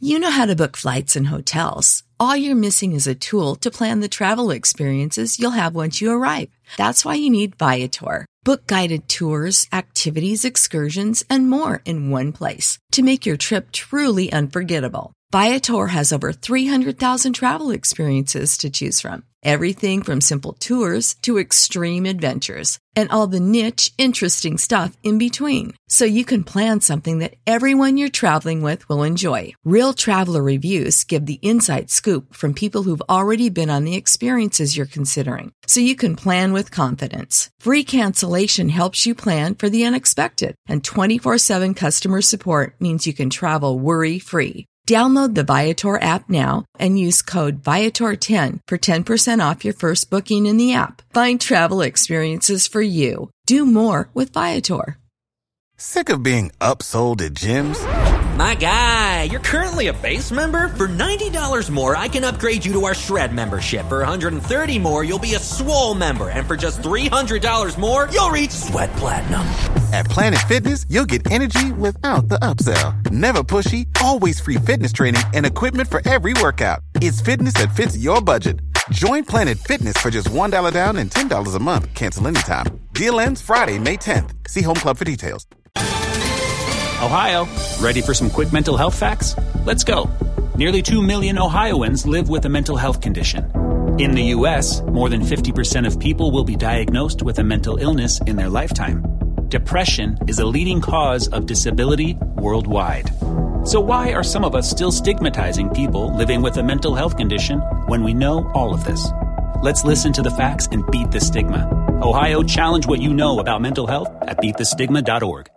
You know how to book flights and hotels. All you're missing is a tool to plan the travel experiences you'll have once you arrive. That's why you need Viator. Book guided tours, activities, excursions, and more in one place to make your trip truly unforgettable. Viator has over 300,000 travel experiences to choose from Everything from simple tours to extreme adventures and all the niche, interesting stuff in between. So you can plan something that everyone you're traveling with will enjoy. Real traveler reviews give the inside scoop from people who've already been on the experiences you're considering. So you can plan with confidence. Free cancellation helps you plan for the unexpected and 24 7 customer support means you can travel worry free. Download the Viator app now and use code Viator10 for 10% off your first booking in the app. Find travel experiences for you. Do more with Viator. Sick of being upsold at gyms? My guy, you're currently a base member? For $90 more, I can upgrade you to our Shred membership. For $130 more, you'll be a Swole member. And for just $300 more, you'll reach Sweat Platinum. At Planet Fitness, you'll get energy without the upsell. Never pushy, always free fitness training and equipment for every workout. It's fitness that fits your budget. Join Planet Fitness for just $1 down and $10 a month. Cancel anytime. Deal ends Friday, May 10th. See Home Club for details. Ohio, ready for some quick mental health facts? Let's go. Nearly 2 million Ohioans live with a mental health condition. In the U.S., more than 50% of people will be diagnosed with a mental illness in their lifetime. Depression is a leading cause of disability worldwide. So, why are some of us still stigmatizing people living with a mental health condition when we know all of this? Let's listen to the facts and beat the stigma. Ohio, challenge what you know about mental health at beatthestigma.org.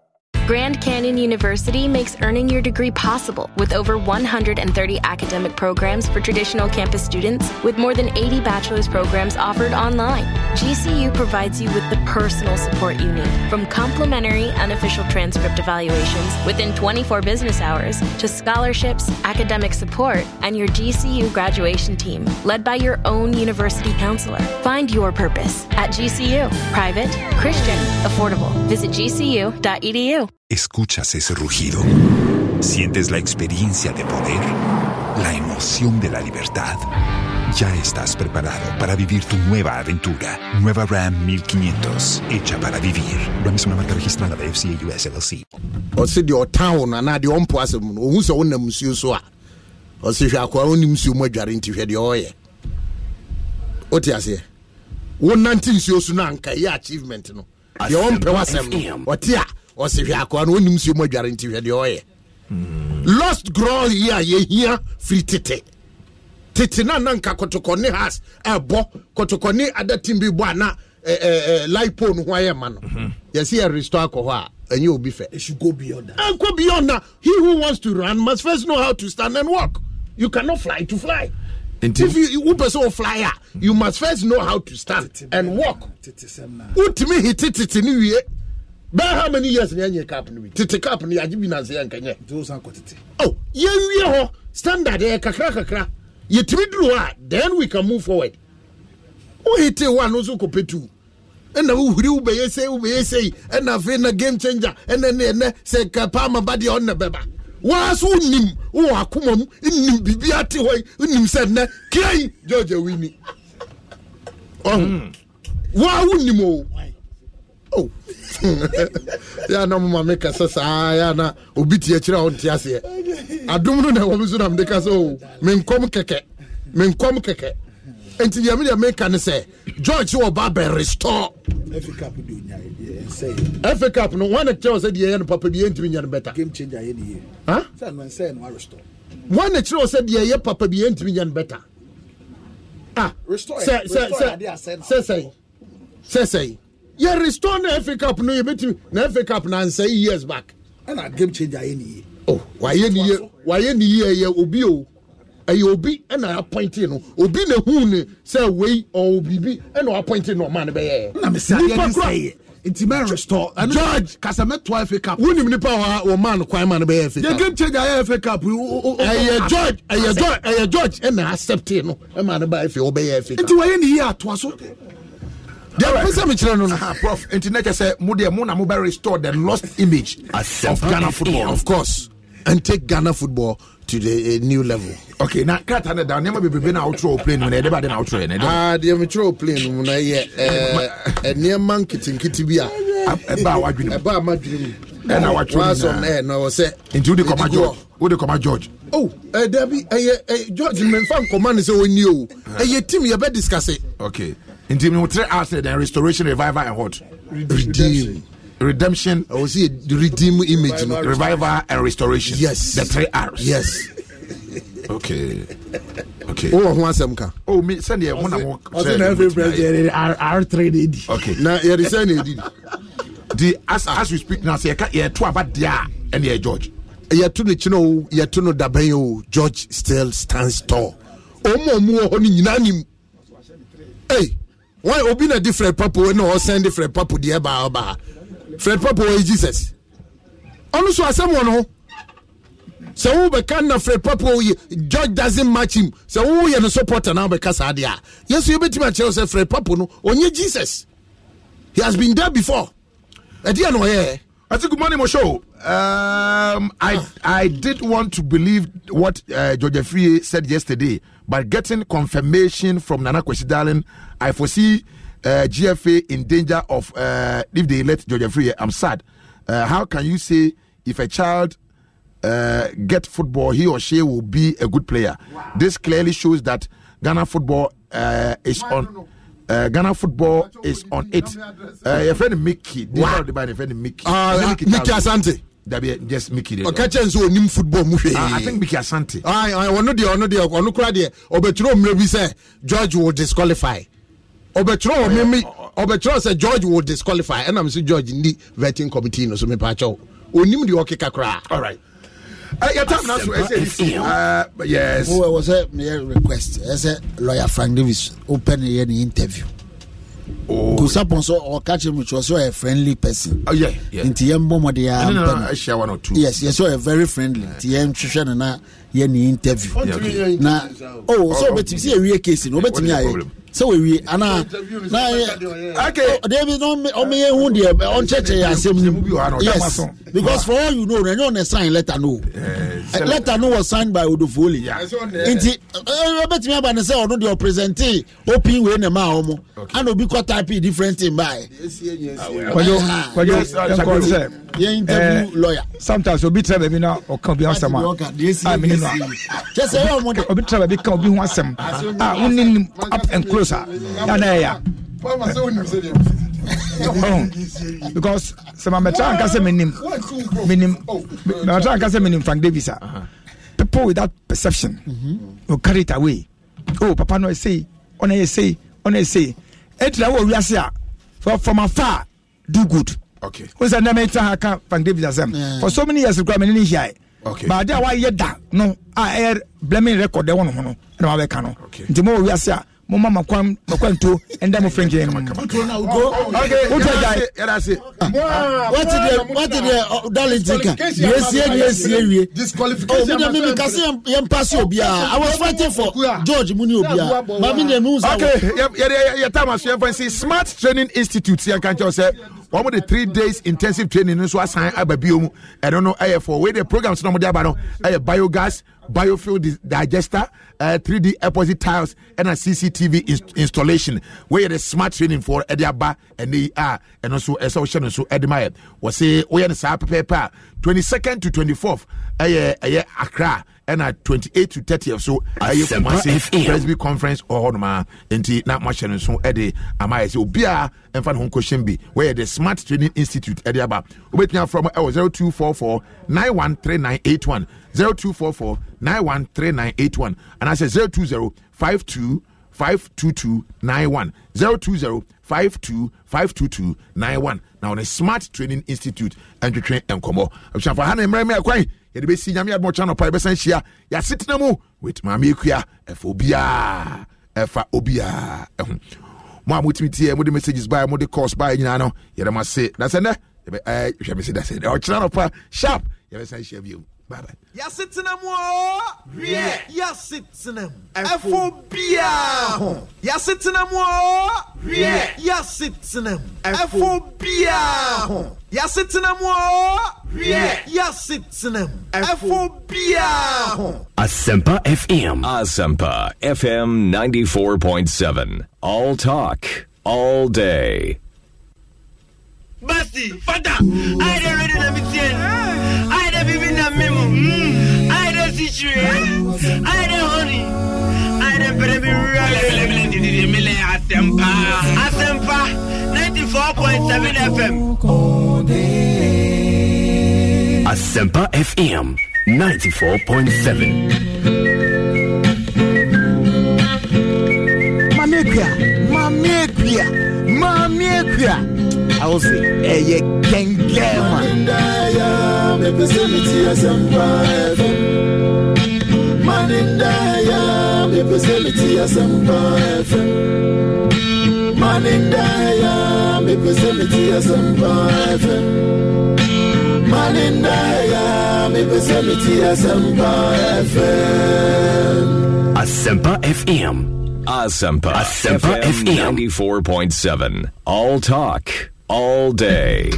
Grand Canyon University makes earning your degree possible with over 130 academic programs for traditional campus students, with more than 80 bachelor's programs offered online. GCU provides you with the personal support you need, from complimentary unofficial transcript evaluations within 24 business hours to scholarships, academic support, and your GCU graduation team, led by your own university counselor. Find your purpose at GCU. Private, Christian, affordable. Visit gcu.edu. Escuchas ese rugido. Sientes la experiencia de poder, la emoción de la libertad. Ya estás preparado para vivir tu nueva aventura. Nueva Ram 1500, hecha para vivir. Ram es una marca registrada de FCA US LLC. ɔse deɛ ɔta wo no anaa deɛ ɔmpo no ɔhu sɛ wonam nsuo so a ɔse hwɛ akoa wonim nsuo mu adware nti hwɛ deɛ ɔyɛ wote aseɛ wonante nsuo so no anka ɛyɛ achievement no deɛ ɔmpɛ w'asɛm no ɔte a ɔsi hwɛ akɔa no onim si mu adware nti hwɛ deɛ ɔyɛ lost ground yi a yɛhia firi tete tete na nanka kɔtɔkɔ ne has ɛbɔ kɔtɔkɔ ne ada team bi bɔ ana ɛɛ ɛɛ lipo no ho ayɛ ma no yɛsi yɛ restore akɔ hɔ a ɛnyɛ obi fɛ. it go beyond that. ɛnkɔ beyond na he who wants to run must first know how to stand and walk you cannot fly to fly. Intim. if you who person wofly a you must first know how to stand and walk wotumi hete tete ni wie bɛɛ how many years na yɛnyɛ cap no bi tete cap no yɛagye bi nansɛ yɛnkɛnyɛ oh yɛwie hɔ standard ɛyɛ kakra kakra yɛtumi duru hɔ a then we can move forward wohete hɔ a no nso kɔpɛ tu ɛna wohuri wobɛyɛ sei wobɛyɛ sei ɛna afei na game changer ɛna ne ɛnɛ sɛ kapaama ba deɛ ɔnna bɛba waa so wonim wowɔ akoma mu nnim biribi ate hɔ yi wonim sɛ nnɛ kai george awini ɔho hmm. waa wonim o oh ya na mama me kasa saa ya na obi tie kyerɛ a wonte aseɛ adom no na wɔm so na mede ka sɛ o oh, menkɔm kɛkɛ menkɔm kɛkɛ enti deɛ medeɛ meka ne sɛ george wɔ ba bɛ restore fa eh, eh, cup no wane kyerɛ sɛ deɛ yɛ no papa bi yɛntumi nya no bɛta wane kyerɛ sɛ deɛ yɛ papa bi yɛntumi nya no bɛta ah, sɛ sɛ sɛ sɛ sɛ sɛ yɛ restore na fa cup no yɛbɛtumi na fa cup na ansa years back ɛna game change ayɛ ne yie oh wayɛ ne yie wayɛ ne yie ɛyɛ obi o ɛyɛ obi ɛna appointed no obi na hu ne sɛ wei ɔwɔ biribi ɛna appointed na ɔma no bɛyɛ na mesɛ ayɛ ne sɛ yɛ nti mɛ restore ɛno george kasamɛtoa fa cup wonim nipa hɔ a wɔma no kwan ma no bɛyɛ fa cup yɛ game change ayɛ fa cup ɛyɛ george ɛyɛ george ɛyɛ george ɛna accept no ɛma no bɛyɛ fa wɔbɛyɛ fa cup nti wɔyɛ ne yie atoa so deɛ mpɛ sɛ mekyerɛ no noprof enti nɛ kyɛ sɛ modeɛ mo na mobɛ restore the lost image of ghana football of course and take ghana football to the uh, new level okay na krata ne da nneɛma bebrebe na wotwerɛ wo plane mu na ɛde bade na wotwerɛ ne ah, deɛ mekyerɛ wo plane mu no yɛ eh, eh, nneɛma nketenkete bi a ɛbaa wadwene ɛbaa madwene mu ɛna watwerɛ na ɛwɔ sɛ nti wode kɔma george wode kɔma george oh ɛdabi ɛyɛ george memfa nkɔma no sɛ ɔni o ɛyɛ tim yɛbɛdiskase okay nti mi three hours then restoration revival and what redeem redemption i will see the redeem image no revival and restoration yes the three hours yes okay okay wọ́n wọ̀ ho asẹm ka. o mi sani ẹ wọn na wọn. ọsẹ na every president yẹrẹ r r three de di. okay na yẹrẹ sẹ na edi. di as as we speak na sẹ yẹ to aba di a ẹni yẹ george. yɛto no kyena o yɛto no dabɛn o george still stands tall ɔmo ɔmo wɔ hɔ no nyinaa nim ei why obi na di fred papo wey na ọ send fred papo di ẹba ọba fred papo wey jesus ọnu so asẹmu ọnu sɛ wo bɛka na fred papo yi george doesn't match him sɛ wo yɛ no supporter na wobɛka saa deɛ a yesu yɛbɛtumi akyerɛ wo sɛ fred papo no ɔnyɛ jesus he has been there before ɛdeɛ na ɔyɛɛ I said, Good morning, Mosho. Um, I I did want to believe what uh, George Free said yesterday, but getting confirmation from Nana Kwesi Darling, I foresee uh, GFA in danger of uh, if they let George Free. I'm sad. Uh, how can you say if a child uh, get football, he or she will be a good player? Wow. This clearly shows that Ghana football uh, is on. Uh, Ghana football is on it. Uh, your friend Mickey. This is your friend Mickey. Uh, uh Mickey, Mickey Asante. just Mickey. There. Okay, chance we nim football mu uh, I think Mickey Asante. I I ono de ono de ono kura de obetro mre bi say George will disqualify. Obetro me me obetro say George will disqualify. And I'm see George in the vetting committee no so me pa cho. Onim de okeka kakra? All right yɛ tam ɛsɛ ɛsi yes. Uh, sɛ uh, meyɛ request ɛsɛ uh, lawyer frank davis open yɛ ne interview. kosapɔn sɛ ɔka kyerɛ mu kyerɛ sɛ ɔyɛ friendly person oh, nti yɛmbɔ mɔde yɛampɛ yes yɛ sɛ ɔyɛ very friendly nti yɛnhwehwɛ no na yɛ ne interview na o sɛ wobɛtumi sɛ yɛwie case no wobɛtumi ayɛ sɛ wɔwie anaa deɛ bi ɔmeyɛ hu deɛ ɔnkyɛkyɛ yɛ asɛm nim yes because for all you know ɛnyɛ ɔne sign letter no eh, eh, letter no was signed by odofoli nti ɛbɛtumi eh, aba ne sɛ ɔno deɛ ɔpresente opin wei ne maa ɔmo ana obi kɔ type different thing by yɛ interview lawyer sometimes obi tẹ baabi na ɔka obi asɛm a a mene no a kyɛ sɛ ɛyɛ ɔmo de obi tẹ baabi ka obi ho asɛm a wonim up and close follow sa yàda ɛyà oh, because sɛ mamɛtra ankasa menim menim mamɛtra ankasa menim frank davis a people with that perception mm will carry it away oh papa no ɛsei ɔna ɛsei ɔna ɛsei ɛtira wɔ wiase a from afar do good okay o sɛ ndɛ mɛtra ha ka frank davis asɛm for so many years kura mɛ ne ne hia okay there why you da no I ɛyɛ blaming record ɛwɔ no ho no ɛna wabɛka no nti mo wɔ wiase a mo ma ma kwan ma kwan to ɛnda mo fɛn kɛn o tɛ ja ye. waati de waati de dalen ti kan nin siye nin siye wiye. o mi de mi mi kasi yɛn pasi o bia ah. i was fighting for george mu ni o bia maa mi de mi n sa wo. yɛ taa ma suyɛn fɛn smart training institute yɛn kan kyɛw sɛ wɔn mo de three days intensive training nso asan aba bio mu ɛno no ɛyɛ for wey de programs na wɔn de aba no ɛyɛ biogas biofuel digester. uh, 3D opposite tiles and a CCTV inst- installation where the smart training for Ediaba and they are and also a social and so admired. was say we are the 22nd to 24th. Uh, uh, Accra. And at 28 to 30 so I ɛyɛ kumase presby conference ɔhɔ noma nti na moahyɛ no nso Am I so be obiaa ɛmfa ne ho nkɔhyɛm bi wɔyɛ the smart training institute ɛde aba wobɛtumi afrɛ m ɛwɔ eh, 0244 913981 0244 913981 anaasɛ 020 52 52291 020 5252291 na ɔne smart training institute ntwetwe nkɔmmɔ abusuafo ha na mmerɛ mmerɛ kwan yɛde bɛsi nyame adom ɔkyɛ nɔpa yɛbɛsan hyia yɛasetena mu wit maame akua ɛfa obiaa ɛfa obiaa ɛho mo a motumi tiɛ mode messages baɛ mode calls baɛ nyinaa no yɛdɛ mo ase da sɛ nnɛ hwɛ me se da sɛ ɔkyena nɔpa sharp You're yɛbɛsan hyia bio Bye bye. Yasitenam wo. Wie. Yasitenam. Ɛfo Asempa FM. Asempa FM 94.7. All talk. All day. Basti, father, I don't ready to be seen. mimu ayi de si honi ayi de wura lɛbilɛbilɛ dididi mi lɛ asɛmpa ninety four point seven fm. asɛmpa fm ninety four point seven. maame ekuya maame ekuya maame ekuya awo se eh, ɛyɛ kɛnkɛn ma. me facility as I'm private. Man in Daya, me facility as I'm private. Man in Daya, me facility as I'm private. Man in Daya, me facility as I'm private. Asempa FM. Asempa. Asempa FM. 94.7. All talk, all day.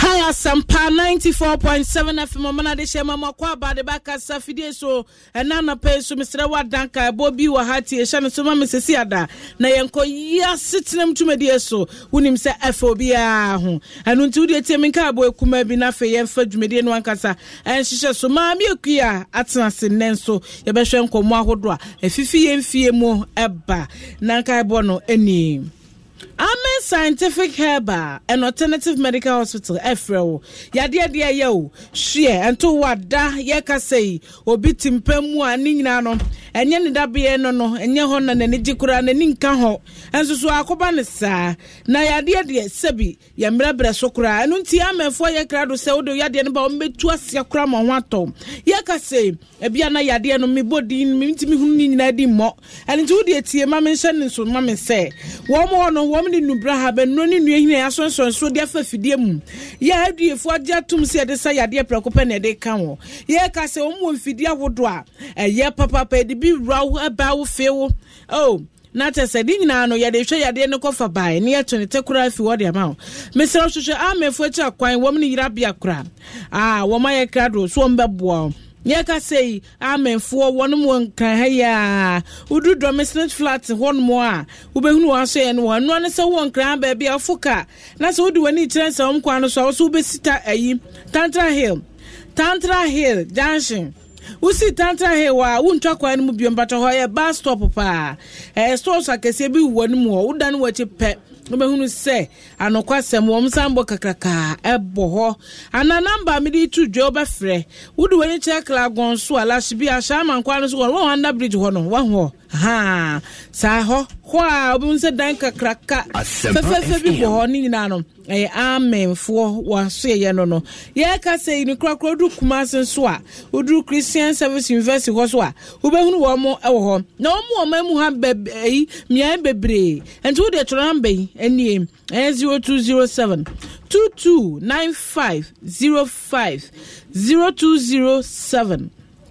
Hi, Asampa 94.7 FM. Mama de shema makwa ba de kasa fidie so ena na pe so Mr. Wadanka Bobby Wahati e shane so mama sesi ada na yenko ya sitnem tumedie so wonim se FOB a ho. Anu nti wodie tie menka abo ekuma bi na fe yemfa dwumedie no ankasa. En hyehyɛ so ma me akua atena se nen so ye behwe nkomo ahodo a efifi yemfie mu eba. Na nka ebo no eni. a scientific herbal and alternative medical hospital ɛfrɛ wo yadeɛ deɛ yɛ o ɛnto wada yɛka sɛ yi obi timpɛ mu a ne nyinaa no ɛnyɛ ne dabeɛ no no ɛnyɛ hɔ na n'ani gye koraa n'ani nka hɔ nso so akoba ne saa na yadeɛ deɛ sɛbi yɛmmerɛberɛ so koraa ɛno nti amɛfoɔ yɛ kra do sɛ wode yadeɛ no ba wɔmbɛtu aseɛ koraa ma ho atɔ yɛka se ebia na yadeɛ no mebɔ din mentimi hunu ne nyinaa di mmɔ ɛno nti wode tie ma menhyɛ ne nso ma me sɛ wɔm hɔ no wɔm ne nubra ha bɛnuro ne nnua hina yɛasonsɔnsoɔ de afa afidie mu yɛ adiefoɔ agye atom sɛ yɛde sa yadeɛ prɛko pɛ ne ɛde ka wɔ yɛka sɛ wɔm wɔ mfidie ahodoɔ a ɛyɛ papapa ɛde biribi wura wo aba wo fie wo oh na kyɛ sɛ ne nyinaa no yɛde hwɛ yadeɛ no kɔfa bae ne yɛto ne tɛ koraa fi wɔde ama wo mesrɛ hwehwɛ amafoɔ akyi akwan wɔm ne yerabea koraa a ah, wɔma yɛ kra do so wɔmbɛboa wo yɛka sei amanfoɔ wɔnom wɔ nkran ha yi a wodu dɔmesnet flat hɔnom a wobɛhunu wɔn aso yɛ no wɔn no sɛ wɔ nkran baabi a wofo ka na sɛ wode w'ani kyerɛ nsɛm kwan no so a wo so wobɛsi ta ayi tantra hill tantra hill junction wosi tantan hewa wontwa kwan no mu bio mbata hɔ yɛ bus stop paa ɛyɛ e, stores akɛseɛ bi wɔ no mu hɔ woda no wɔakyi pɛ wobɛhunu sɛ anokwasɛm wɔm san bɔ kakrakaa ɛbɔ e hɔ ana namba mede to dwa wobɛfrɛ wode w'ani kyerɛ so a lahye bi ahyɛ ama nkwa no so wɔ bridge hɔ no wahoɔ saa hɔ hɔ a obɛhu sɛ dan kakraka fɛfɛɛfɛ bi bɔ hɔ ne nyinaa no ɛyɛ amenfoɔ wɔasoɛyɛ no no yɛka sɛ yi no korakora woduru kuma nso a woduru christian service university hɔ so a wobɛhunu wɔ mo wɔ hɔ na wɔn mu wɔn mu ha bɛyi mmeae bebree nti wode twerɛ namba yi nie ɛyɛ 0207 2295 05 0207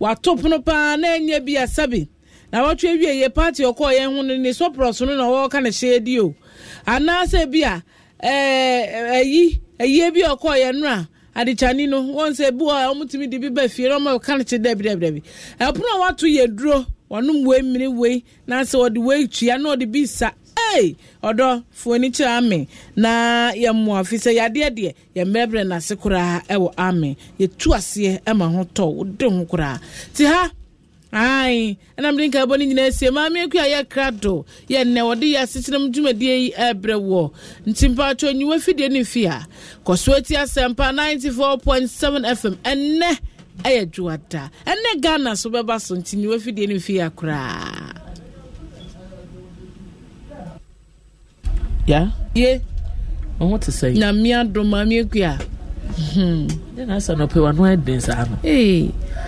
wato pono paa na enye bi asabi na wɔtwe awie yɛ party ɔkɔ yɛn ho no ne sɔprɔso no na wɔka ne hyɛ di o anaasɛ bi a ɛɛ ɛyi ɛyie bi ɔkɔ yɛn no a adekyani no wɔn sɛ bi wɔ a wɔn tumi de bi ba fie na wɔn ka ne kyɛ dɛbi ɛpono eh, a wato yɛ duro. wɔnom wei mmiri wei na sɛ wɔde wei tua na wɔde bi sa ee ɔdɔ fuoni kyerɛ ame na yɛ mmoa fi sɛ yadeɛ deɛ yɛ mmerɛbrɛ n'ase koraa ɛwɔ ame yɛtu aseɛ ɛma ho tɔ wode ho koraa ti ha ae ɛnam de nkaebɔ no nyinaa esie maame aku a yɛkra do yɛnnɛ wɔde yɛ asekyerɛm dwumadie yi ɛbrɛ wɔ nti mpaatwo nyiwa fidie ne fi a kɔ ninety four point seven fm ɛnnɛ ɛyɛ dwoada ɛnɛ ghana so bɛba so nti ni wafidie no mfii akoraa ya ye ɔho te sɛ nyamea dom ameɛkua hmm. ɛnasa nɔpɛ wano aden saa no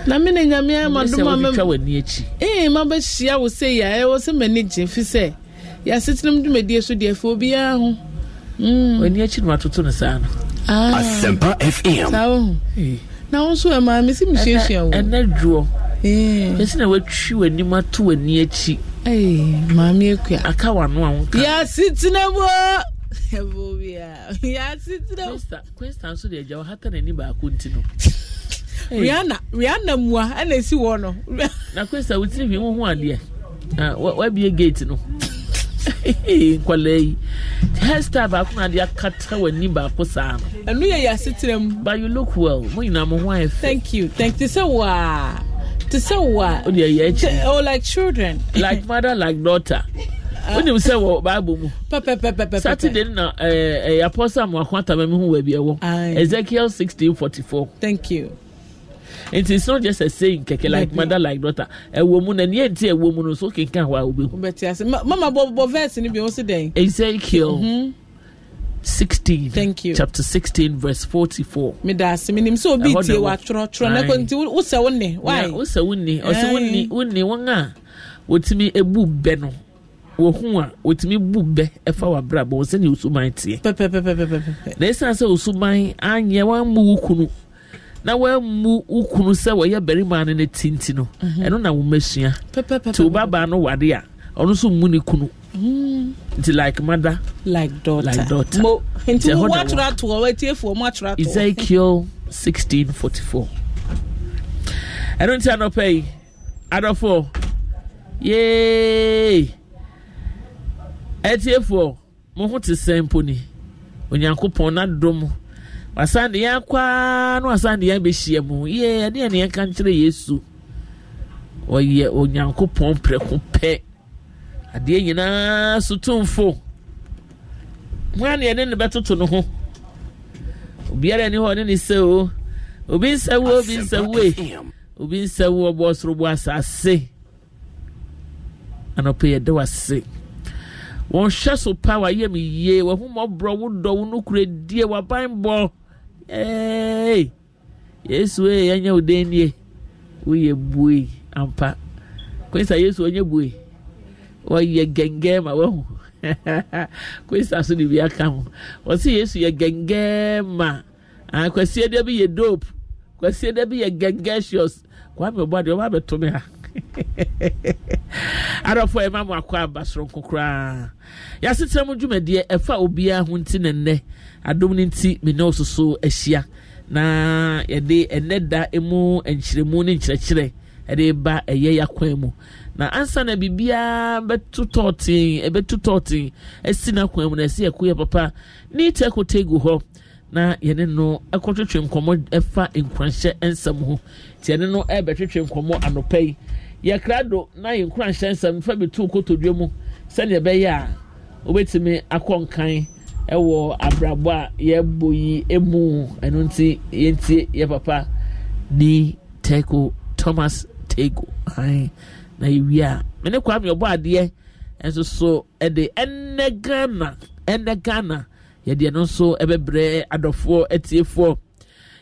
na mene nyamea madomamtwa w'ani akyi ee mabɛhyia wo sɛ yia ɛwɔ sɛ m'ani gye fi sɛ yɛasetenam dwumadie so deɛ afɛ obiara ho hmm. w'ani akyi no matoto no saa no ah. Asempa fm saa Eh, eh. na wọn nso ɛmaa mi si mi suasua wo. ɛnɛ dwoɔ. ɛsi na watwi w'anim ato w'ani akyi. ɛɛ maame ekuya. aka w'ano a nka. yasi tinamu. ɛbɔ bia yasi tinamu. kwesta kwesta nso de ɛgya ɔhata n'ani baako nti no. rihanna rihanna mua ɛna esi wɔ no. na kwesta wotiri hwi ho adeɛ wabie gate no nkwalaa yi. hairstyle baako na de akata w'ani baako saa no. ɛnu yɛ yɛasetere mu. but you look well mo nyinaa mo ho ayɛ fɛ. thank you thank you sɛ waa te sɛ waa. o de yɛ ɛkyi. oh like children. like mother like daughter. Ah. wonim sɛ wɔ bible mu saturday no na ɛyɛ eh, eh, apɔsɛ amoako atama mi ho wɔ ɛwɔ ezekiel 1644 thank you nti it's not just a saying keke like yeah, mother like daughter ɛwɔ mu na nea nti ɛwɔ mu no so kenkan hɔ a obe hu. bɛti ase mama bɔ bɔ verse ni bi o si dɛn. ezekiel. Mm-hmm. 16 thank you chapter sixteen, verse forty-four. 44 medase menim sɛ obi tie watwerɛtwerɛ na nti wosɛ wo Why? wosɛ wo ne ɔsɛ wone wɔn a wɔtumi bu bɛ no wɔhu a wɔtumi bu bɛ ɛfa wabrabɔ sɛnea osuman teɛ pɛpɛpɛpɛpɛ na ɛsiane sɛ osuman anyɛ wammu wo kunu na wɔammu wo kunu sɛ wɔyɛ barima no no tinti no mhm. ɛno na wo masua nti wo babaa no wade a ɔno nso mmu ne kunu hmm. nti like mother like daughter like daughter mo nti wo atwerɛ ato hɔ watie fo mo atwerɛ ato Ezekiel 16:44 ɛno nti anɔpɛ yi adɔfo yee ɛtiefoɔ mo ho te sɛ mpo ni onyankopɔn n'adom wasan de yɛn kwaa na wasan de yɛn bɛhyia mu yɛ ɛdeɛ yɛn ka nkyerɛ yesu ɔyɛ onyankopɔn prɛko pɛ adeɛ nyinaa so tumfo mua ne yɛde ne bɛtoto ne ho obiara ni hɔ ne ne sɛ o obi nsɛwo obi nsɛwoe obi nsɛwo ɔbɔ soro bɔ asase anɔpɛ yɛde wase wɔn so pa wayɛ mu yie wɔn mɔborɔ wo dɔ wo nukure wabanbɔ ee yesu ee yɛnyɛ wo den nie woyɛ bue ampa kwesa yesu ɔnyɛ bue ɔyɛ gɛngɛn ma wahu kwesa so ne bi aka ho ɔsi yesu yɛ gɛngɛn ma ah kwasie de bi yɛ dope kwasie de bi yɛ gɛngɛn kwame ɔbɔ adi ɔba abɛto mi ha. adɔfo ɛma mu akɔ aba soronko koraa yɛasetena mu dwumadeɛ ɛfa obiara ho nti ne nnɛ adom no nti mene wo soso ahyia na yɛde ɛnɛ da mu nkyerɛmu ne nkyerɛkyerɛ ɛde ba ɛyɛ yɛakwan mu na ansa na biribiara bɛtotɔɔten ɛbɛtotɔɔten asi n'akwan mu na ɛsɛ yɛko yɛ papa ne gu hɔ na yɛne no ɛkɔtwetwe nkɔmmɔ ɛfa nkwanhyɛ nsɛm ho nti yɛne no ɛbɛtwetwe nkɔmmɔ anɔpa yi yɛkra do na yɛ nkura nhyɛ nsɛm fa bi tu kotodwe mu sɛdeɛ ɛbɛyɛ a wobɛtumi akɔ nkan ɛwɔ abrabɔ a yɛbɔ yi emu ɛno nti yɛntie yɛ papa ni teko thomas tego han na yɛwie a mene kwame ɔbɔ adeɛ nso so ɛde ɛnɛ ghana ɛnɛ ghana yɛde ɛno nso ɛbɛbrɛ adɔfoɔ atiefoɔ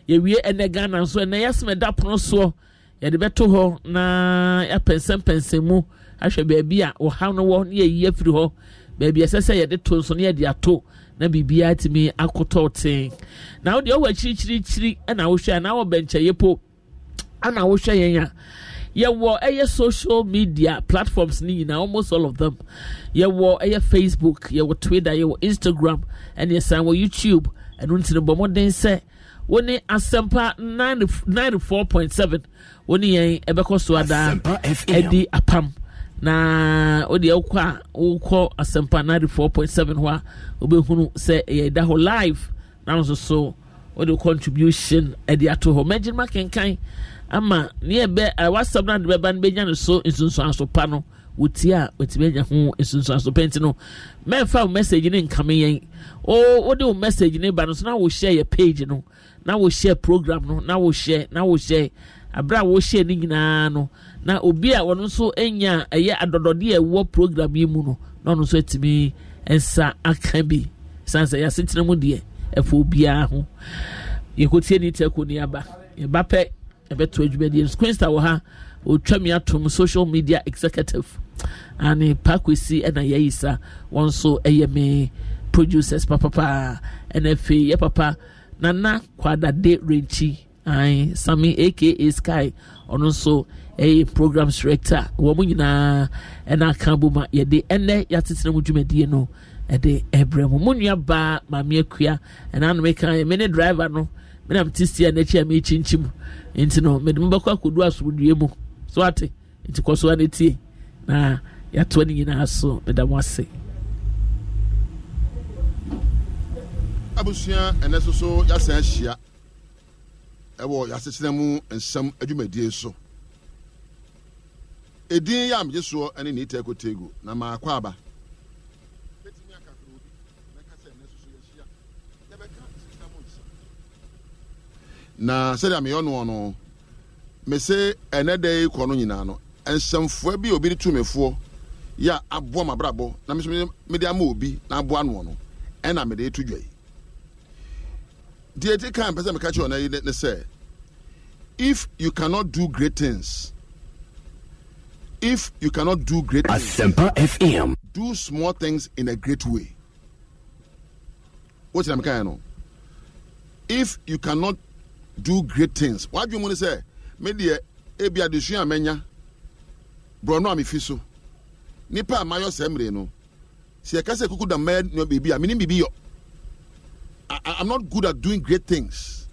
yɛwie ɛnɛ ghana nso ɛnɛ yɛasɛm ɛda soɔ yɛde bɛto hɔ na apɛnsɛmpɛnsɛn mu ahwɛ baabi a ɔha no wɔ ne yɛyi afiri hɔ baabi ɛsɛ sɛ yɛde to nso ne yɛde ato na biribiara tumi akotɔ ten na wodeɛ ɔwɔ akyirikyirikyiri ɛna wohwɛ a na wɔ bɛnkyɛyɛ po ana wohwɛ yɛn a yɛwɔ ɛyɛ social media platforms ne nyinaa almost all of them yɛwɔ ɛyɛ facebook yɛwɔ twitter yɛwɔ instagram ɛne san wɔ youtube ɛno nti no bɔ mmɔden sɛ wo asɛmpa 94.7 wo ne yɛn ɛbɛkɔ so adaa ɛdi apam na wode wokɔ a wokɔ asɛmpa 94.7 hɔ a wobɛhunu sɛ ɛyɛ hɔ live na nso so wode contribution ɛde ato hɔ mɛgye ma kenkan ama ne yɛbɛ whatsapp no ade bɛba no bɛnya no so nsunsuanso pa no wɔti a wɔtumi anya ho nsunsuanso pɛ no mɛmfa wo message ne nkame yɛn wode wo message ne ba no so na wohyɛ yɛ page no na wohyɛ program no na wohyɛ na wohyɛ abere a wɔhyɛ ne nyinaa no na obi a wɔn nso nya ɛyɛ adɔdɔde a ɛwɔ program yi mu no na ɔno nso atumi nsa aka bi san sɛ yɛasetena mu deɛ ɛfɔ obiara ho yɛkɔtie ne tɛko ne aba yɛba pɛ ɛbɛto adwumadie no quinsta wɔ ha ɔtwa me atom social media executive ani pakwesi ɛna yɛyi sa wɔn nso ɛyɛ me producers papapaa ɛna afei yɛ papa nana kwadade renkyi an sami aka sky ɔno nso ɛyɛ program director wɔn mu nyinaa ɛna aka bɔ ma yɛde ɛnɛ yɛatetena mu dwumadie no ɛde ɛbrɛ mu mu nua baa maame akua ɛna anum ɛka yɛ mene driver no mene am ti si n'akyi a mekyinkyim mu nti no mede mu bɛkɔ akɔdu asomdue mu so ate nti kɔ so a n'etie na yɛatoa ne nyinaa so meda mo ase. abusua ɛnɛ soso yasan ahyia ɛwɔ yɛasetena mu nsɛm adwumadie so edin yɛ amegye soɔ ɛne ne itɛko tego na maakɔ aba na sɛdeɛ meyɛ noɔ no se ɛnɛ dɛ yi kɔ no nyinaa no nsɛmfoɔ bi obi de tumefoɔ yɛ aboa ma abrabɔ na meso mede ama obi na aboa noɔ no ɛna mede to dwa yi deɛ ɛti kan pɛ sɛ meka kyerɛ ɔna yi ne sɛ if you cannot do great things, if you cannot do great Asempa things, FM. do small things in a great way. What am I If you cannot do great things, what do you want to say? Maybe ebi adesu amenya borɔno a nipa amayo semre no Si akase kuku da mmaa nua biribi a menim biribi i'm not good at doing great things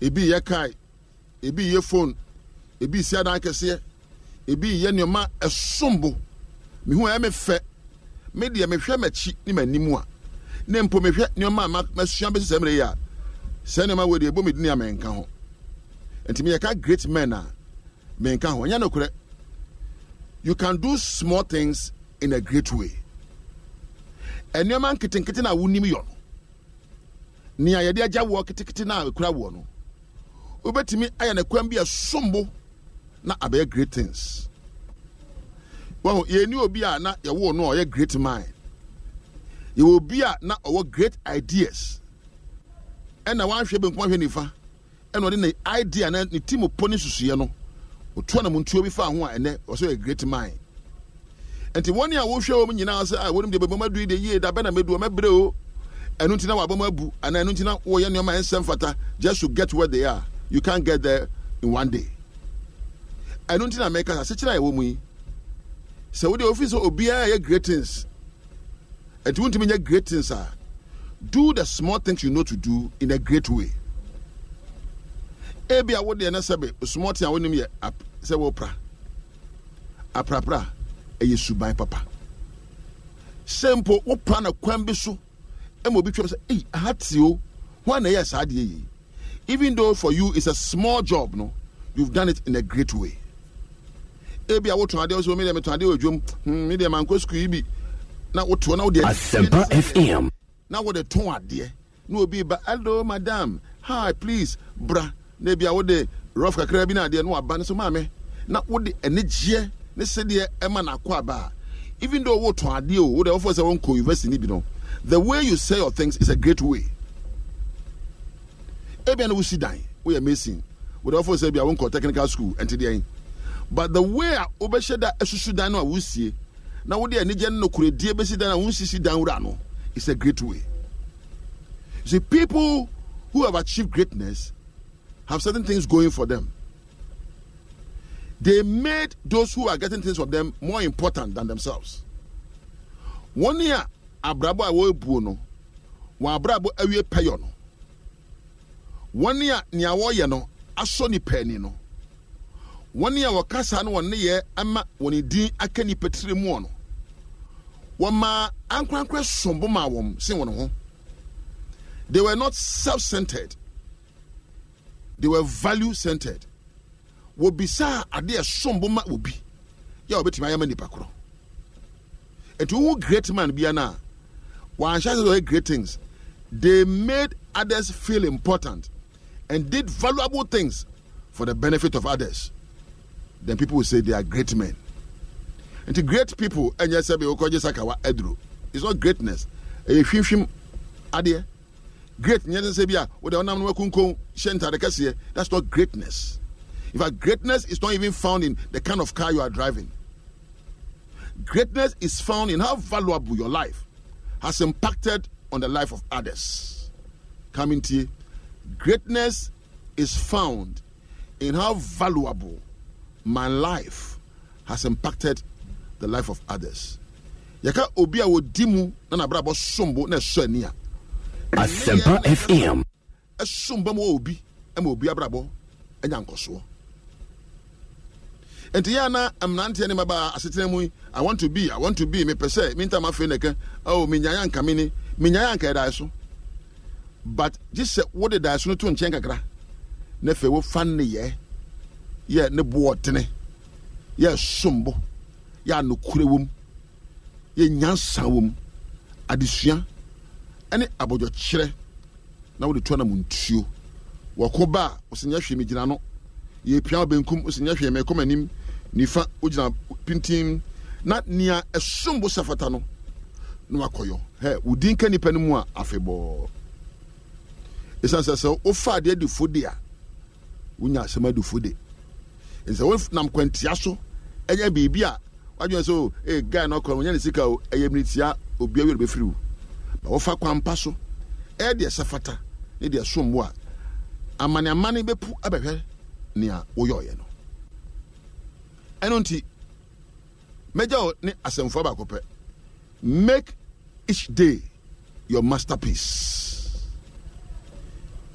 ebi yɛ ebi yɛ phone ebi si adan kɛseɛ ebi yɛ nneɛma ɛsombo mihu ɛyɛ fɛ mi deɛ mi hwɛ ne m'anim a ne mpo mi nneɛma a m'asua bɛsi sɛ mmerɛ yi a sɛ nneɛma wɔ deɛ ebo mi ne a mɛnka ho ntumi yɛ ka great men a mɛnka ho ɛnyɛ nokorɛ you can do small things in a great way nneɛma nketenkete na awo nim yɔ no nea yɛde agya wɔ ketekete na ekura wɔ no. wobɛtumi ayɛ ne kwan bi ɛsombo na abɛyɛ great things wɔn yɛni obi a na yɛwɔ no ɔyɛ great mind yɛwɔ obi a na ɔwɔ great ideas ɛna wahwɛ benkum ahwɛ nifa ɛna ɔde ne idea na ne ti mu pɔ ne susuɛ no otua na mu ntuo bi fa ho a ɛnɛ ɔsɛ yɛ great mind nti wɔn a wɔhwɛ wɔn nyinaa sɛ a ah, wɔn mu deɛ bɛbɔ madu yi de yie da bɛna mɛdu ɔmɛbrɛ o ɛnu ntina wabɔ mɛ bu ana ɛnu ntina wɔyɛ nneɛma ɛnsɛm fata just to get where they are. you can't get there in one day I don't think America has such a ɛwɔ mu So the office ofi sɛ obiara yɛ great things ɛnti wontumi mean great things sir. do the small things you know to do in a great way ebi a wodeɛ no sɛbe small thing a wonim yɛ sɛ wopra aprapra ɛyɛ suban papa What plan wopra na kwan bi so ma obi twam sɛ ei ahateo ho a na ɛyɛ saa deɛ yei even though for you it's a small job, no, you've done it in a great way. ebi a wotɔn adeɛ wosɛ medeɛ metɔn adeɛ wɔ dwom hmm, medeɛ mankɔ sukuu yi bi na wotoɔ na wodeɛ asɛmpa fm na wode tɔn adeɛ na obi ba hello madam hi please bra na ebi a wode rough kakra bi na adeɛ no waba no so maame na wode anigyeɛ ne sɛdeɛ ɛma n'akɔ aba even though wotɔn adeɛ o wode wɔfɔ sɛ wɔnkɔ university ni bi no the way you sell your things is a great way ebia na wosi dan woyɛ mason wòde ɔfɔ sɛ ebia wonkɔ technical school ɛnti deɛ but the way a wobɛhyɛ da asusu dan no a wosie na wode anigye no nokoredie bɛsi dan a wonsisi dan wura no is a great way you see people who have achieved greatness have certain things going for them they made those who are getting things from them more important than themselves wɔn a abrabɔ a wɔrebuo no wɔn abrabɔ awie pɛyɔ no wɔn a nea wɔreyɛ no asɔ nipa ani no wɔn a wɔkasa no wɔn nneyɛ ama wɔn din aka nipa tiri mu no wɔmaa ankorankora sombo maa wɔn sen wɔn ho they were not self-centered they were value-centered wɔbisaa adeɛ sombo ma obi yɛ a wɔbɛtumi ayɛ ma nipa korɔ etu wo great man bia na wɔn ahyɛ sɛ wɔyɛ great things they made others feel important and did valuable things for the benefit of others, then people will say they are great men. And to great people, and yes, it's not greatness. If Great, that's not greatness. In fact, greatness is not even found in the kind of car you are driving. Greatness is found in how valuable your life has impacted on the life of others. Coming to Greatness is found in how valuable my life has impacted the life of others. yɛka obi a wɔdi mu na nabrabɔ sombo na ɛsɔ ani a fm ɛsomba mu wɔ obi ma obi abrabɔ anya nkɔsoɔ nti yɛ ana mmeranteɛ ne mabaa asetena mu i want to be i want to be mepɛ sɛ mentama afei nɛka oh menyaeɛ anka me ni menyaeɛ anka ɛdae so but gye sɛ wode daaso no to nkyɛn kakra na afei wofa nneyɛɛ yɛ ne boɔ ɔtene yɛ sombo yɛ anokorɛ wom yɛ nyansa wom adesua ne abɔdɔkyerɛ na wode to anam ntuo wɔko ba a wo sɛ nyɛ hwee megyina no yɛpia wo benkum wo sɛ nyɛ hwee mɛkɔm anim nifa wogyina pintim na nea ɛsom bo safata no na wakɔyɔ hɛ wo din ka nnipa no mu a afebɔɔ ɛsiane sɛ sɛ wofa adeɛ di fo de a wonya asɛm adi fo de ɛsɛ wonam kwantia so ɛnyɛ biribi a wadwene sɛ oh, ee eh, guy no kora wonya ne sika o ɛyɛ mene tia obia wiɛ bɛfiri wo na wɔfa kwampa so ɛyɛ deɛ sɛ fata ne deɛ som wo a amaneamane bɛpu abɛhwɛ nea woyɛɔyɛ no ɛno nti mɛgya wo ne asɛmfoɔ baako pɛ make each day your masterpiece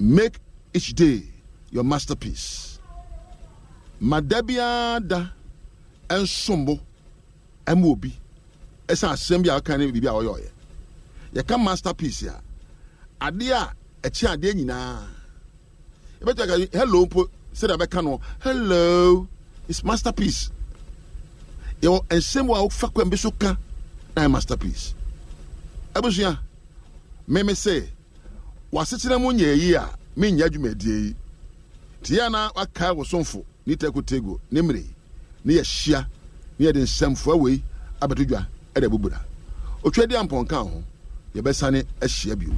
make each day your masterpiece ma da biara da nsombo ma obi ɛsɛ asɛm bi a ɔka ne biribi a ɔyɛ ɔyɛ yɛka masterpiece a adeɛ a ɛkyɛ adeɛ nyinaa yɛbɛtɛ ka hello mpo sɛdeɛ bɛka no hello is masterpiece yɛwɔ nsɛm a wofa kwan bi so ka na yɛ masterpiece abusua meme sɛ wasekyerɛ mu nyɛ yi a menyɛ adwumadie yi tia na wakae wo somfo ne tekotego ne mmere ne yɛhyia ne yɛde nsɛmfoa wei abɛto dwa ɛde bubura otwa di ampɔnka ho yɛbɛsane ahyia bio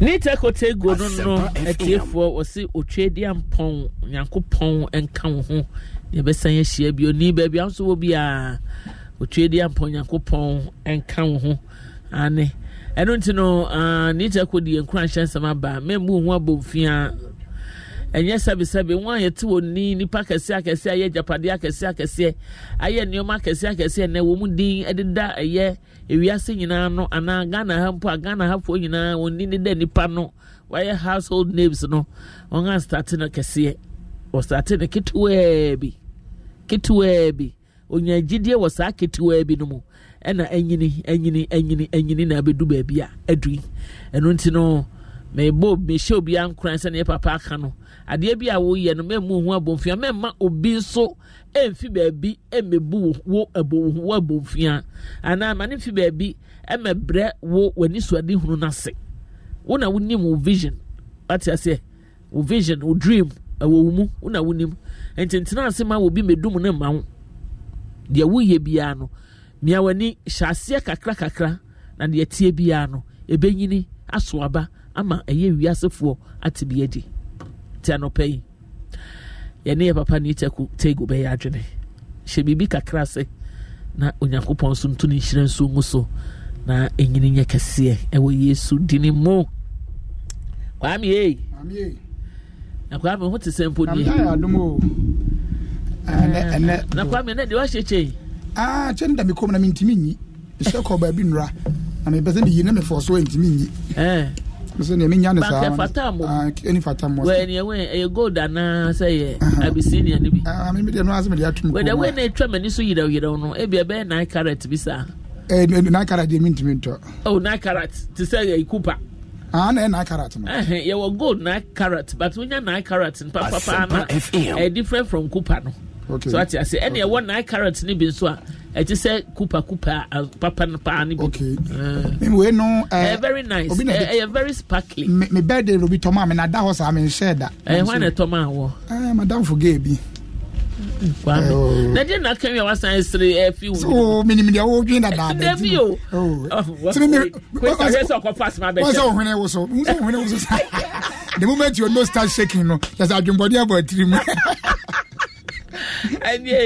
ne tekotego no no atiefoɔ wɔse otwa di ampɔn nyankopɔn nka wo ho yɛbɛsan ahyia bio ni baabi a nso wɔ biara otwa di ampɔn nyankopɔn nka wo ho ane ɛno nti no ah, nita kɔ die nkuranhyɛ nsɛm aba memmu ho abɔmfia ɛnyɛ sɛbesɛbe wɔn a yɛte wɔn ni nipa kɛseɛ akɛseɛ ayɛ agyapadeɛ akɛseɛ akɛseɛ ayɛ nneɛma akɛseɛ akɛseɛ na wɔn din ɛdeda ɛyɛ ewiase nyinaa no anaa ghana ha mpo a ghana hafoɔ nyinaa wɔn din deda nipa no wɔayɛ household names no wɔn a start no kɛseɛ wɔstate no ketewaa bi ketewaa bi onyaa gyidie wɔ saa ketewaa bi no mu ɛna ɛnyini ɛnyini ɛnyini ɛnyini na abɛdu baabi a adui ɛno nti no mɛbɔ mɛhyɛ obiara nkoran sɛ ne papa aka no adeɛ bi a woyɛ no mɛmu ho abɔnfia mɛma obi nso ɛmfi baabi ɛmɛbu wo ɛbɔ wo ho abɔnfia anaa ma ne mfi baabi ɛmɛbrɛ wo w'ani suade hunu n'ase wo na wonim wo vision wate aseɛ wo vision wo dream ɛwɔ wo mu wo na wonim ntentena ase ma wo bi mɛdum ne ma wo deɛ woyɛ biara no mia w'ani kakra kakra na deɛ tie biara no nyini aso aba ama ɛyɛ wiasefoɔ ate bi adi te anɔpɛ yi yɛne yɛ papa ne tɛko tɛgo bɛyɛ adwene hyɛ biribi kakra asị na onyankopɔn nso nto ne nhyira nso ngu so na ɛnyini nyɛ kɛseɛ ɛwɔ yesu dini mu kwame na kwame ho te sɛ mpo eh, na kwame deɛ wahyɛ kyɛn ah kyɛ ne da me kɔm na mentimi nyi mehyɛ kɔ baabi nnora na mepɛ sɛ meyi na mefɔ so antimi nyi eh. sɛ neɛ menya ne saani fata mmɔɛyɛ ah, gold anaa sɛ yɛ abisinia ah, no bimedeɛ na ɛtwa m'ani so yerɛwyerɛw no ebia bɛyɛ nine carat bi saa eh, nine carat deɛ mentumi ntɔ oh nine ah, na karat but wonya na karat no papapaa different from kupa no okay. so ati ase ɛna okay. ɛwɔ nine carrot ni bi nso a ɛti sɛ kupa kupa papa no paa ni bi. okay mímu wei no. ɛyɛ very nice ɛyɛ very sparkly. mi mi bɛɛ de robi tɔmɔ a mi na da hɔ saa mi n hyɛ da. ɛyɛ hɔn na tɔmɔ awɔ. ɛɛ madam fo gay bi. kwame na de a wasan esere efi wu. so minimu deɛ wodwi dada abɛ ti sa the moment your nose start shaking no yasa adwumbɔdi abɔ etiri mu ɛnye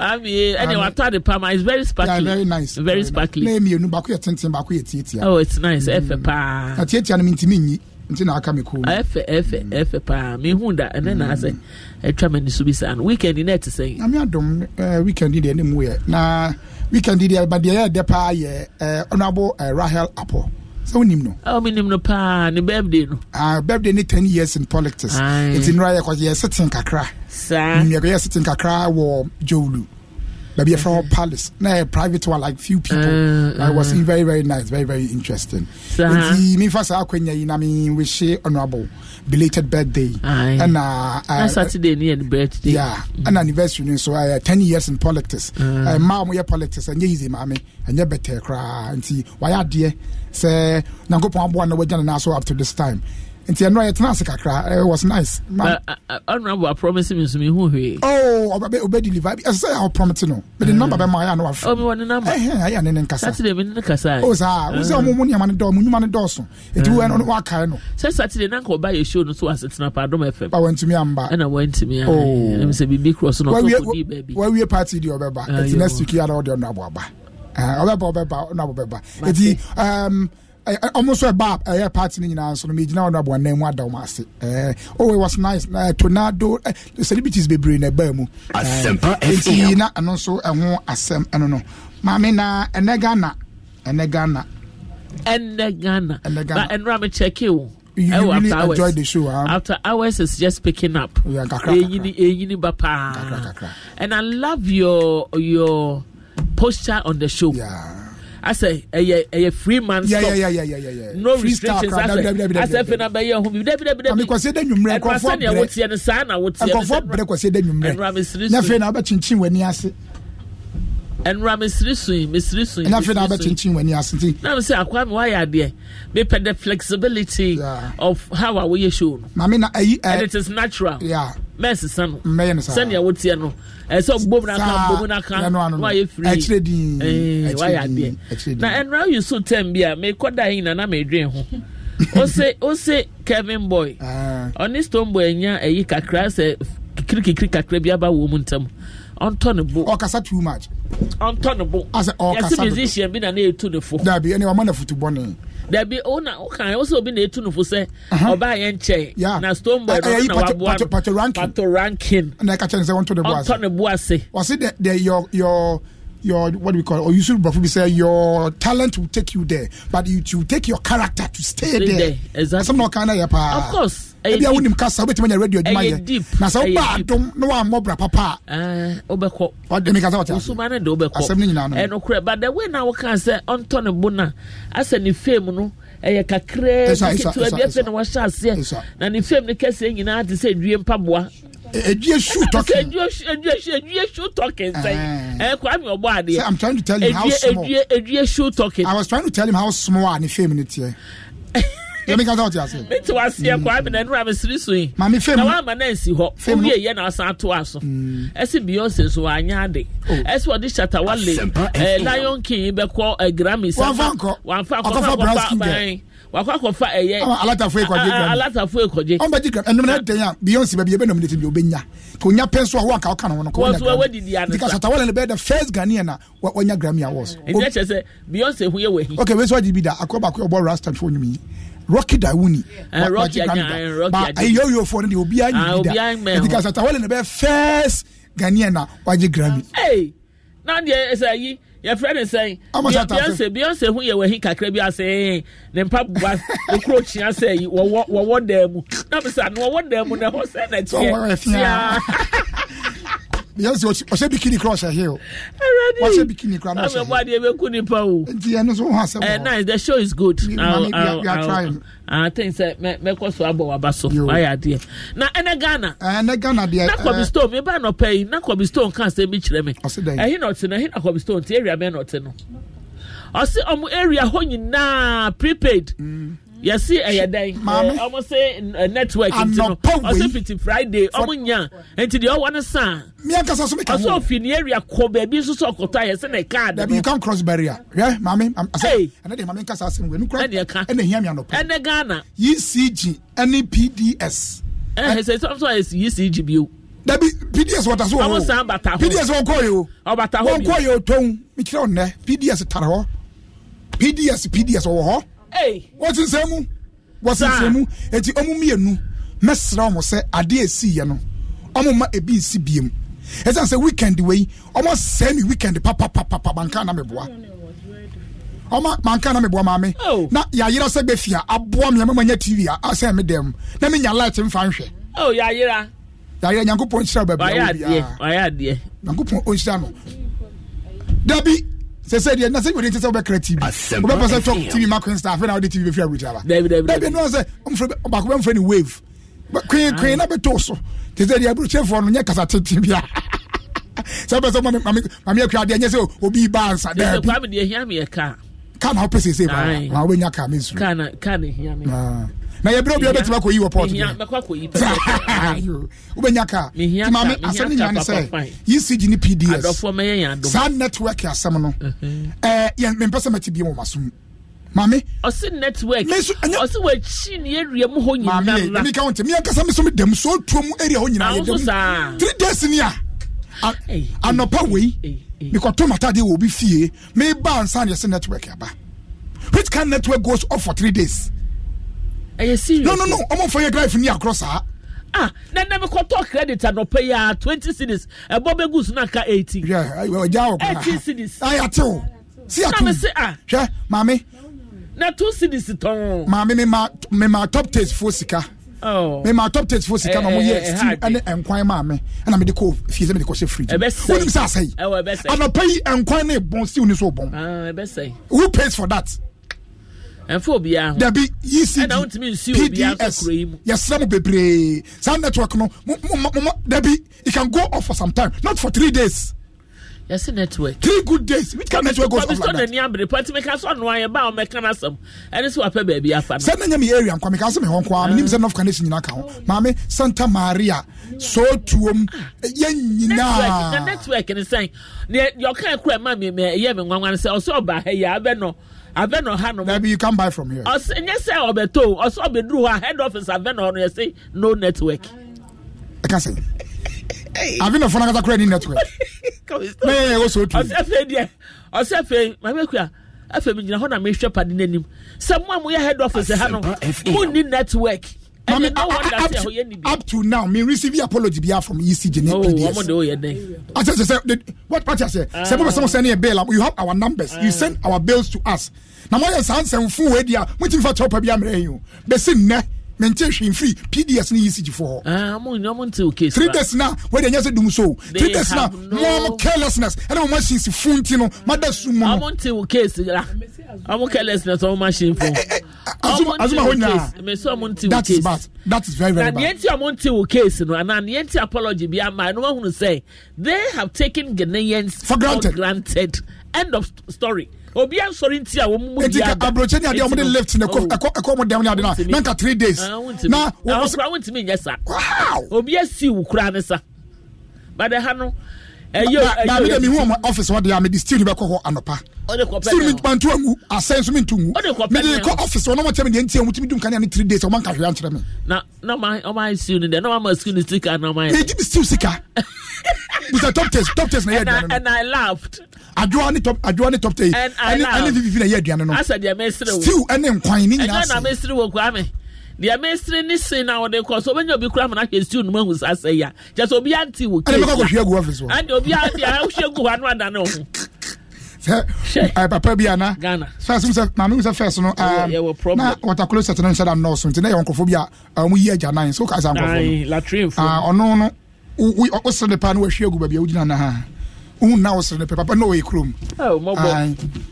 ami ɛnye watɔ adi pam is very sparkly very nice very sparkly ne mienu baako yɛ tenten baako yɛ tietia oh it's nice ɛfɛ paa na tietia no mi ntumi nyi nti na aka mi kuro mm. mu ɛfɛ ɛfɛ ɛfɛ paa mi hu da ɛnɛ na asɛ ɛtwa mi ni so bi saa no weekend yi na ɛte sɛn. na mi adum ɛɛ weekend yi deɛ ne mu yɛ na weekend yi deɛ ba deɛ yɛ dɛ paa yɛ ɛɛ ɔnabɔ ɛɛ rahel apɔ. sɛ wonim no Ten years in ne It's in uh, because ne 10 years in politics nti nnora yɛyɛseten kakra yɛseten kakra wɔ jowlu Maybe from palace No, private one like few people uh, uh, it was ah. very very nice very very interesting nti memfa saa akwanya yi na mewehye honorable belated birthday And uh, eh, saturday near yɛne birthday yeah ɛna mm. anniversary no so uh, eh, 10 years in politics uh, ah. uh, eh, ma mo yɛ politics and easy better cry. And see, why are you? sɛ nyankopɔn aboa na wagya ne naa so up to this time nti ɛnora yɛtena ase kakra eh, it was nice honorable uh, apromise me nsome hu hwee oh ɔbɛ ɔbɛ deliver ɛsɛ sɛ yɛ ɔpromete no mede mm. number bɛ ma ayɛ ano afɛ ɔmi oh, wɔ ne number ɛhɛn ayɛ ne ne nkasa saturday mi ne ne kasa o oh, saa mm. o sɛ ɔmo mo nneɛma ne dɔɔ mo nnwuma ne dɔɔso eti wɔn mm. no wakae no sɛ saturday na nka ɔba yɛ show no so asetena pa adom fm awo ntumi amba ɛna wɔn ntumi amba oh. ɛna sɛ bibi cross no ɔtɔ kɔ di baabi wawie party di ɔbɛba eti next week yɛ ara ɔde ɔno aboaba ɔbɛba ɔbɛba ɔno abɔ bɛba ɔmo nso ɛba ɛyɛ party no nyinaa nso no megyina ɔno abɔ nan mu ada ɔmo ase eh, oh it was nice uh, tornado uh, celebrities bebree na ɛbaa mu nti na ɛno nso ɛho asɛm ɛno no maame na ɛnɛ ghana ɛnɛ ghana ɛnɛ ghana ɛnɛ ghana na ɛnura mi kyɛkɛ o you oh, really after enjoy hours. the show. Huh? After hours is just picking up. Yeah, kakra, kakra. And I love your your posture on the show. Yeah. I say, a, a, a free man. Yeah, yeah, yeah, yeah, yeah, yeah, yeah. No free restrictions. I say, I say, fena bayi ehun bi. Debi debi debi. Ami kwasi de nyumre nkɔfɔ brɛ. Nkɔfɔ brɛ kwasi de nyumre. Na fena abɛ chinchin wani ase. ɛnura mesiri sui mesiri sui ɛna afei na abɛkyinkyin wɔ ni asete na mi sɛ akwa mi wayɛ adeɛ mi pɛ the flexibility yeah. of how a wɔyɛ show no maame na ayi ɛ eh, and it is natural yeah. mɛsesa no mmɛyɛ no saa sɛnea wotie no ɛsɛ bom na ka bom na ka na wayɛ firi akyire din eh, wayɛ adeɛ na ɛnura yi so tɛm bi a mekɔ da yi na na medwin ho ose ose kevin boy ah. ɔne stone boy nya ɛyi kakra sɛ kikirikikiri kakra bi aba wɔ mu ntɛm. Unturnable. ne bo ɔkasa too much Unturnable. ne bo asɛ ɔkasa yɛsi musician bi na ne etu ne fo dabi ɛni ɔma na futu bɔnne dabi ona ɔka ɔsɛ obi na etu ne fo sɛ ɔba yɛ nkyɛn na stone boy no na waboa pato ranking pato ranking na ɛka kyɛn sɛ ɔntɔ to bo ase ɔntɔ ne bo ase wasi de de your your your what do we call it? or oh, you should probably say your talent will take you there but it will take your character to stay, stay there. there exactly some kind of of course ebi awo nim kasa obetuma nya radio adwuma yɛ na sɛ woba adom na wammɔ bra papa a eh, ɔdemi kasa wɔte wosoma no de wobɛkɔ asɛm no nyinaa no ɛno eh, korɛ but the way na sɛ ɔntɔ ne bo no asɛ ne fam no ɛyɛ kakraa ketewa bi afei na wahyɛ aseɛ na ne fam no kɛseɛ nyinaa te sɛ due mpaboa Edu esu talking. Edu esu edu esu talking sẹ́yìn. Ẹ eh. Kwame ọ̀bọ adé. I'm trying to tell him how small. Edu edu esu talking. I was trying to tell him how small a ne fame ni tiẹ̀. yẹmi kasa ọtí ase. mi ti wa se ẹkọ ami na enura mi siri so yi. maami fẹmu na wa ama na esi hɔ owu yɛ yɛ na ɔsan to mm. aso. ɛsi beyonce so anya adi ɛsi wɔde shatawale ɛɛ lion king bɛ kɔ ɛ grammy sɛ. wanfa nkɔ wanfa nkɔ akɔfa brown skin girl wakɔ akɔfa ɛyɛ. Eh, awo alatafo ekɔje grammy alatafo ekɔje. ɔn bɛ di grammy ɛnum eh, n'ɛdɛn ah. ya beyonce bɛ bi ebe nominate bi o bɛ nya k'o nya pɛn so a wɔn a k'aw kan wɔn k'o nya grammy. wɔn so wɔn didi anisa. the first ghanaian na eh, wɔn nya grammy awards. ɛdi ɛkyɛ sɛ beyonce hu yɛ wɔ hi. ok wɛsi wa di bi da akɔ baako rasta fo onyumi yi rocky dawuni eh, rocky aganda but ayoyofoɔ no deɛ obiara nyɛ bi da ɛti kasa ta wɔle bɛ first ghanaian na wagye grammy. na deɛ ɛsɛ yi yɛfrɛ ne sɛn beyonce beyonce ho yɛ wahi kakra bi ase eh, ne mpa bua okuro kyia sɛ yi wɔwɔ wɔwɔ dan mu na bisa no wɔwɔ dan na ɛhɔ sɛ na tiɛ yẹn sẹ bikini kura ọsẹ hill ọsẹ bikini kura nípa o. nti ẹni sọ wọn asẹmọ. the show is good. we, are trying. I think sẹ mẹkọ sọ abọ wàbá sọ ayé adìyẹ na ẹnẹ eh, Ghana. ẹnẹ eh, Ghana deɛ. Eh. na Kobe Stone mi bá nọpẹ yìí na Kobe Stone kan sẹ mi kyerẹ mi. ọsẹ dẹ no. ẹhin nọtì náà ẹhin na Kobe Stone ti area bẹ́ẹ̀ nọtì náà ọsẹ ọmọ area hó nyinaa prepaid. Mm. yɛsi ɛyɛ dɛn ɔmo se network nti no ɔsi fiti friday ɔmo nya nti deɛ ɔwɔ ne san ɔsɛ ofi ni area kɔ beebi nso so ɔkɔtɔ ayɛ sɛ ne card no. you can cross barrier hwɛ maame ase ɛnɛ de maame nkasa asem wɛnu kura ɛnɛ hiɛ mi anɔpɔ ɛnɛ ghana ecg ɛne pds. ɛhɛ sɛ sɔm sɔ ɛsi ecg bi o. dabi pds wɔta so wɔ o pds wɔn kɔ yi o ɔbata hɔ bi wɔn kɔ yi o tɔn mi kyerɛ ɔnɛ pds tara hɔ pds pds wɔ hɔ wɔte nsɛm mu wɔte nsɛm mu eti ɔmo mmienu mɛsra ɔmo sɛ adeɛ esi yɛ no ɔmo ma ebi nsi biem ɛsan sɛ weekend wei ɔmo sɛn mi weekend papapapa banka oh. na mi boa ɔmo banka na mi boa maame na yayira sɛ bɛ fia aboa mi ɛmo ma nya tv a asɛn mi dɛm na mi nya light nfa nhwɛ. o oh, yayira. yayira nyankopɔn nhyira baabi a wo bia nyankopɔn ɔnhyira no dabi sɛsɛ deɛ na sɛ wɛde nti sɛ wobɛkra tv wobɛpɛ sɛ tɔ tv ma kwen star afei na wode tv bɛfiri aburukyiraba dabi no sɛ baako bɛmfrɛ ne wave kwen kwen na bɛtoo so te sɛ deɛ aburukyirfoɔ no nyɛ kasa tete bia sɛ wopɛ sɛ mame akua adeɛ nyɛ sɛ obi ba ansa daabi ka na wopɛ sɛ sɛ ba wobɛnya ka me nsu na yɛberɛ obia wobɛtumi akɔyi wɔ pɔt wobɛnya ka nti maame asɛm no nyane sɛ yisig e ne pds saa network asɛm no mempɛ sɛ mate bia wɔ masom maame ɔsi network ɔsi w'akyi ni area mu hɔ nyinaa la maame mi ka wɔn tɛ mi ankasa mi so mi dɛm so tuo mu area hɔ nyinaa yɛ three days ni a anɔpa wei mi kɔ to mataade wɔ obi fie mi ba ansa ni yɛ si network aba which kind network goes off for three days ɛyɛ serious no no no ɔmo fɔ yɛ drive ni akorɔ saa. Ah. ah na na mi kɔ tɔ credit anɔpɛ ah, yi a ah, twenty cities ɛbɔ eh, bɛ goose na ka eighty. yɛ ɔjà ɔkọ ha eighty cities. ayi ati o si ati o hwɛ maame. na two cities tɔn. maame mi ma mi ma top taste fo sika. Oh. mema top tate fo sika na mo yɛ eh, eh, stew ne nkwan maa me ɛna mede kɔ fie sɛ mede kɔhyɛ fridge wonim sɛ asɛi anɔpa yi nkwan ne bɔn stew ne so wobɔn who pays for that ɛnfɛ obiara ho dabi ecg ɛna ntumi nsi obiara kakura yi mu yɛsrɛ mu bebree saa network no mo mo mo dabi it can go off for some time not for three days. yɛsɛ network three good days which kind of network goes off like that. nani abere pɔtɛ mi ka sɔ nua yɛ ba ɔmɛ kan asɛm ɛni sɛ wapɛ baabi afa. sɛ ne nyɛ mi area nkwa mi ka sɛ mi hɔn kɔ a ah. mi nim sɛ north canadian nyinaa ka ho maame santa maria so tuom ah. yɛ nyinaa. network na network ni sɛn yɛ ɔkan kura maa mi mɛ ɛyɛ mi nwanwa sɛ ɔsɛ ɔba ha yɛ abɛ nɔ abɛn na ɔha you come buy from here. ɔsɛ n yɛ sɛ ɔbɛtɔ o ɔsɛ ɔbɛduru hɔ a head office abɛn na ɔno yɛ sɛ no network. ɛ ka sɛ abɛn na a kata kura ni network. ne yɛ yɛ wosow I. ɔsɛ fɛ deɛ ɔsɛ fɛ maame kuya afɛ mi gyina hɔ na mi hwɛ padi n'anim sɛ mo a mo yɛ head office ha no mo ni network mami up to now me receive apology bia from ECG ne oh, PDS. I just said what party say? Say mo say send a bill you have our numbers. You ah. send our bills to us. Na mo yes san full idea. we dia mo tin fa you. bia mre yu. ne me free PDS ne ECG for. Ah mo no mo nte okay. 3 days now. we dey just dum so. Three days now. No carelessness. And mo machine si funti no. Mada sumo. Mo nte okay. Amo carelessness on machine for azuma hɔ nyinaa that is bad that is very very bad. na deɛ ti a ti wɔ case no ana deɛ apology bi ama ɛnu wɔn hun sɛ they have taken Ghanaians for granted granted end of story obi ansori nti a wɔn mu di ada aburokye ni adeɛ wɔn de lift na oh. ɛkɔ ɛkɔ wɔn dɛm ni ade na na three days ah, na ah, wɔn kura wɔn ti mi nyɛ sa obi esi wukura ne sa But ha no maame de mi hu ɔmo ɔfisi hɔ de a mi di steel bɛ kɔ hɔ anɔpa steel mi ma ntu ngu asɛn so mi ntu ngu mi de kɔ ɔfisi hɔ n'ɔmo kyɛ mi deɛ ntiɛ mu ti mi dum kanea ni three days ɔmo nka hwɛ ankyerɛ mi. na na ɔmo ayɛ steel ni dɛ na ɔmo ama steel ni sika na ɔmo ayɛ. eji bi steel sika busa top test top test na yɛ aduane no and i laughed. adwoa ne top adwoa ne top test ɛne ɛne fifi na yɛ aduane no asɛ deɛ mɛ sere wo steel ɛne nkwan ne nyinaa se ɛnyɛ na mɛ sere wo kwame deɛ mesiri ne sin na wɔde kɔ so obɛnya obi kura mu n'ahwɛ stew no mu ehu sa sɛ ya kyɛ sɛ obi ante wò kee ɛdi bɛ kɔ hwɛ gu ɔfisi wɔ ɛdi obi ante ahwɛ gu hɔ anu adane ɔho. sɛ ɛɛ papa bi ana ghana sɛ ɛsɛ sɛ maame mi sɛ fɛs no ɛɛ um, na wɔtakolo sɛtɛ ne nhyɛ da nɔɔso nti ne yɛ nkɔfo bi a ɔmo yi agya nan so kasa nkɔfo no ah, ɔno no wosere ne paa no wahwie agu baabi a wogyina na ha wohu na wosere ne pɛ papa na ɔyɛ kurom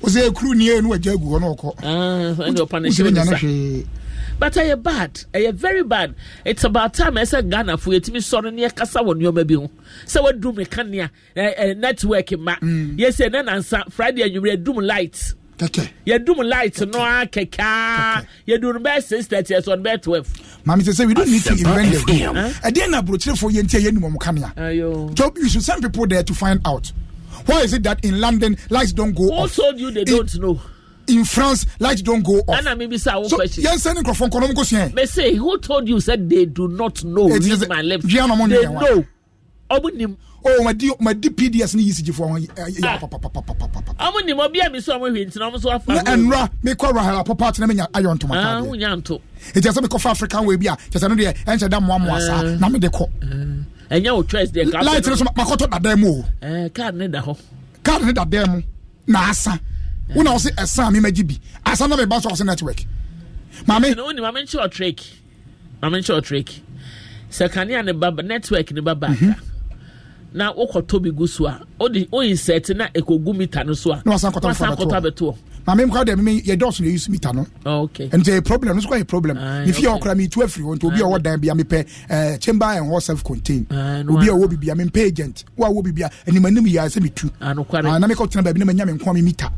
wosɛ kuro nie no wagya agu hɔ na ɔkɔ ah, wosɛ nya no hwee but ɛyɛ bad ɛyɛ very bad it's about time ɛsɛ ghana fo yɛtumi sɔre ne yɛkasa wɔ nneɛma bi ho sɛ wadum mekania ɛ eh, eh, network ma yɛsɛ ne nansa friday anwummerɛ dum light yɛdum light no a kɛkaa yɛdu no bɛyɛ six thirty ɛsɛ ɔno bɛyɛ twelve. maame sɛ sɛ we don't need to invent the wheel ɛdeɛ na aburokyerɛfoɔ yɛn ti a yɛnum ɔmo kanea job you should send people there to find out why is it that in london lights don go off who told you they don't know in France, light don't go off. And I mean, sir, so, yes, sir, microphone, kono mko siye. Me say, who told you said they do not know? It is my lips. They know. Obunim. Oh, my D, my DPDS ni ECG for one. Yeah, papa, papa, papa, papa. Obunim, obi ami so amwe hinti na amso afa. Enra, me kwa rahela papa tina me ayon to mata. Ah, unyanto. It just me kofa African we bia. Just anu de enche da mo mo asa. Ah. Na me de ko. Ah. Enya o choice de ka. Light no so makoto da dem o. Eh, card ne da ho. Card ne da dem. Na asa wona wo se ɛsa a memagye bi asam na meba so wo se network maame wone maame nkyɛ ɔtrek maame nkyɛ ɔtrek sɛ kanea ne baba network ne baba mhm. aka na wokɔtɔ bi gu so a wode woinsɛte na ɛkɔgu mita no so a na wasan kɔtɔ abɛtoɔ maame mkora dɛ meme yɛdɔɔso na no ɛno oh, problem no so kɔ problem mefie ah, ah, a ɔkora metu afiri hɔ nti obi ɔwɔ dan bia mepɛ chamber and self contain ah, obi a ɔwɔ bibia mempɛ agent wo a wɔ bibia animanim yia sɛ metu na mekɔtena baabi na manya me nkoa me mita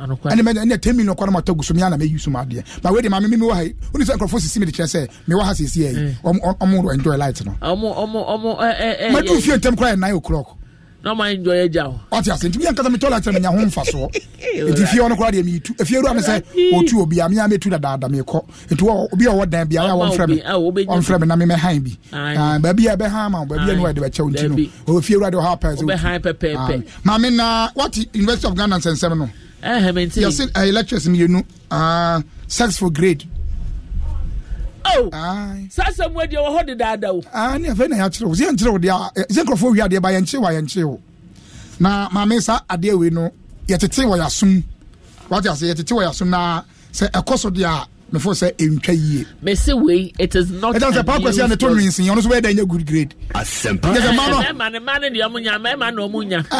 ɛne mɛ ne ten million kɔnɔ ma tɔ gusu mi ana mɛ yusu ma deɛ ba wei de maame mi mi wɔ ha yi o ni sɛ nkurɔfoɔ sisi mi kyerɛ sɛ mi ha sisi yɛ ɔmo enjoy light no. ɔmo ɔmo ɔmo ɛ ɛ ɛ. mɛ tu fiye ntɛm kura yɛ nine o'clock. na ma enjoy ɛja e o. ɔti ase ntumi yankasa mi tɔ light na nya ho nfa soɔ eti fiye otu obi a mi a mi tu dadaada eh, obi a ɔwɔ dan bi a wɔn fɛ na mi mɛ han bi ah, baabi a eh, ɛbɛ han ma baabi eh, a ni wa de bɛ kyɛw ntino efiye na wati university of ghana nsɛnsɛm no yɛse uh, lectures mmienu uh, sex for grade oh saa sɛ mu adeɛ wɔ hɔ dedaada o ah, ne afei na yɛakyerɛ wo sɛ yɛnkyerɛ wo deɛ eh, sɛ nkurɔfoɔ wi adeɛ ba yɛnkyere wo a yɛnkyere wo na maame saa adeɛ wei no yɛtete wɔ yɛasom wate ase yɛtete wɔ yɛasom na sɛ ɛkɔ so deɛ a mefo sɛ ɛntwa yie mese wei it is not ɛta sɛ paa kwasi a ne to nwensi ɔno so bɛyɛ dɛ nyɛ good grade asɛmpa good grade. no ma ne ma ne deɛ ɔmo nya ma ɛma na ɔmo nya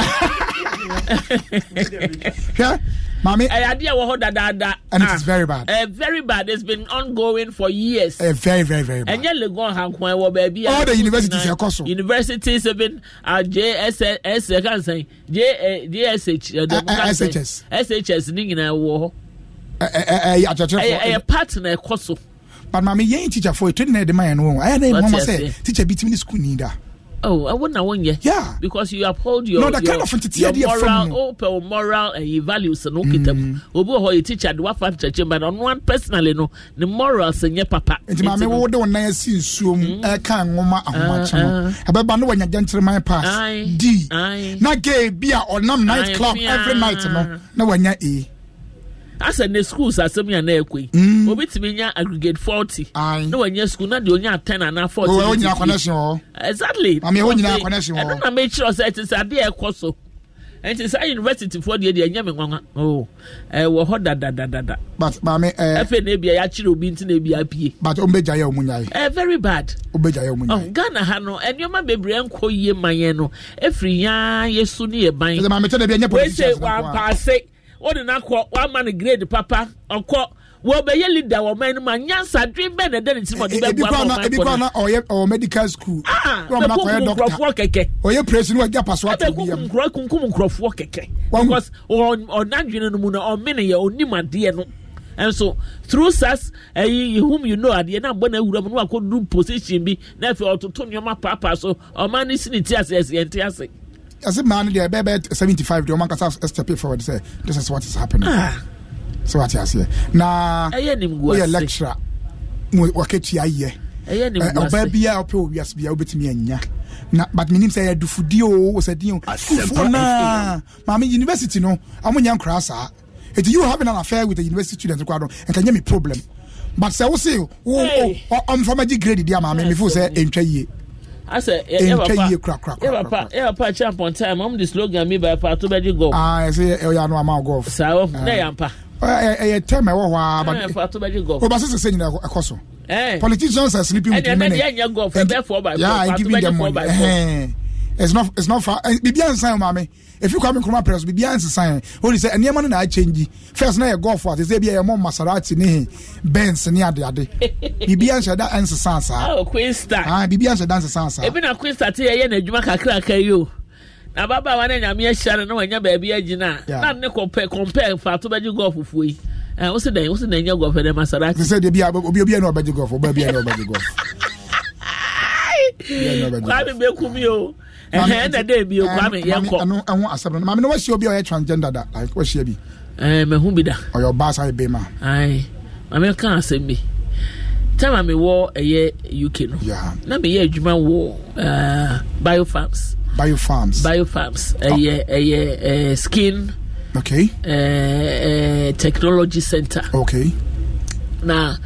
hwɛ maame. ɛyɛ adeɛ wɔ hɔ dadaada. and it is ah. very bad. Uh, very bad it's been ongoing for years. Uh, very very very bad. ɛnyɛ legon hankwan eh, wɔ baabi. all the universities ɛkɔ so. universities been uh, ah, jss kansan j jsh. shs. shs ni nyinaa wɔ hɔ. ɛyɛ akyerɛkyerɛfoɔ. ɛyɛ partner ɛkɔ so. but maame yɛn teacher fo etu ni na yɛ de ma yɛn no wɔn ayɛ na yɛ mɔmɔ sɛ teacher bi ti mi ni school ni da. Oh, I wouldn't want yet. Yeah. Because you uphold your, no, that your, kind of your moral, open eh, no. moral and your values and all. them. Obu ho your teacher do five church but on one personally no the morals and your papa. Nti mm. eh, ma me wo de won na si nsuom e ka nwoma ahomache no. Ebeba no wanya gentleman pass. D. Na gay bia or nam night every night no. Na wanya E asɛ ne schools asɛm yɛn na ɛkɔ yi mm. obi tumi nya aggregate forty na wɔnyɛ school na deɛ ɔnya ten ana forty na ti fi exactly maame ɛwɔ nyinaa connection wɔ ɛno na mekyerɛ sɛ ɛte sɛ adeɛ ɛkɔ so ɛnti saa university foɔ deɛ deɛ ɛnyɛ me nwanwa oo oh, ɛwɔ hɔ dadadadada. but maame ɛɛ ɛfɛ na ebia yakyere obi nti na ebia apie. but o mbɛgya yɛ o nya ye. ɛɛ very bad. o mbɛgya yɛ o nya ye. Oh, ghana ha no ɛnneɛma bebree nkɔ yie man yɛn no efiri yaa yɛ su ne yɛ ban. ɛsɛ maame kyɛn na ebi ɛnyɛ politicians na wese wampaase ɔde n'akɔ wama ne grade papa ɔkɔ wɔbɛyɛ leader wɔ ɔman mu a nyansadwe bɛn na ɛda ne tirim ɔde bɛ bu ama ɔman kɔnɔ. ebi na ɔyɛ ɔwɔ medical school. aa bɛ kunkum nkurɔfoɔ kɛkɛ. ɔyɛ presi ni wɔgya paso ato bi yam. ɛbɛ kunkum nkurɔfoɔ kɛkɛ. because ɔnadwene no mu na ɔmene yɛ onim adeɛ no nso through sas ɛyi whom you know adeɛ na bɔ na ewura mu na wakɔ du position bi na afei ɔtoto nneɛma paapaa so ɔman ne si ne ti ase ɛsi ɛnti ase as a man, they are bad 75. The woman can step forward say, This is what is happening. Ah. So, what you say? Now, we are oh, lecturer. wɔkɛtua yɛ ɔbaa bia ɔpɛ wɔ wiase bia wobɛtumi anya na but menim sɛ eh, yɛadufodie o wɔsɛdin o skufoɔ naa university no ɔmonyɛ nkoraa saa ɛti you having an affair with the university student koraa no ɛnka nyɛ me problem but say say. o o. wo from a degree grade deɛ maame mefo sɛ ɛntwa yie asɛ ɛwapa ɛwapa ɛwapa kyɛ apɔntan mu ɔmu de slogan mi ba ɛpa ato bɛ di golf. aa ɛsɛ ɛyɛ anu ama golf. saa wɔ ne yɛ ampa. ɛyɛ tɛmɛ wɔ hɔ aba de ɛpa ato bɛ di golf. o ba sese se nyina ɛkɔ so. politicians are sleeping eh, with women. ɛnɛ ɛnɛ yɛ nyɛ golf ɛbɛ fɔ ba fɔ ato bɛ di fɔ ba fɔ it's not it's not far eh, bibi ansan maame efi kwame nkrumah press bibi ansan holy sɛ nneɛma no na akyɛnji first na yɛ golf ati sɛ ebi yɛ mɔ maserati ne benz ne ade ade bibi ansan da ansan saa oh queen star ah bibi ansan da ansan saa ebi na queen star ti yɛ yɛ n'adwuma kakraka yi o na ababaawa ne nyame ahyia no na wanya baabi agyina na ne compare compare faato bɛgye golf fuo yi eh, ɛn wosi dɛ wosi dɛ nyɛ golf ɛdɛ maserati sɛ de bi a obi obi yɛ na go for. obi yɛ na go for. kwame bɛ kum yi o ɛnna de bi o kwame yɛ kɔ ɛno ɛho asɛm no maame na wɔahyia obi a ɔyɛ transgender da like wɔahyia bi ɛɛ eh, mɛho bi da ɔyɛ ɔbaa saa ebe ma ayi maame ka asɛm bi time a mi wɔ ɛyɛ uk no na mi yɛ adwuma wɔ ɛɛ eh, biofarms biofarms biofarms ɛyɛ eh, ah. ɛyɛ ɛɛ skin okay ɛɛ ɛɛ technology center okay na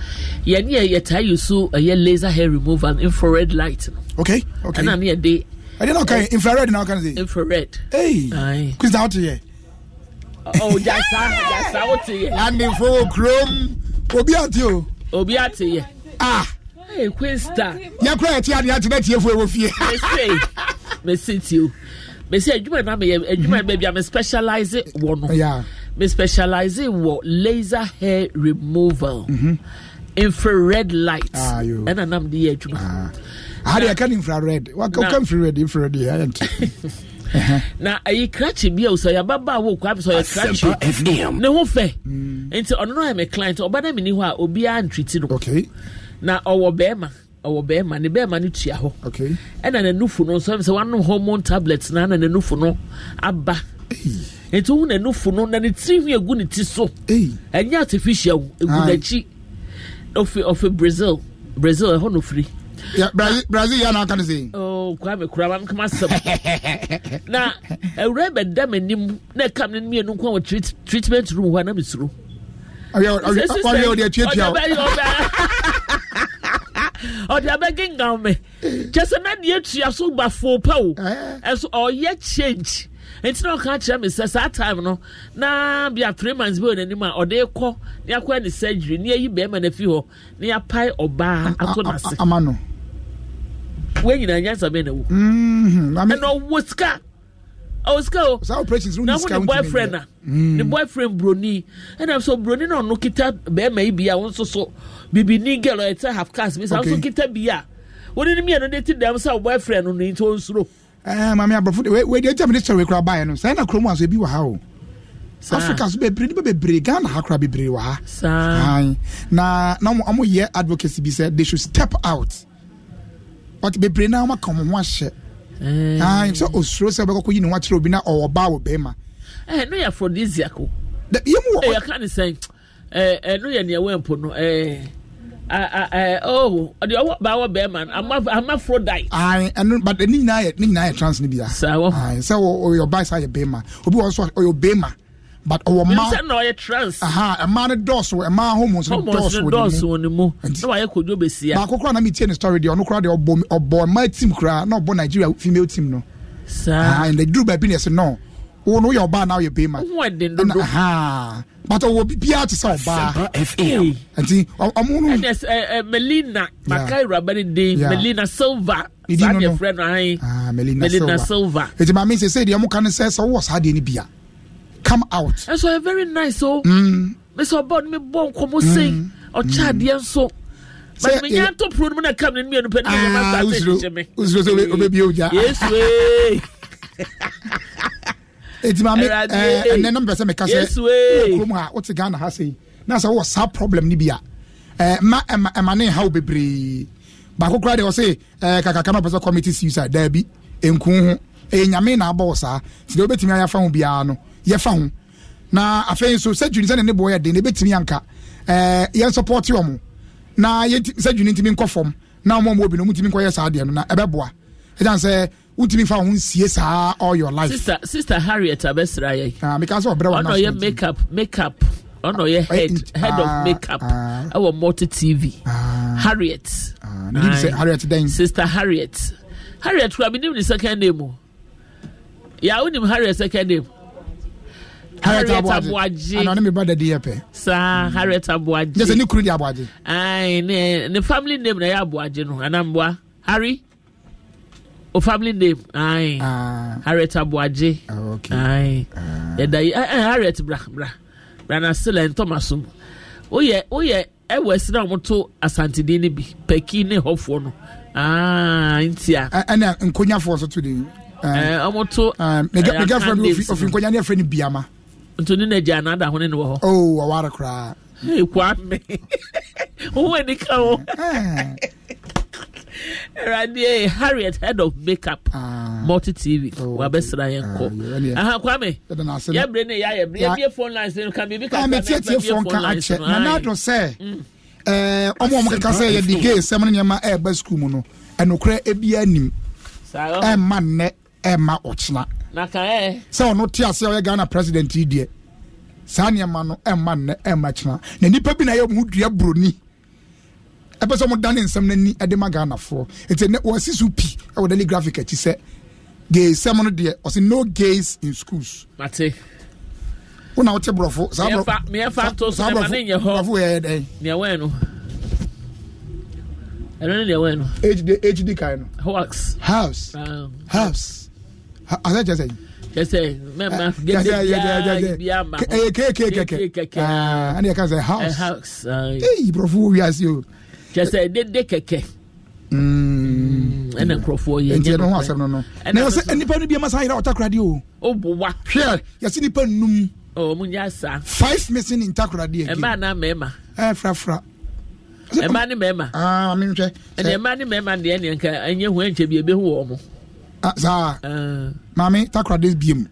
yɛn ni yɛ yɛ taa yi so ɛyɛ laser hair removal infrared light okay okay ɛna ni yɛ de ɛde na kind? infrared now can sɛ infrared Hey, krista wote yɛ oh jasa jasa wote yɛ landinfo wɔ kurom obi ate o obi ate yɛ ah Hey, Quinsta. Yakura ti adi ati na tie fo ewo fie. Mese. fear. Me say. Me adwuma you. me say you adwuma na bia me specialize wɔ one. Yeah. Me specialize wɔ laser hair removal. hmm Infrared light. Ah, you. And I'm the edge. Ah adeɛ ɛka no infrared woka mfrired infrared ɛyɛnti na ɛyi krakye bi a wosɔ yɛ ababaa wo kwa sɔ yɛ krakye ne ho fɛ mm. nti ɔno no yɛ me client ɔba na mini hɔ a obiara ntwiti no na ɔwɔ bɛrima ɔwɔ bɛrima ne bɛrima no tua hɔ ɛna n'anufo no nso sɛ wanom hormone tablet na na n'anufo no aba nti wohu n'anufo no na ne tirinwi egu ne ti so ɛnyɛ artificial egu n'akyi ɔfi ɔfi brazil brazil ɛhɔ no firi. Brazil, ya yɛ n'aka no sɛ. Oh, Kwame Nkrumah nkama sɛm. na awura bɛ da mɛ nim na ɛka mi mienu nkɔ wɔ treatment room hɔ anam suru. Ɔyɛ ɔyɛ ɔyɛ ɔde atuatua o. Ɔde abɛgengan mɛ. Kyɛ sɛ na deɛ atua so ba fo pa Ɛso ɔyɛ change. nti na ɔka kyerɛ me sɛ saa time no na bia three months bi wɔ n'anim a ɔde kɔ ne akɔyɛ ne surgery ne ayi bɛrima no afi hɔ ne apae ɔbaa ato n'ase. ama wɔn nyinaa nyansa bɛn na wo. ɛna ɔwɔ sika ɔwɔ sika o. saa operations n'o ni sika wọn ti bɛn yɛ. ne mm. boyfriend broni ɛna uh, so broni na ɔno kita bɛrima yi bi a wɔn soso bibini girl ɔyɛ tɛ half caste bi sa ɔno kita bi a wɔn ni mmienu de ti dɛm sa o boyfriend no ni nti o nsoro. ɛɛ eh, maame aborɔfo de wei de ɛjá mi de sɔrɔ ekura baa yɛ no sɛn na kurom aso ebi wɔ ha o. africa so bebree nipa bebree ghana ha kora bebree wɔ ha. na na wɔn yɛ advocacy bi sɛ they should step out but bebree na wɔn aka wɔn ho ahyɛ eh. ayi ah, sɛ osuro sɛ ɔbɛkɔ yi ne ho akyerɛ obi na ɔwɔ baa wɔ bɛrima. ɛɛ eh, n'o yɛ afrodisia ko. yɛ mu wɔ. ɛyɛ eh, kan sɛn ɛɛ ɛɛ n'o yɛ nea wɔn mpo no ɛɛ ɛɛ ɛɛ ɔwɔ ɔdi ɔwɔ baa wɔ bɛrima no ama ama afrodite. ayi ɛnu but ne nyinaa yɛ ne nyinaa yɛ trans ni bia. Sawa wɔ. ayi sɛ ɔyɛ ɔbaa sɛ ɔyɛ bɛrima obi wɔ so ɔyɛ bɛrima but ɔwɔ mmaa sɛ na ɔyɛ trans aha mmaa no dɔɔso mmaa homos no dɔɔso wɔ ne mu ne mu na wayɛ kodwo besia baako koraa na metie ne story deɛ ɔno koraa deɛ ɔbɔ ɔbɔ mmaa team koraa na ɔbɔ nigeria female team no saa ah ndeduru baabi na ɛsɛ no wɔn oh, no yɛ ɔbaa na ɔyɛ bɛrima wɔn ɛdi ndodo aha but ɔwɔ bibiara ti sɛ ɔbaa nti ɔmo no ɛdɛ ɛ melina maka iraba ne den melina silva saa deɛ frɛ no ahan melina silva eti maame sɛ sɛ deɛ ɔmo ka ne sɛ sɛ ɔwɔ saa deɛ ne bia come out. And so you're very nice so. Oh. Mm. Mr. Bob me bon komo say mm. or oh, chad mm. yen so. Oh. But me yan to pro na kam ne me no pe na ma start say me. Usro so obebi oja. Yes way. Eti ma me eh ne no pese me ka say. Yes eh, way. Kurom ha wote Ghana ha say. Na say wo sa problem ni bia. Eh ma eh, eh, ma ne ha obebre. Baako kura de o say eh kakaka ma pese committee suicide da bi. Enku ho. Eh nyame na abɔ saa. Sɛ obetumi ayafa ho bia no yɛfa ho na afei nso sɛ dwuni sɛne ne boɔ yɛ den na ɛbɛtumi anka eh, yɛn sɔpɔɔte wɔn na yɛ sɛ dwuni ntumi nkɔ fam na wɔn a wɔn bi no wɔn ntumi nkɔ yɛ saa deɛ no na ɛbɛboa ɛdan sɛ wotumi fa ho nsie saa all your life. sister sister harriet abɛsira yɛ. aa ah, mika sɛ ɔbrɛ wa n'asɔrɔ ɔnɔ make up make up ɔnɔ yɛ head head of ah, make up ah. ɛwɔ multi tv harriet. ne yi sɛ harriet dɛn. sister harriet harriet kura mi nim ni second name o yaa o nim harriet second name harriet abuaje ana ah, ne meba dadi yɛ pɛ saa harriet abuaje nyɛ sɛ ne kuru de abuaje ayi ne ne family name na yɛ abuaje no anamboa harry o family name ayi ah. harriet abuaje ah, okay. ayi ah. yɛda yi ɛɛ eh, eh, harriet bra bra bra na sila ntoma so woyɛ woyɛ ɛwɔ esi na wɔn to asanteden ne bi pɛki ne hɔfoɔ no aa ntia. ɛna nkonyafoɔ so to de. ɛɛ wɔn to ɛɛ akandeefoɔ ɛɛ mɛ gafra bi ofi ofi nkonya ne yɛ fɛ ni biama nti ne na gya anada ho ne ne wɔ hɔ. o oh, wɔware koraa. ee kwame wɔn ani ka wo. Erade eh. eh, Harriet head of makeup ah. multi TV oh, wabɛsira yɛn ah, kɔ aha kwame yɛbere ne yɛ ayɛbere yɛbie phone lines ne ka biribi ka ah, mɛ tie tie phone ka akyɛ na n'ado sɛ ɛɛ mm. eh, ɔmo ɔmo keka sɛ yɛde gay sɛm ne nneɛma ɛɛba sukuu mu no ɛnokora ebi anim ɛɛma nnɛ ɛɛma ɔkyena. Eh? sɛ ɔno te ase a ɔyɛ ghana president yi deɛ saa nneɛma no ɛmma nnɛ ɛmma kyena na nipa bi na yɛ mu dua buroni ɛpɛ sɛ ɔmo dane nsɛm n'ani ɛde ma ghanafoɔ nti ne wɔasi so pi ɛwɔ daily graphic akyi sɛ gay sɛm no deɛ ɔsi no gays in schools. mate wọn na ɔte borɔfo saa borɔfo miɛfa nto so ɛma ne nyɛ hɔ borɔfo hd hd kan no. house ah. house house asɛ kyɛ sɛ kyɛsɛ mɛma gɛdɛ biara bi ama ɛyɛ keke kɛkɛ ɛna yɛ ka sɛ house House. eyi borɔfo wi ase o kyɛsɛ dede kɛkɛ ɛna nkurɔfoɔ yɛ nti ɛno ho asɛm no no na yɛ sɛ nipa no bi ama saa yɛrɛ ɔtakoradeɛ o ɔbowa hwɛ yɛsɛ nipa nnum ɔmo nyɛ saa five missing in ntakoradeɛ ɛmaa na mɛma ɛɛ frafra ɛmaa ne mɛma ɛna ɛmaa ne mɛma deɛ ne nka ɛnyɛ hu ɛnkyɛ bi ebi hu wɔn mo saa ah, ah. maame takoradi bie mu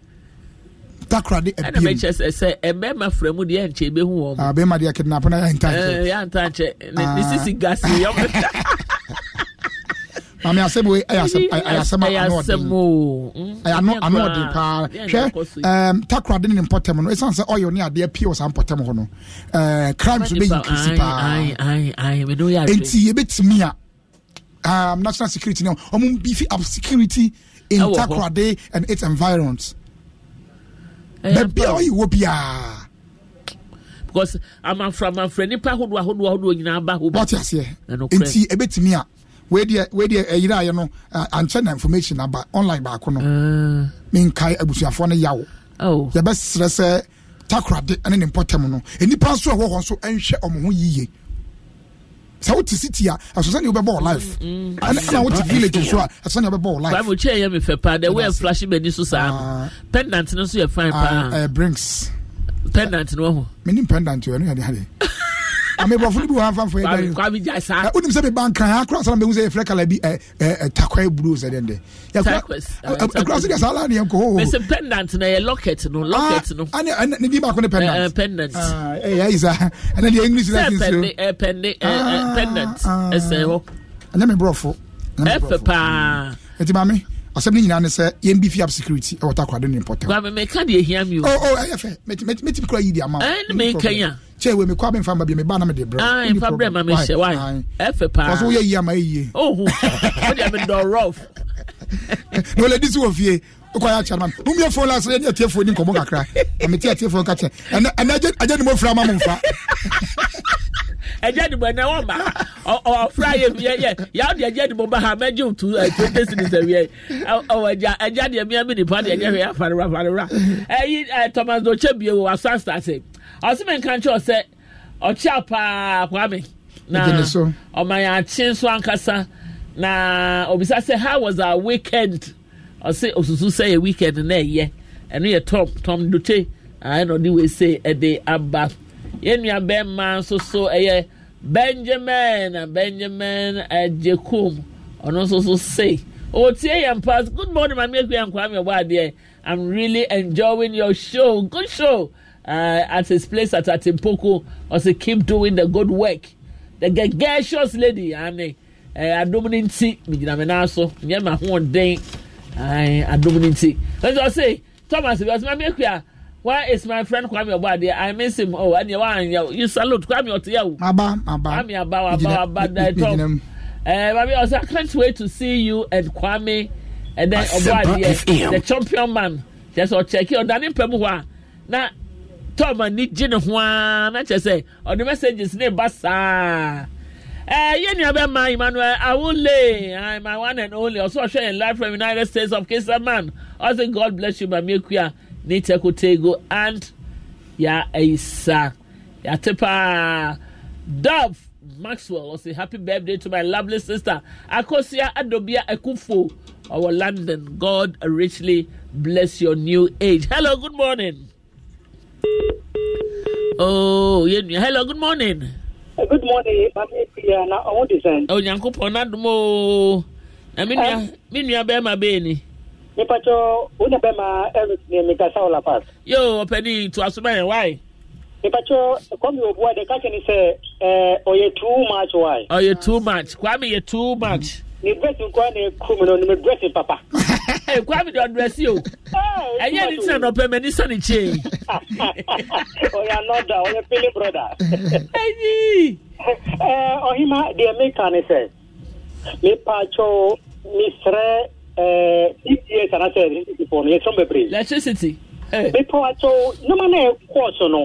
takoradi ebie mu ɛna bɛ kyɛ sɛ sɛ ɛbɛrima fura mu deɛ nkyɛn bɛ hu wɔn. abɛrima ah, deɛ kidnap na yɛ ntankyɛ. Eh, yɛ ntankyɛ ne ne sisi gasi yɛ ɔbɛ ta. maame asɛm wei ɛyɛ asɛm anɔden ɛyɛ anɔden paa hwɛ ehm, takoradi ne mpɔtɛm no esan sɛ ɔyɛ ne adeɛ pii wɔ saa mpɔtɛm hɔ no eh, crime so bɛ yi nkirisi paa nti ebɛtumi a um, national security now ọmọ bí fi up security in Takoradi and its environs eh, Because I'm from a ọyẹ wọ biara. because amanfra amanfra nipa ahodoɔ ahodoɔ ahodoɔ nyinaa ba ho. bọ́ọ̀tì aseɛ nti ebetumi a wedeɛ wedeɛ ɛyira ayɛ no ankyɛn eh. na information aba online baako no minkae abusuafoɔ no yawo oh. yɛbɛsrɛ sɛ Takoradi ɛne ne mpɔtɛm no e nipa nso a ɛwɔ hɔ nso ɛnhwɛ ɔmo ho yie sɛ wote city a ɛso sɛne wobɛbɔ life mm, mm. ɛna wote village so a ɛso sɛne wobɛbɔ life bible chair yɛ mefɛ paa dɛ woyɛ flash bani so saa pendant no so yɛ fine paa brinks pendant no wahu menim pendant ɛno yɛde hade ameborɔfo no bi wɔ hamfamfa wonim sɛ meba nka ha kora sana bɛhu sɛ yɛfrɛ kala bi takwae buro sɛ dɛn dɛ so deɛ saa la neɛ nkɔhɔhɔ pendant di baako ne pendant ah, pendant deɛ english na sɛ pendant ɛsɛn ɛfɛ paa ɛti maame asɛm no nyinaa ne sɛ yɛmbi fiap security ɛwɔ takorade no impɔtmeka deɛ hia mi oh, oh, ɛyɛ fɛ mɛtumi kora yi de ama mekanya kyɛ wei mekɔa memfa ma bi meba na mede brɛmfa brɛ ma mehyɛ w ɛfɛ paa so woyɛ yie ama ɛyie wode medɔrɔf na ɔladi so wɔ fie wokɔyɛ akyɛ no ma momiɛ fo la sɛ yɛne atiefoɔ ni nkɔmmɔ kakra na mete atiefoɔ ka kyɛ ɛnɛ agya ne mɔfira ma momfa ɛgya dìbò ɛnɛ wɔn ba ɔfra yɛ yɛ yɛ yaw deɛ ɛgya dìbò ba ha mɛgye tu twenty cities ɛwiɛ ɔwɔ ɛgya ɛgya deɛ mia mi nipa deɛ ɛgya hwɛ afarewura afarewura ɛyi ɛ thomas doche bie wɔ asan stase ɔsibɛ nkankyɛ ɔsɛ ɔkyea paa kwame na ɔman akye nso ankasa na obisa sɛ how was our weekend ɔsɛ osusu sɛ yɛ weekend na ɛyɛ ɛno yɛ tom tom doche ɛna ɔde wei sɛ ɛde aba yɛn nua bɛrima nso so ɛyɛ benjamin na benjamin ɛgyekom ɔno nso so sei otie yɛn pa good morning maame ekuya nkwame ɛwɔ adeɛ i'm really enjoying your show good show uh, at his place at atimpoku ɔsɛ keep doing the good work the gagacious lady ane ɛɛ adum ne nti gyina me nan so nyɛ ma ho den ɛɛ adum ne nti ɛsɛ ɔsɛ thomas bi ɔsɛ maame ekuya where is my friend Kwame Obade? I miss him. Oh, and you want you salute Kwame Otiyahu. Aba, aba. Kwame Aba, Aba, Aba, Daito. Eh, Babi, also, I can't wait to see you and Kwame and then Obade, the champion man. Just or check your Danny Pemuwa. Now, Tom and Nijin Juan, I just say, or oh, the message is name Bassa. Eh, yẹn ni abẹ ma Emmanuel Awule, I'm my one and only, also sharing life from United States of Kisaman. Also, God bless you, Mamie Kuya ne tekotego and ya ayisa ya tepa dove maxwell ɔsɛ happy birthday to my lovely sister akosua adobia ekufo our london god richly bless your new age hello good morning oh yɛnua hello good morning. good morning maame pia oh, oh. na ɔmo design. onyankopɔn nadomo na mi nua mi nua bɛrima bɛyɛ ni nipacho wone bɛma eric ne mekasa wo lapas yo ɔpani toasoma ɛ wae nipacho kwame obua de ka kye ne sɛ ɔyɛ too much wae ɔyɛ too much kwame yɛ too much ne dress nkora na ɛkum no nome dress papa kwame de ɔdrɛse o ɛyɛ ne tena nɔpɛ m'ani sa ne kyee ɔyɛ o ɔyɛ pili broda ɛyi ɔhema deɛ meka ne sɛ mepacho mesrɛ dts anaasɛ ɛdinsifoɔ no yɛsɛm bebree electricity eh. bepɔ ato nneɛma na yɛ kɔɔso no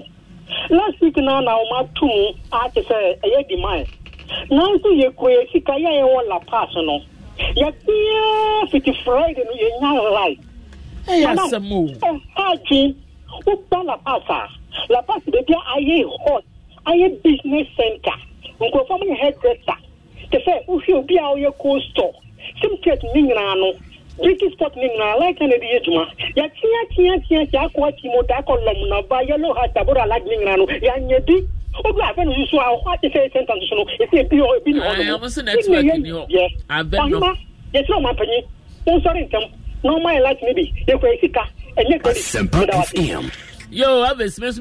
last week na na wɔn ato mu ate sɛ ɛyɛ demand nanso yɛkura yɛ sika yɛ yɛwɔ lapaas no yɛbea fiti friday no yɛnya rai ɛyɛ asɛm o ɛhaagye woba lapaas a lapaas beebi a ayɛ hot ayɛ business center nkurɔfoɔ mo yɛ hairdresser te sɛ wohwɛ obi a ɔyɛ cold store sim church ne nyinaa no british sport ne nyinaa laika na ɛde yɛ adwuma yɛkyeakyeakyeakye akɔ akyimota akɔ lɔmnaba yellow hat aboro alage ne nyinaa no yɛanyɛ bi obi abẹ nu nso a ọkọ ati sẹ sẹnta nso no esi ebi hɔ ebi ni hɔ nomu ebi ni yɛ yɛ ɔhima yɛsɛ ɔmo apanyin mo nsɔre ntɛm na ɔmo ayɛ ne bi yɛkɔ esika ɛnyɛ kɔli mo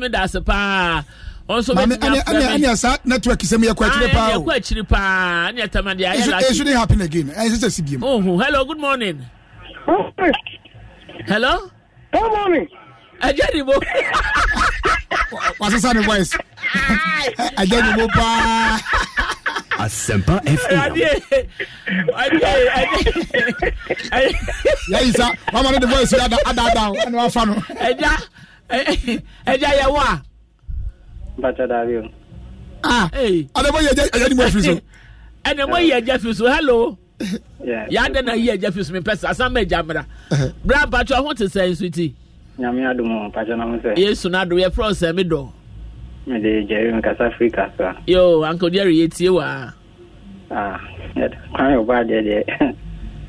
da da ase paa ɔnso bɛ tɛmɛ afra mi ɛni ɛsa network sɛm yɛ ah, kɔ akyire paa o ɛni ɛkɔ akyire paa ɛni ɛtɛmɛ de ayɛ lati it shouldn't happen again ɛyɛ sɛ si bi mu. ohun hello good morning. hello. good morning. ɛjɛ ni mo. wasesa ni voice ɛjɛ ni mo paa. asempa fm. yẹ́yì sá wàá ma ne de voice yà ada ada ẹni wàá fa no. ẹja eh, eh, ẹja yẹ wá bàtà dàbí o. ah ọ̀dọ̀ mọ̀ yẹ ẹ̀jẹ̀ ni mo fi so. ẹnì mọ̀ yẹ ẹ̀jẹ̀ fi so hello. yà á dẹ̀ na yẹ ẹ̀jẹ̀ fi so mi pẹ́ sẹ́ asan mẹ́ ẹ̀jẹ̀ amira. bra bàtà ọ̀hún ti sẹ́yìn sùn ti. nyàmú àdùnmọ̀ pàṣẹ náà sẹ́. yéésù náà dùn yẹ fúrọ̀ sẹ́ mi dọ̀. mi de jerry nkasa free kasa. yo uncle jerry yẹ tie wa. ah kwan yóò bá a jẹ jẹ.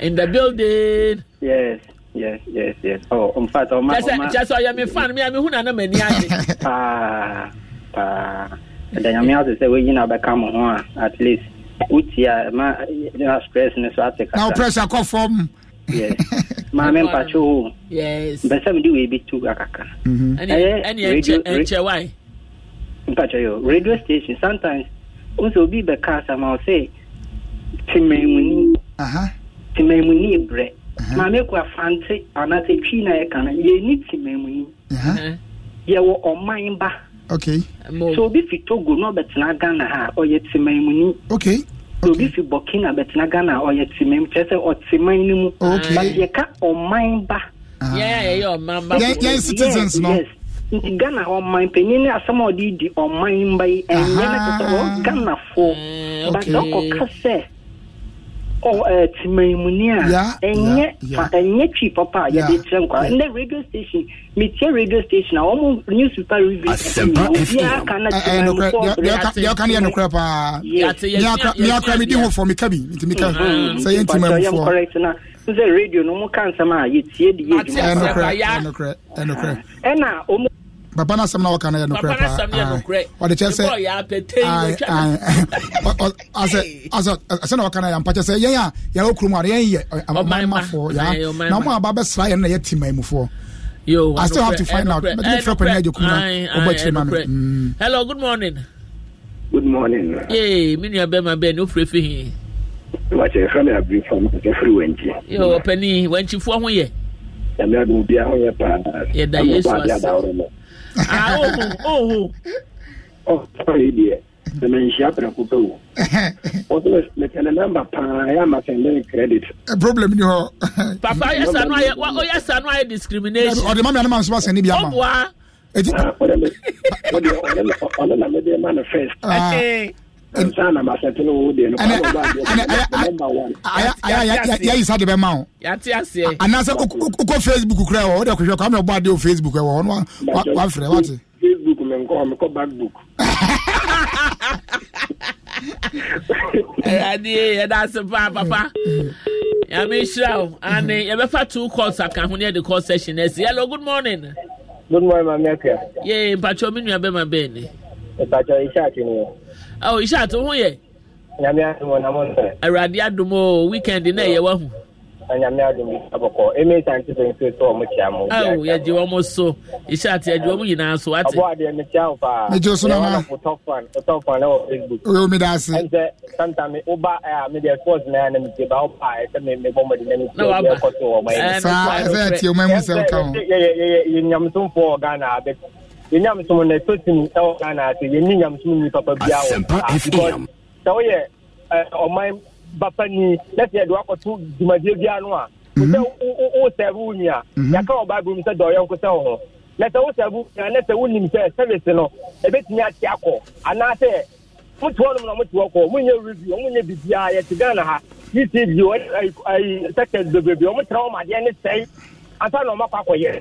in the building. yes. yes, yes, yes. Oh, in fact, oh, my, oh, my. Just, just, oh, yeah, me fan, me, I'm who, I'm me. maniac. Ah paa ɛda nyame ase sɛ woyi na wobɛka mo ho a at least woti a ma na stress no so ate kasa press akɔ fam maame mpakye o mpɛ sɛ mede wei bi tu akaka ɛyɛ mpakyɛ yo radio station sometimes wo sɛ obi bɛka asɛm a wo sɛ temaimuni temaimuni brɛ maame kɔ afante anaasɛ twi na yɛka no yɛni temaimuni yɛwɔ ɔman ba okay. so obi fi togo na ɔbɛtena ghana ha ɔyɛ teman mu ni okay. so obi fi burkina bɛtena ghana a ɔyɛ teman mu kyerɛ sɛ ɔteman no mu but yɛka ɔman ba ah. yɛn citizens no nti ghana ɔman panyin ne asɛm a ɔde di ɔman ba yi ɛnyɛ ne te sɛ ɔghanafoɔ eh, but ɔkɔka sɛ timayimuni a ɛnyɛ ɛnyɛ twi papa a yɛde kyerɛ nkwa ndɛ radio station metie radio station a wɔn news paper review ɛsɛ mu obiara ka na timayimufo ɔbɛrɛ ati yɛ ɔka ne yɛ nukura paa miakura mi di ho fɔ mi ka bi nti mi ka sɛ yɛ ntimayimufo sɛ radio no mu ka nsɛm a yɛtie de ah, yɛ edwuma eh, ɛnukura ɛnukura eh, ɛnukura eh, ɛna wɔn papa na asɛm na wɔka no yɛ nokorɛ paa ɔde kyɛ sɛ wɔka no yɛampa kyɛ sɛ yɛn a yɛwɔ kurom a yɛn yɛ ɔmanmafoɔ na ɔma aba bɛsra yɛn na yɛte maimufoɔ Yo, I still have to find out. Let me drop an edge. Hello, good morning. Good morning. Yay, me near Bema be no free fee. What a family I've been from every Wednesday. Yo, Penny, when you form here. And I will be out here. Yeah, that is what I'm ah ohun ohun. ọkọ yìí deɛ sɛmɛ nhyia prɛko pɛ wo ɔsɛ mekɛne namba paa yɛ ama sɛndɛne credit problem ni hɔ papa ɔyɛ sa no ayɛ ɔyɛ sa no ayɛ discrimination ɔde ma mi anoma nsoma sɛne bi ama ɔboa ɔde na mede ma no first yɛyi sa de bɛma o anaasɛ e. wokɔ facebook kora wɔ e wode kɔhwɛ kɔ amɛbɔ ade o facebook ɛwɔ e hɔ no wafrɛ wate facebook menkɔ mekɔ backbook ɛyɛdeɛ yɛda ase paa papa nyame hyira wo ane yɛbɛfa two calls aka ho ne yɛde call session hello good morning good morning mameakia ye mpatwɛ me nua bɛma bɛni mpatwɛ ɛhyɛ ate no Oh, you shot who ye? Nyame adumo na mo nse. Awurade adumo weekend na ye wahu. Nyame adumo abokɔ. Emi santi bɛ nso so ɔmo kyia mo. Awo yɛ gye wɔn so. Ishati yɛ gye wɔn nyinaa so ate. Abo adeɛ mi kyia o Mi jo so na ma. O top fan o top fan ɛwɔ Facebook. O yɛ omi daase. Ɛnjɛ santa mi o ba mi de sports na yɛ na mi ti ba o ba ɛsɛ mi mi bɔ mo mi ti o yɛ kɔ so wɔ mo yɛ. Saa ɛsɛ yɛ ti o ma mu sɛm ka ho. Yɛ yɛ yɛ yɛ nyamusunfo Ghana abɛ yɛni nyamesom no ɛtɔ tim ɛwɔ ghana ase yɛni nyamesom ni papa bia wɔ sɛ woyɛ ɔman bapa ni na sɛ yɛde wakɔto dwumadie bia no a sɛ wosɛve wo ni a yɛka wɔ bible mu sɛ dɛ ɔyɔnko sɛ wo ho na sɛ wosɛve wo na sɛ wonim sɛ service no ɛbɛtumi ate akɔ anaasɛ mote hɔnom na mote kɔ monyɛ review ɔmonyɛ biribiaa yɛte ghana ha yitigi ayi sectors bebrebe ɔmo tena ɔmo adeɛ ne sɛe ansa na ɔmo akɔ akɔyɛ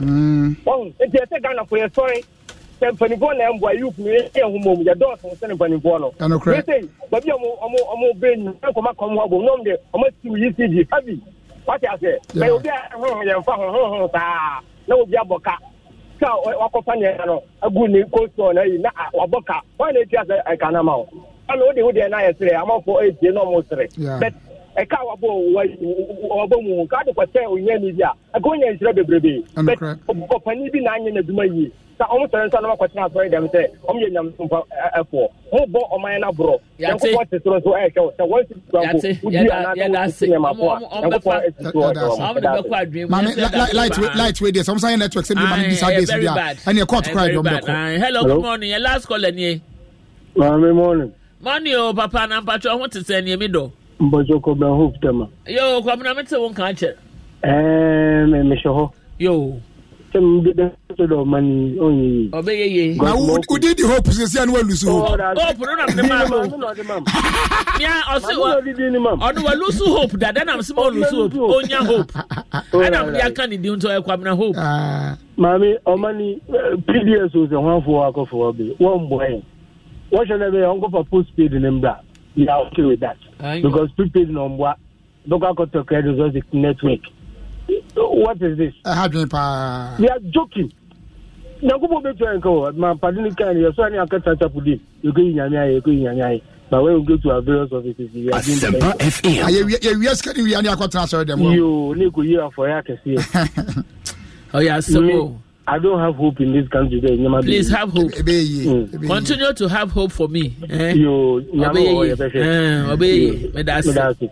ɔho nti ɛsɛ ghana fo sɛ mpanimfoɔ na ɛmboa youth no yɛyɛ ho ya yɛdɔɔso sɛne mpanimfoɔ no mesei baabi a ɔmo bɛ nyi nkɔma kɔm hɔ abom nom de ɔma siw yisigi habi wate asɛ obi a hoho yɛmfa ho saa na obi abɔ ka ka wakɔfa no agu ne kostɔ no ayi na wabɔ ka wane na sɛ ɛka no ma wo wode wodeɛ no ayɛ serɛ na ɔmo but ɛka wabɔ mu ka de bi a ɛka wonya nhyira bebrebee but ɔpani bi na anyɛ yie sa ɔmo sɛre nsa eh, eh, na ɔmo akɔtena asɔre dɛm sɛ ɔmo yɛ nyam nfa ɛfoɔ mo bɔ ɔman na borɔ yankopɔ te soro nso ɛɛhwɛ wo sɛ wɔn si tura ko wudi anaasɛ nyama ko a yankopɔ esi soro ɛdɔ maame light wey light wey deɛ sɛ ɔmo san network sɛ mi maame de si a ɛni ɛkɔ ɔtukura yɛ bi ɔmo hello good morning yɛ last call ɛni yɛ. E? maame morning. morning o oh, papa na mpatwa ɔmo te sɛ ɛni ɛmi dɔ. mbɔjɔ kɔmina hope tɛ ma. yoo kɔmina mi te wo nkan kyɛ. ɛɛ mɛ mi hyɛ hɔ. yoo sẹ́mi bí dẹ́ sọ́dọ̀ ọ̀ma ni ó ń yeye. ọbẹ̀ yeye. na o di di hope sisi ani wa lusu hope. hope ló nà fi máa dada nà sí ma hope ó hope ẹnna mi yà ká ni di ntọ́ hope. maami ọma ni pds ọsẹ wọn fọ akọfọ ọbẹ wọn bọ ẹ wọn sọ postpaid ni mbà you okay with that because prepaid na ọmọ wa dọkọ akọtọ kẹrin sọ network what is this. ẹ eh, ha dwen paa. We are joking. nyakubu bɛ tura nkan o ma padi ni kan yɛ sɔɔni akata chapu di yɛ ko yi nyamia yɛ ko yi nyamia yɛ. But when we go to our various offices, we are doing the FM. Yeah, we are scared. We are not going to answer them. You, Nico, you are for Yakasi. Oh, yeah, so. I don't have hope in this country. today. Please have hope. Mm. Continue to have hope for me. Eh? You, Obey. Obey. Obey. Obey. Obey. Obey. Obey. Obey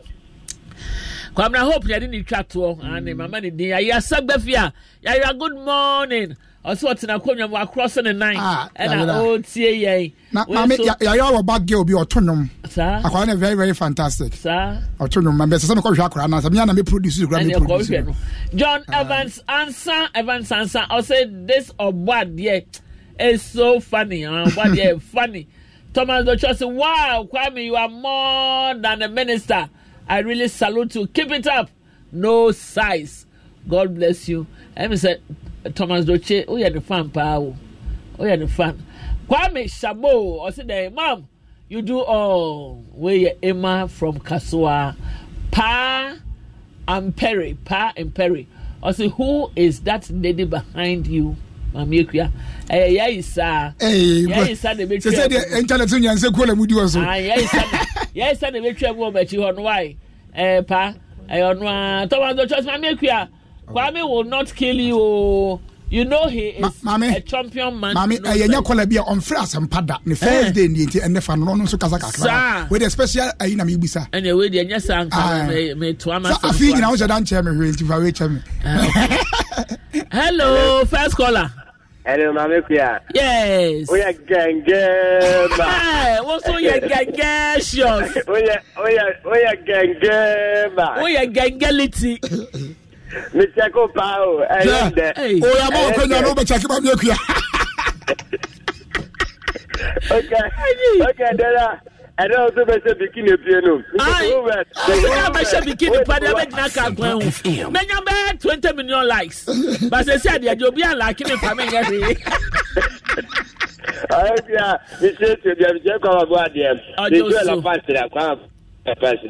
kwamina hope yɛde ne twa toɔ ane mm. mama ne din ayɛ asagbafi a yɛayɛ good morning ɔsɛ ɔtena akonnwa mu akorɔ so ne nan ah, ɛna ɔretie yɛn maame yɛayɛ wɔ ba girl bi ɔto nom akwara no very very fantastic ɔto nom mbɛ sɛ sɛ mekɔhwɛ akora no sɛ meana meproduce kora meproduce john uh, evans ansa evans ansa ɔsɛ this ɔbɔ is so funny ɔbɔ funny thomas dochɔ sɛ wow kwame you are more than a minister I really salute you. Keep it up. No size. God bless you. And said, Thomas Doche, oh, are the fan, power? Oh, are the fan. Kwame Shabo, I said, Mom, you do all. Where you Emma from Kasua. Pa and Perry. Pa and Perry. I said, Who is that lady behind you? maame ekua ɛyɛ yayi saa yayi saa na ebi twɛ sɛ deɛ ntanet nyanse kuo na mu di wɔ so yayi saa yayi saa na ebi twɛ mu wɔ mɛkyi hɔ no waayi ɛɛ pa ɛyɛ ɔnoa tɔwɔn do church maame ekua kwame will not kill you ooo you know he is Ma- a champion man. Mami, ɛyɛ nyɛ kɔla bi a ɔnfrɛ asɛmpa da ne eh. thursday ni eti ɛnɛ fa nɔnɔ nso kasa kakra wei de special ayi eh, na mi bu sa. ɛnna wei de ɛnyɛ ah. sa nka mɛ to ama sɛ. afi nyina ɔsɛ dan kyɛn mi hwɛ nti fa wei ah, hello first caller. hello maame kuya. yes. o yɛ gɛngɛn ma. ɛɛ woso yɛ gɛngɛn sure. o yɛ o yɛ o yɛ gɛngɛn ma. mechɛko paa o ɛyɛ dɛ oyɛ ma ɔkɔnya no wobɛkyɛke ma miakua ok dɛra ɛnɛ wo so bɛhyɛ bikini pie no ɛna bɛhyɛ bikini pa deɛ bɛgyina ka kwan ho mɛnya bɛyɛ 20 million likes ba sɛ sɛ adeɛ deɛ obia laake me pa menyɛ hwee ɔyɛ bia mehyɛ tuo deɛ mehyɛ kwamaboadeɛ mehyɛ lapatrɛ kwamaboa sese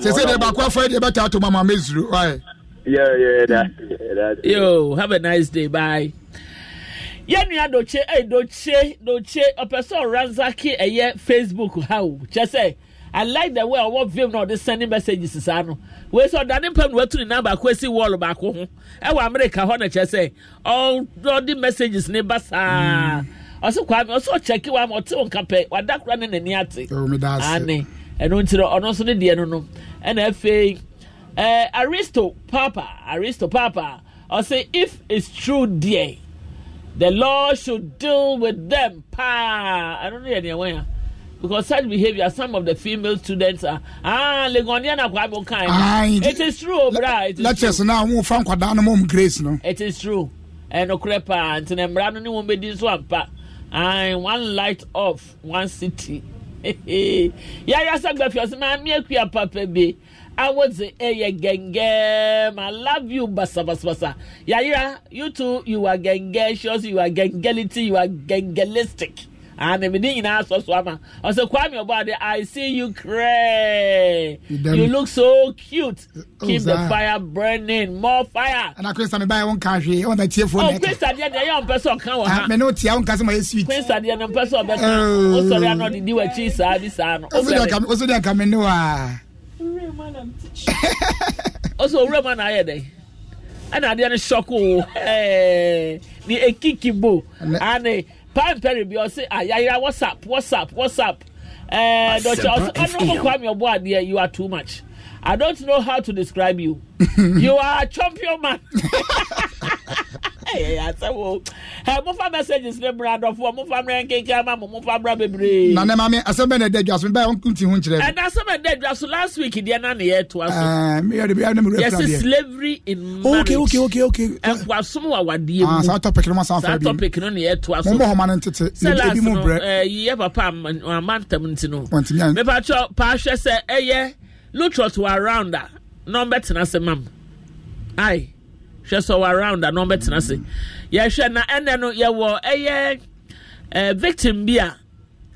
de baako afɔ de bɛta ato mama mezuru wae. yo have a nice day bye. yɛnua dɔkye ɛyɛ dɔkye dɔkye ɔpɛ sɛ ɔransaki ɛyɛ facebook ha o kyɛ sɛ. I like the way ɔwɔ vim na ɔde sending messages saa no wei sɛ ɔdane mpam na watu ne namba akɔ asi wall baako ho ɛwɔ America hɔ na kyerɛ sɛ ɔde messages ne ba saa ɔsɛ kwame ɔsɛ ɔkyɛke wa ma ɔte wo nka pɛ wada kora ne n'ani ate ane ɛno nti no ɔno nso ne deɛ no no ɛna afei ɛɛ aristo papa aristo papa ɔsɛ if it's true deɛ the law should deal with them paa ɛno no yɛ deɛ wɔn ya because such behavior some of the female students are ah legonian akwabo kind ah, it is true bra it is lectures na wo fa nkwadaa no mom grace no it is true And korɛ and nti na mmara no ne wɔn bɛdi nso ampa ah one light off one city yàrá sàgbà fi ọsẹ maa mi ekuya papa bi awọdze A. yẹ gẹngẹm i love you basa basa basa. basabasabasa yàrá you too you are gẹngẹ she you are gengelity. you are gengelistic ana ah, mi ni nyinaa sɔ so ama ɔsɛ kwame ɔbaade i see you cray you look so cute oh, keep the fire burning more fire. ana kwesa mi ba yɛ wɔn kan hwee wɔn na tie fo nɛɛka. ɔ kwesa deɛ deɛ yɛ ɔmpɛ sɛ ɔka wɔ ah, ha. mɛ n'o tia wɔn kasa ma yɛ sweet. kwesa deɛ no mpɛ sɛ ɔbɛ kan o oh. sɔrɔ yan nɔ didi wɔ akyi saa bi saa no. o sɔ de aka mi ni wa. o sɔ owurɛ ma na ayɛ dɛ ɛna adeɛ no shock wo ɛɛ ni ekiki bo ani. Prime Perry bi ɔsi ayayira WhatsApp WhatsApp WhatsApp ɛɛ dɔkita ɔsi ɔnukun kwami ɔbɔ adiɛ you are too much I don't know how to describe you you are a champion man. ɛyɛ asɛ wo ɛ mofa messages ne bra adɔfoɔ mofa mmerɛ nkenka ma mo mofa bra bebree. na ne maame asɛm bɛ na ɛda adwa so bɛyɛ ɔnko ti ho nkyerɛ. ɛna asɛm ɛda adwa so last week deɛ na ne yɛ to aso. ɛɛ mi yɛ de bi ɛna mi slavery in marriage. ok ok ok ok. ɛnkwasom wa wadeɛ mu. aa saa topic no ma san fɛ bi. saa topic no to aso. mo bɔ hɔ ma ne tete. sɛ ebi mu brɛ. ɛɛ eh, yɛ papa amantam nti no. wɔntumi yɛn. mepatwɛ paahwɛ sɛ ɛyɛ eh, lutrot wɔ around a na ɔmbɛtena sɛ mam. ayi hwɛ sɛ ɔwɔ around a na ɔbɛtena ase yɛhwɛ na ɛnɛ no yɛwɔ ɛyɛ ɛɛ eh, victim bi a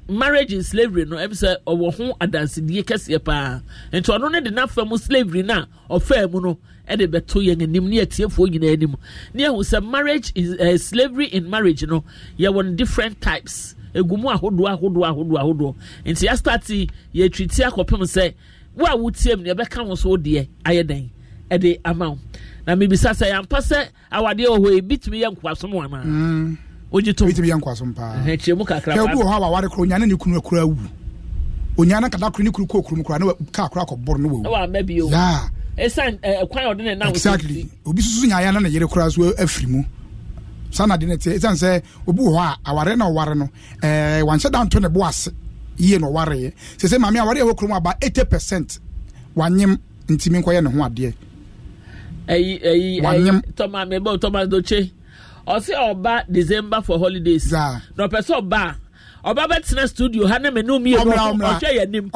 marriage in slavery no ebi sɛ ɔwɔ ho adansidie kɛseɛ paa nti ɔno ne de n'afa mu slavery na ɔfɛɛ mu no ɛde bɛto yɛn anim ne yɛtiefoɔ nyinaa anim ne ehu sɛ marriage in ɛɛ uh, eh, slavery in marriage no yɛwɔ different types egu mu ahodoɔ ahodoɔ ahodoɔ ahodoɔ nti yɛasitati yɛtwiti akɔpem sɛ wo a wotie mu no yɛbɛka ho so deɛ ayɛ dɛn ɛde ama wo na mebisa sɛ yampa sɛ awadeɛ wɔ hɔ ebi tumi yɛ nkoasom wɔ ma wogye mm. to bitumi yɛ nkoasom paakyerɛ mu kakrabi wɔ hɔ a waware kora onyane ne kunu akora awu onyane kada koro ne kuru kɔ kurom kora ne ka kora akɔbɔre ne wɔwuwama bio ɛsiane kwan ɔde ne nam exactly obi susu nyaayɛ na ne yere kora so afiri mu saa na de ne teɛ ɛsiane sɛ obi wɔ hɔ a aware na ɔware no ɛɛ wanhyɛ da nto ne bo ase yie na ɔwareɛ sɛ sɛ maame aware a ɛwɔ kurom aba eighty percent wanyim ntimi nkɔyɛ ne ho adeɛ ɛyi ɛyi ɛyi tɔma mɛbɔ tɔma dɔkye ɔsi ɔba december for holidays na ɔpɛ sɛ ɔba ɔba bɛ tena studio ha ne mɛnum yie no ɔhwɛ yɛ nim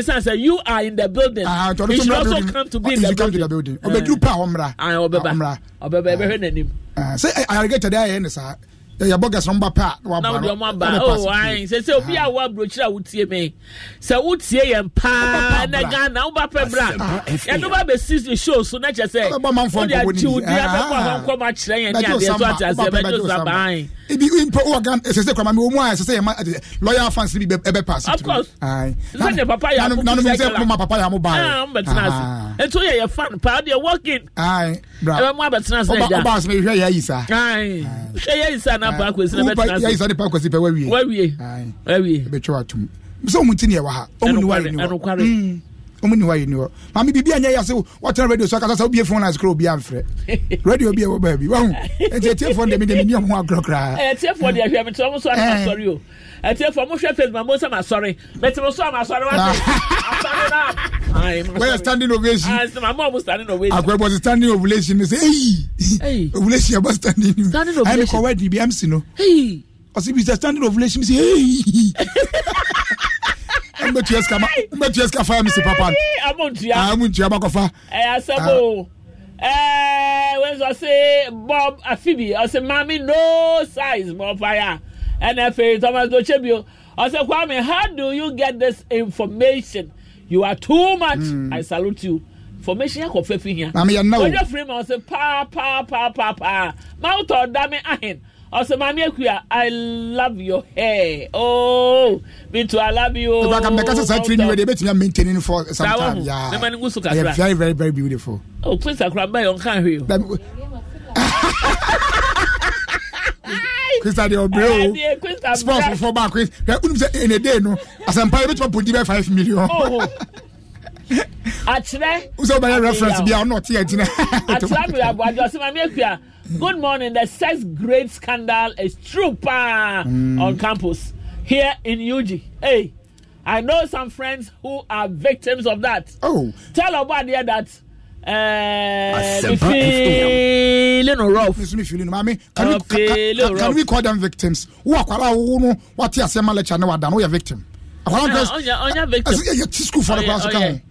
esan sɛ you are in the building uh, you should also come to be in the building, building. ɔbɛduru pa ba. ɔmra ɔbɛba ɔbɛba ɛbɛhwɛ n'anim. sɛ ayarigɛ kyɛdɛ ayɛ ne saa yɛ bɔ gɛsɛn ba pa na wabɔ no na wabɔ no ayi sɛ sɛ obi a ah. wɔ aburokyire a wotie me sɛ wotie yɛn paa na ghana woba pɛ bra ah, yɛde ba bɛsi the show so na kyɛ sɛ wode akyiwudi abɛkɔ ah, ahɔnkɔm akyerɛ yɛn ne adeɛ so ate aseɛ bɛgye sa baan ibi mpo wɔ ghana ɛsɛ sɛ kwama mi wɔn mu a ɛsɛ sɛ yɛn ma lɔya fans bi bɛ pass through of course sɛ ne papa yɛ amu nanu mi sɛ mo papa yɛ amu baa yɛ ɛn bɛtena ase etu yɛ yɛ fan paa deɛ working ɛbɛ mu abɛtena ase yɛ ja ɔba asome hwɛ yɛ ayi sa hwɛ yɛ ayi sa apaa kwesi na bɛtena ase yɛyisa nipa kwesi pɛ wawie wawie wawie ebɛtwa atum sɛ ɔmu ti ni ɛwɔ ha ɔmu ni wa yɛ ni wɔ hmm. ɔmu ni wa yɛ ni wɔ maame bibi anya yɛ sɛ wɔtena radio so akasa sɛ obie phone lines kora obi amfrɛ radio bi ɛwɔ baabi wahu nti etiefoɔ deɛ mi deɛ mi ni ɔmo agorɔ koraa ɛtiefoɔ deɛ ahwɛ mi tɛ ɔmo so asɔre o ɛti efo mo hwɛ facebook mo nsɛm asɔre mɛtiri so ama asɔre wa ti ah. asɔre na. where standing ovation. My sɛ was mo standing ovation. akwɛbɔ ti standing ovation say, Hey. Hey. ovation ɛbɔ standing ovation. standing ovation ɛni kɔwɛ di bi mc no. Hey. ɔsi bi sɛ standing ovation sɛ eyi. mbɛtu ɛsika ma mbɛtu ɛsika fa Mister papa. I'm I'm amu ntuya ah, amu ntuya bakɔfa. ɛyà sɛbo. ɛɛ I say bob I say, mommy, no size more fire. And afei Thomas Dochebio, I said, Kwame, how do you get this information? You are too much. Mm. I salute you. Information yẹn kò fẹ́ fi hàn. Maami yẹn náà o. Ọjọ́ firi ma ọ̀sẹ̀ paa paa paa paa paa. Máa tọ̀ I love your hair. Ooo oh, mi too I love you. Ìgbà kan mẹ̀ka sẹ́sẹ̀ tiri ni wẹ̀ de ebi tìmí maintain it for some time. Sáwọ́ mu, ní I am very very very beautiful. O pín sakura mbẹ́ yọ̀ krista deɛ ɔbrɛ o sports fofoɔ baako hwɛ wonim sɛ ɛnɛ day no asɛmpa yɛbɛtumi podi bɛ five million akyerɛ wosɛ wobɛyɛ reference bia ɔna ɔte agyina akyerɛ mmerɛboade ɔsɛma meakua good morning the sex grade scandal is true paa mm. on campus here in UG. Hey, I know some friends who are victims of that. Oh. Tell Obadia that Eh, feeling rough. Feeling feeling, mommy. Can we can, can we call them victims? Who are akwara wo no what ya sema lecture na wadan wo ya victim. Akwara ah, guys. Onya oh, onya oh, eh, victim. Asi eh, ya school for the class kan.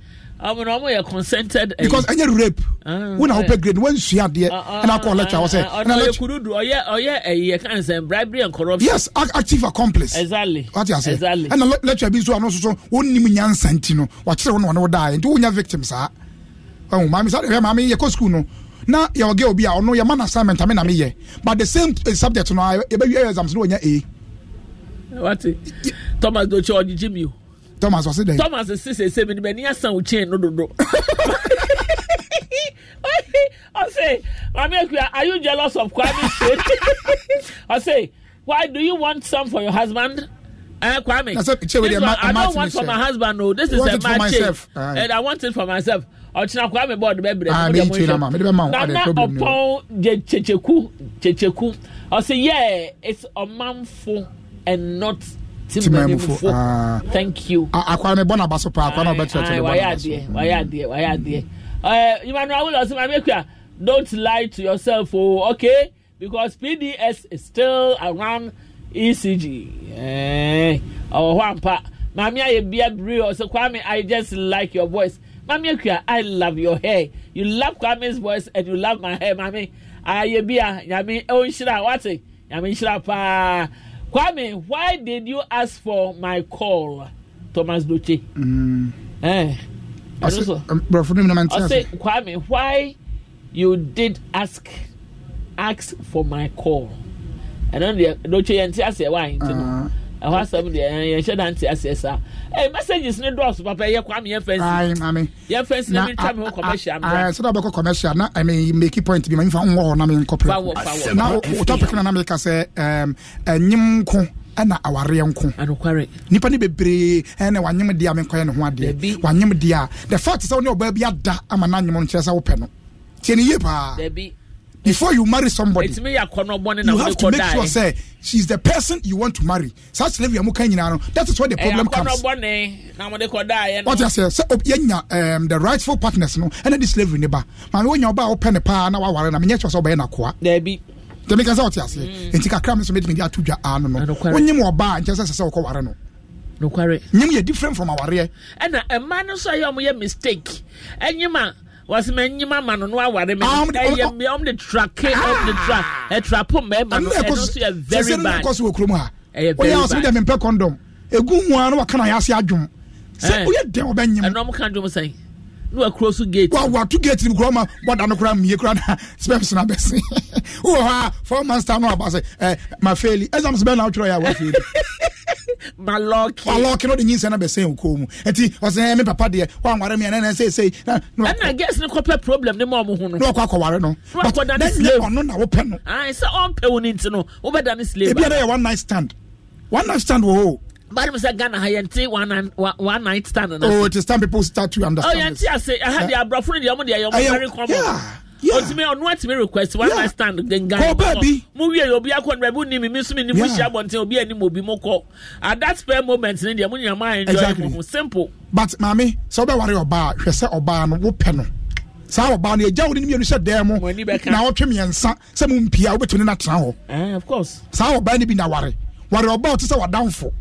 Amu na amu ya consented. Because any rape. Ah, when I oh, grade when she had the, ah, and I call lecture was say. do. Oh yeah, oh yeah. eh kan say bribery and corruption. Yes, active accomplice. Exactly. What ya say? Exactly. And lecture bi so I'm not so so wonnim nyansa ntino. Wa kire wo no wo die. Nti wo nya victims ah ɔn maame sáré hwɛ maame yɛ kó sukuu no na yɛ ɔgɛ obi a ɔno yɛ man assignment ame na me yɛ but the same eh, subject no yɛ bɛ yɛ exams no wɔnyɛ ee. wati thomas dochi ɔjijì mi o. thomas ɔsi dɛ. thomas sise semi ni mɛ ni asan o chain no dodo. ɔsè maame ekuya are you jealous of kwami state ɔsè why do you want some for your husband. Uh, Kwame, I, said, this one, I don't want for my husband. No, this is a match. Uh, ah, and I want it for myself ɔkyena kwa mi bɔɔdu bɛ bere mu dɛmu nhyɛ nana ah, ɔpɔn de kyekyeku kyekyeku ɔsi yɛ it's ɔmanfo and not timanimfo ah. thank you. Ah, akwa mi bɔ na ba so pa akwa na ɔbɛ kyerɛ kyerɛ bɔ na ba so. wayɛ hmm. adeɛ wayɛ adeɛ wayɛ adeɛ ɛɛ emmanuel awolowo ɔsi maame kura don't lie to yourself o oh, okay because pds is still around ecg ɛɛ eh, ɔwɔ hɔ ampa maame ayɛ bia biri ɔsi kwame i just like your voice. Mami Akua, I love your hair. You love Kwame's voice and you love my hair, Mami. Ayé bia, Nyame, e oh nhyira, wate? Nyame nhyira paa. Kwame, why did you ask for my call? Thomas Doche. Mm. Eh. Ɔse, um, brɔfo Kwame, why you did ask ask for my call? Ɛno deɛ, Doche yɛn ti ase ɛwɔ ayin ti no. Uh, ɛhɔ asɛm deɛ yɛnhyɛ dante aseɛ saa ɛyɛ messages ne dɔɔso papa yɛ kɔ ami yɛn fɛnsi yɛn fɛnsi na mi twa mi ho commercial mmerɛ sɛ dɛ ɔbɛkɔ commercial na ɛmi meki point bi ma mi fa nwɔ hɔ na mi nkɔ pere na o topic na na mi ka sɛ ɛm um, ɛnyim nko ɛna awareɛ nko nipa ne bebree ɛna wanyim deɛ a mi nkɔyɛ ne ho adeɛ wanyim deɛ a the fact sɛ ɔne ɔbaa bi ada ama na anyim no kyerɛ sɛ wopɛ no tie ne yie paa before you marry somebody you have to make sure say she's the person you want to marry saa kyerɛ wia mo that is where the eh, problem comes eh, What wɔte aseɛ sɛ yɛnya the rightful partners no And then the slavery ne ba maame wonya ɔba a wopɛ ne paa na waware na menyɛ kyerɛ sɛ wobɛyɛ nakoa daabi tẹmí kẹsẹ ọtí ase mm. nti kakra mi sọ mi di mi di atu dwa ano no ah, When onyim ọbaa nkyɛn sɛ sɛsɛ ɔkɔ ware no nokware nyim yɛ different from our ɛna And a nso a yɛ ɔmo yɛ mistake ɛnyim eh, man. Was mɛ nyima ma no no aware mi ɛyɛ mi ɔm de tra ke ɔm de tra ɛtra po mɛɛma no ɛno nso yɛ very bad sɛsɛ ɛkɔsi wɔ kurom O ɛyɛ very bad ɔyɛ asome dɛ mɛmpɛ kɔndɔm egu hu ano wakana yɛ ase adwom sɛ eh. oyɛ dɛn ɔbɛ nyim ɛnɔm kan dwom sɛn ne wakuro gate wa wato gate ni kura ma wada no kura mie kura na spems na bɛsi wowɔ hɔ a four months time no aba sɛ ɛ eh, faili exams bɛn na wotwerɛ yɛ a wafeeli malɔki malɔki no de nyinsɛn na bɛ sɛn okoo mu eti ɔsɛn mi papa deɛ wa nware mi ɛnɛ sɛ sɛ na ɛna gɛs ne kɔpɛ problem ne ma ɔmo ho no na wakɔ akɔware no but ne nye ɔno na wopɛ no ayi sɛ ɔmpɛ wo ne nti no wobɛ da ne slave ebi yɛrɛ yɛ one night stand one night stand wɔ hɔ bari mi sɛ ghana ha yɛn ti one, one night stand na. oh it time people start to understand oh yɛn ti ase ɛha de aburɔfo ni deɛ ɔmo deɛ yɛ ɔmo very common yeah. otumi ɔno atumi request one yeah. night stand gangan kɔ baabi mu wie obi akɔ nbɛ mu nimi mi sumi nimu si abɔnten obi anim obi mu kɔ at that spare moment ne deɛ mu nyina mu ayɛ enjoy mu ho simple. but maame sɛ ɔbɛ wari ɔbaa hwɛ sɛ ɔbaa no wopɛ no saa ɔbaa no egya wo ne mmienu hyɛ dan mu na ɔtwe mmiɛnsa sɛ mu mpia wobɛtumi ne na tena hɔ saa ɔbaa no bi na ware ware ɔbaa ɔte sɛ wadanfo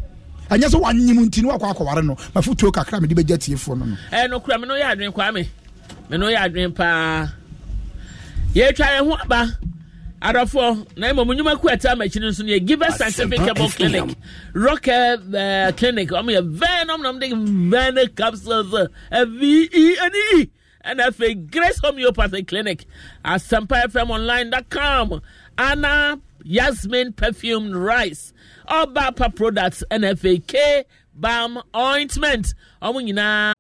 ɛnyɛ sɛ wanyim nti ne wakɔ akɔware no mafotuo kakra mede bɛgya tiefoɔ no no ɛno kora me no yɛ adwene kwame me no yɛ adwene yɛtwa yɛn ho aba adɔfoɔ na mmom nnwuma ku nso no yɛ clinic eh, clinic yɛ capsules ɛna eh, afei grace homeopathy clinic fm ana yasmin perfume rice ɔba pa products ɛna afei k ointment nyinaa.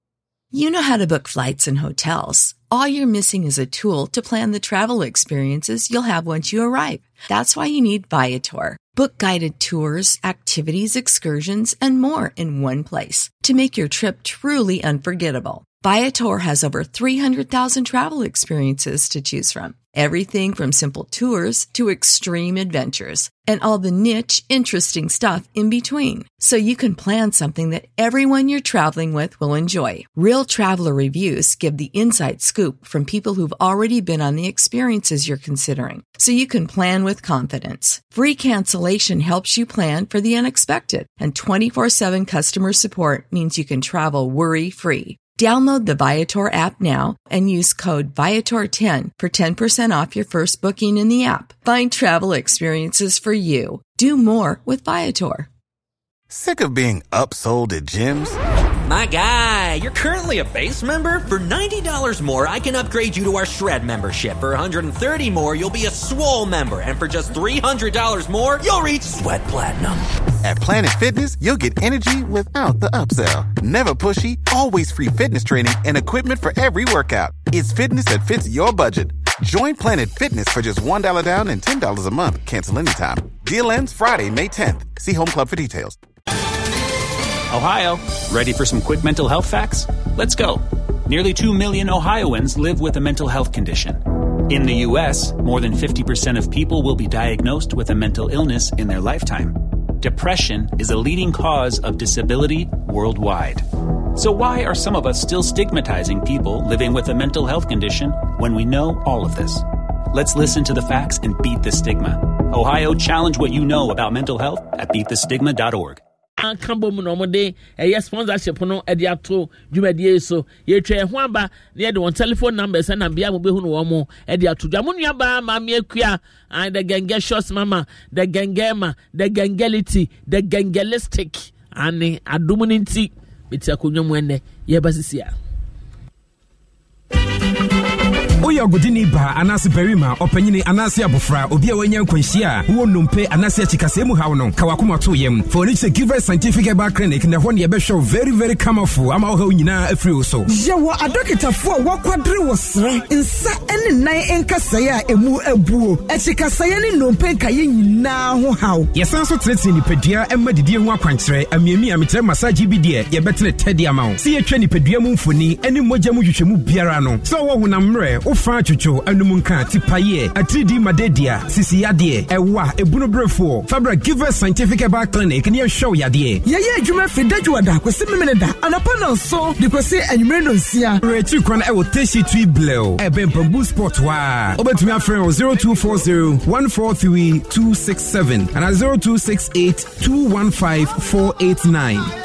you know how to book flights and hotels. All you're missing is a tool to plan the travel experiences you'll have once you arrive. That's why you need Viator. Book guided tours, activities, excursions, and more in one place to make your trip truly unforgettable. Viator has over 300,000 travel experiences to choose from. Everything from simple tours to extreme adventures and all the niche, interesting stuff in between. So you can plan something that everyone you're traveling with will enjoy. Real traveler reviews give the inside scoop from people who've already been on the experiences you're considering. So you can plan with confidence. Free cancellation helps you plan for the unexpected and 24-7 customer support means you can travel worry-free. Download the Viator app now and use code Viator10 for 10% off your first booking in the app. Find travel experiences for you. Do more with Viator. Sick of being upsold at gyms? My guy, you're currently a base member? For $90 more, I can upgrade you to our Shred membership. For $130 more, you'll be a Swole member. And for just $300 more, you'll reach Sweat Platinum. At Planet Fitness, you'll get energy without the upsell. Never pushy, always free fitness training and equipment for every workout. It's fitness that fits your budget. Join Planet Fitness for just $1 down and $10 a month. Cancel anytime. Deal ends Friday, May 10th. See Home Club for details. Ohio, ready for some quick mental health facts? Let's go. Nearly 2 million Ohioans live with a mental health condition. In the U.S., more than 50% of people will be diagnosed with a mental illness in their lifetime. Depression is a leading cause of disability worldwide. So, why are some of us still stigmatizing people living with a mental health condition when we know all of this? Let's listen to the facts and beat the stigma. Ohio, challenge what you know about mental health at beatthestigma.org. anka bɔ mu na wɔde ɛyɛ sponsorship no ɛde ato dwumadie so yɛtwa ɛho aba na yɛde wɔn telephone number ɛna bea mo bɛhu no wɔn mo ɛde ato dwa mo nua baa maame akua and the genge shots mama the genge ma the gengeliti, the gengelistic Ani adum ne nti bɛti akonnwa mu ɛnɛ yɛba sisi a woyɛ ɔgodini baa anaase barima ɔpanyini anaase abofra obi a wanya nkwanhyia a wowɔ nnompe anaase akyikasɛɛ mu haw no ka wakoma to yam fa w'ani kyerɛ givers scientific herbal clinic na ɛhɔ ne yɛbɛhwɛ wo very very camafo ama wohaw nyinaa afiri wo so yɛwɔ adɔkitafoɔ a wɔakwadere wɔ serɛ nsa ne nan nkasɛe a ɛmu abuo akyikasɛeɛ ne nnompe nkayɛ nyinaa ho haw yɛsan nso tenetene nipadua ma didie ho akwankyerɛ amiami a mekyerɛ masagye bi deɛ yɛbɛtene tɛde ama wo sɛ yɛtwa nipadua mu mfoni ne mmogya mu hwehwɛmu biara no sɛ wɔwɔ honam mmerɛ fa atwitwo anum nka tipayeɛ atiridi madadia sisiyadeɛ ɛwa ebunuberefoɔ fabra givers scientific herbal clinic ne yɛhwɛw yadeɛ yɛyɛ adwuma fi dadwo ada kwasi memene da anapa na nso de kwasi anwumere no nsia rɛkyi kwan ɛwɔ teshi tui blɛw ɛbɛn mpambu sport hɔ a wobɛtumi afrɛ wɔ 0240 143 267 anaa 0268 215 489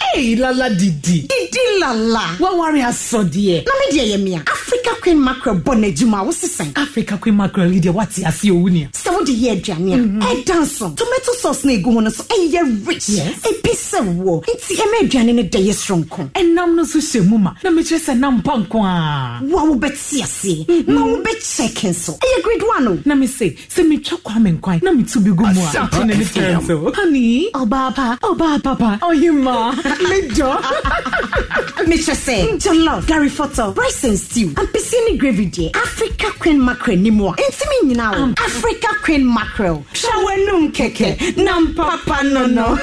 Hey, lala didi. Didi lala. Wọ́n wá rí aṣọ díẹ̀. Na mi di ẹyẹ Africa Queen Mackerel bọ̀ n'edwuma awo sisan. Africa Queen Mackerel yi de wa ti ase owu ni. Sẹ́wọ́n yẹ aduane a. Ẹ dansan. Tomato sauce na egu hɔ no so ẹ yẹ rich. Ebi sẹ wọ. Nti ẹ mẹ aduane ni dẹ yẹ soronko. Ẹnam no so hyɛ mu ma. Na mi kyerɛ sɛ nam mpa nko a. Wọ́n awo bɛ ti ase. Na wo bɛ kyɛkɛ nso. Ẹ yɛ grade one o. se sɛ mi twa kwame nkwan na mi tu Honey, ọba apa, ọba mẹjọ mr sẹ jollof gary fọtọ rice and stew ampesini gravy deɛ africa queen mackerel ni mu a ntumi um. africa queen mackerel ṣàwọn enum kẹkẹ na No. nono.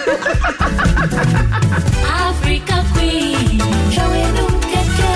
africa queen ṣàwọn enum kẹkẹ.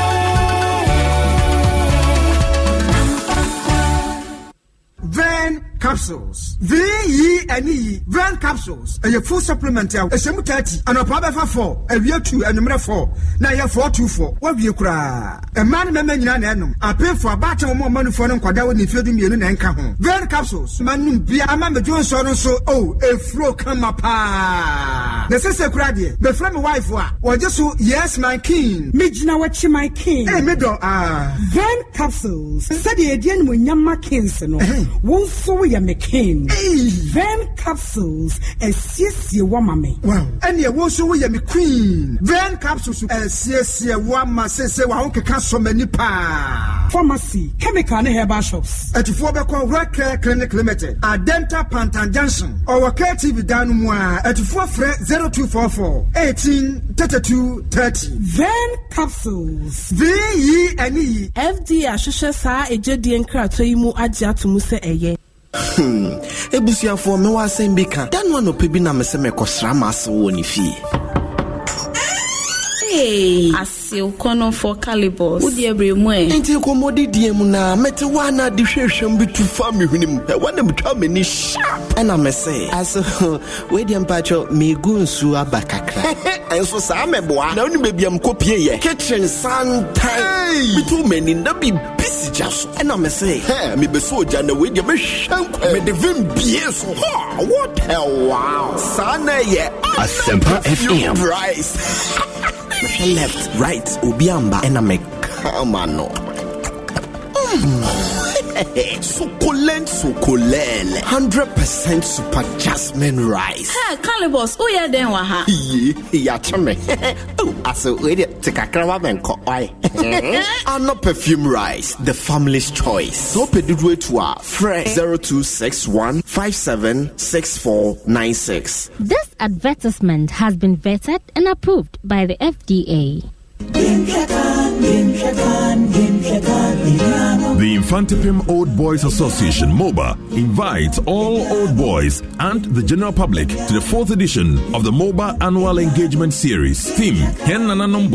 Then capsules V E N E. ɛne capsules A full supplement a ɛhyɛ mu thirty anɔpa bɛfa four awia two number four na ɛyɛ four two four wawie koraa mmaa ne man, nyinaa na ɛnom apefo abaate for a ɔmanufoɔ no nkwadaa wɔ ne fie du mmienu na ɛnka ho bran capsules mmanum bia ama mɛdwo nsɔ no nso o efuro kama paa na sese kura deɛ bɛfrɛ mi wife a wɔgye so yes my king. mi gyina wɔkyi my king. Hey, eh, ɛɛ mi dɔ aa. Ah. bran capsules sɛdeɛ yɛdi ɛnumonyam ma kings no wɔn nso yɛ mccain ven capsules ɛsiesie eh, wɔ eh, ma me ɛne ɛwɔ nso wo yɛ me queen ven capsules ɛsiesie wɔ ama sese wɔ aho keka sɔmani paa pharmacy chemical ne herbal shops atufoɔ bɛkɔ wrɛkɛ clinic limited adenta pantan junction ɔwɔ ktv dan no mu a atufoɔ frɛ Eighteen thirty two thirty. ven capsules v yi ɛne yi fda ahyehyɛ saa ɛgyedie nkrataa yi mu agye ato mu sɛ ɛyɛ Hmm. ebusuafoɔ mewɔ asɛm bi ka da no anɔpɛ bi na me sɛ mekɔsra ma ase ne fie Hey. Asew kɔnɔ fɔ calibus. O deɛ bere mu ɛ. E. Nti kɔmɔdi deɛ mu na mɛti wa na de hwehwɛm bi tu fa mi hwene e mu. Ɛwɔ na mi twa mi ni sharp. Ɛna e mɛ sɛ. Aso wei deɛ mpatsɔ megu nsu aba kakra. Ɛnso saa mɛboa. Na onim beebi a mu kɔ pie yɛ. Kitchen santan. Mi tu mɛ ni na bi bisi gya so. Ɛna mɛ sɛ. Hɛ mi bɛ so ogya na wei deɛ mɛhwɛ nkwa. Mɛ de vim bie so. Hɔ what hell wow. Saa na yɛ. Asempa FM. left right ubiamba, and i meka ma no Sukolent, succulent, succulent. 100% super jasmine rice. Hey, Calibos, who ya den Waha. ha? Ye, ya chame. Oh, aso wede tikakrawa men ko oi. Ano perfume rice, the family's choice. So pedidwe tuwa, fresh eh? 0261 576496. This advertisement has been vetted and approved by the FDA. The Infantipim Old Boys Association, MOBA, invites all old boys and the general public to the fourth edition of the MOBA Annual Engagement Series. Theme, Ken Nananom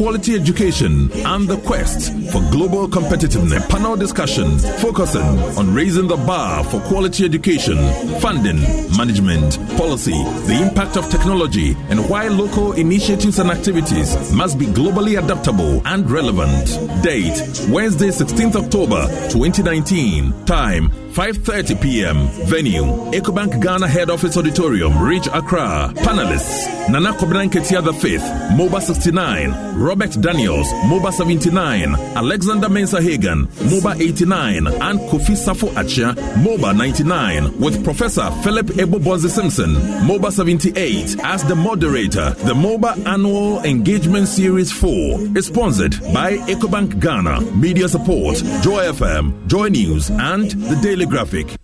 quality education, and the quest for global competitiveness. Panel discussion focusing on raising the bar for quality education, funding, management, policy, the impact of technology, and why local initiatives and activities must be globally adaptable and relevant. Date Wednesday, 16th October 2019. Time 5.30 p.m. Venue, Ecobank Ghana Head Office Auditorium, Ridge Accra. Panelists, Nana Kobran Ketia Fifth, MOBA 69, Robert Daniels, MOBA 79, Alexander Mensah Hagan, MOBA 89, and Kofi Safo Achia, MOBA 99, with Professor Philip Ebobonzi Simpson, MOBA 78, as the moderator. The MOBA Annual Engagement Series 4 is sponsored by Ecobank Ghana, media support, Joy FM, Joy News, and the Daily telegraphic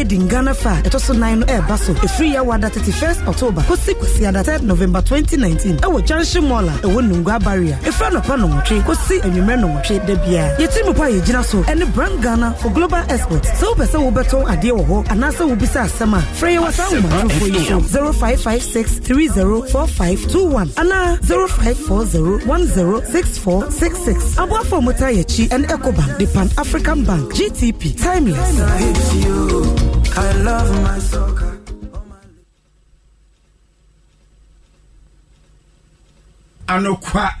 ɛyɛ di ghana fa ɛtɔ so nan no eh, ɛɛba so ɛfiri yɛwada thirty first october kɔsi kwasiada 3 november 2019 ɛwɔ junction mall a ɛwɔ nungua barrier ɛfiri anɔpa nɔwɔtwe kɔsi anwummerɛ nɔwɔtwe da biara yɛti mu pa a yɛgyina so ɛne brand ghana for global export sɛ wopɛ sɛ wobɛtɔn adeɛ wɔ hɔ anaasɛ wobisa asɛm a frɛ yɛwɔ saa womatorofoɔ yi so 0556 anaa 0540 bank the pan african bank gtp timeless I love my soccer. anokwa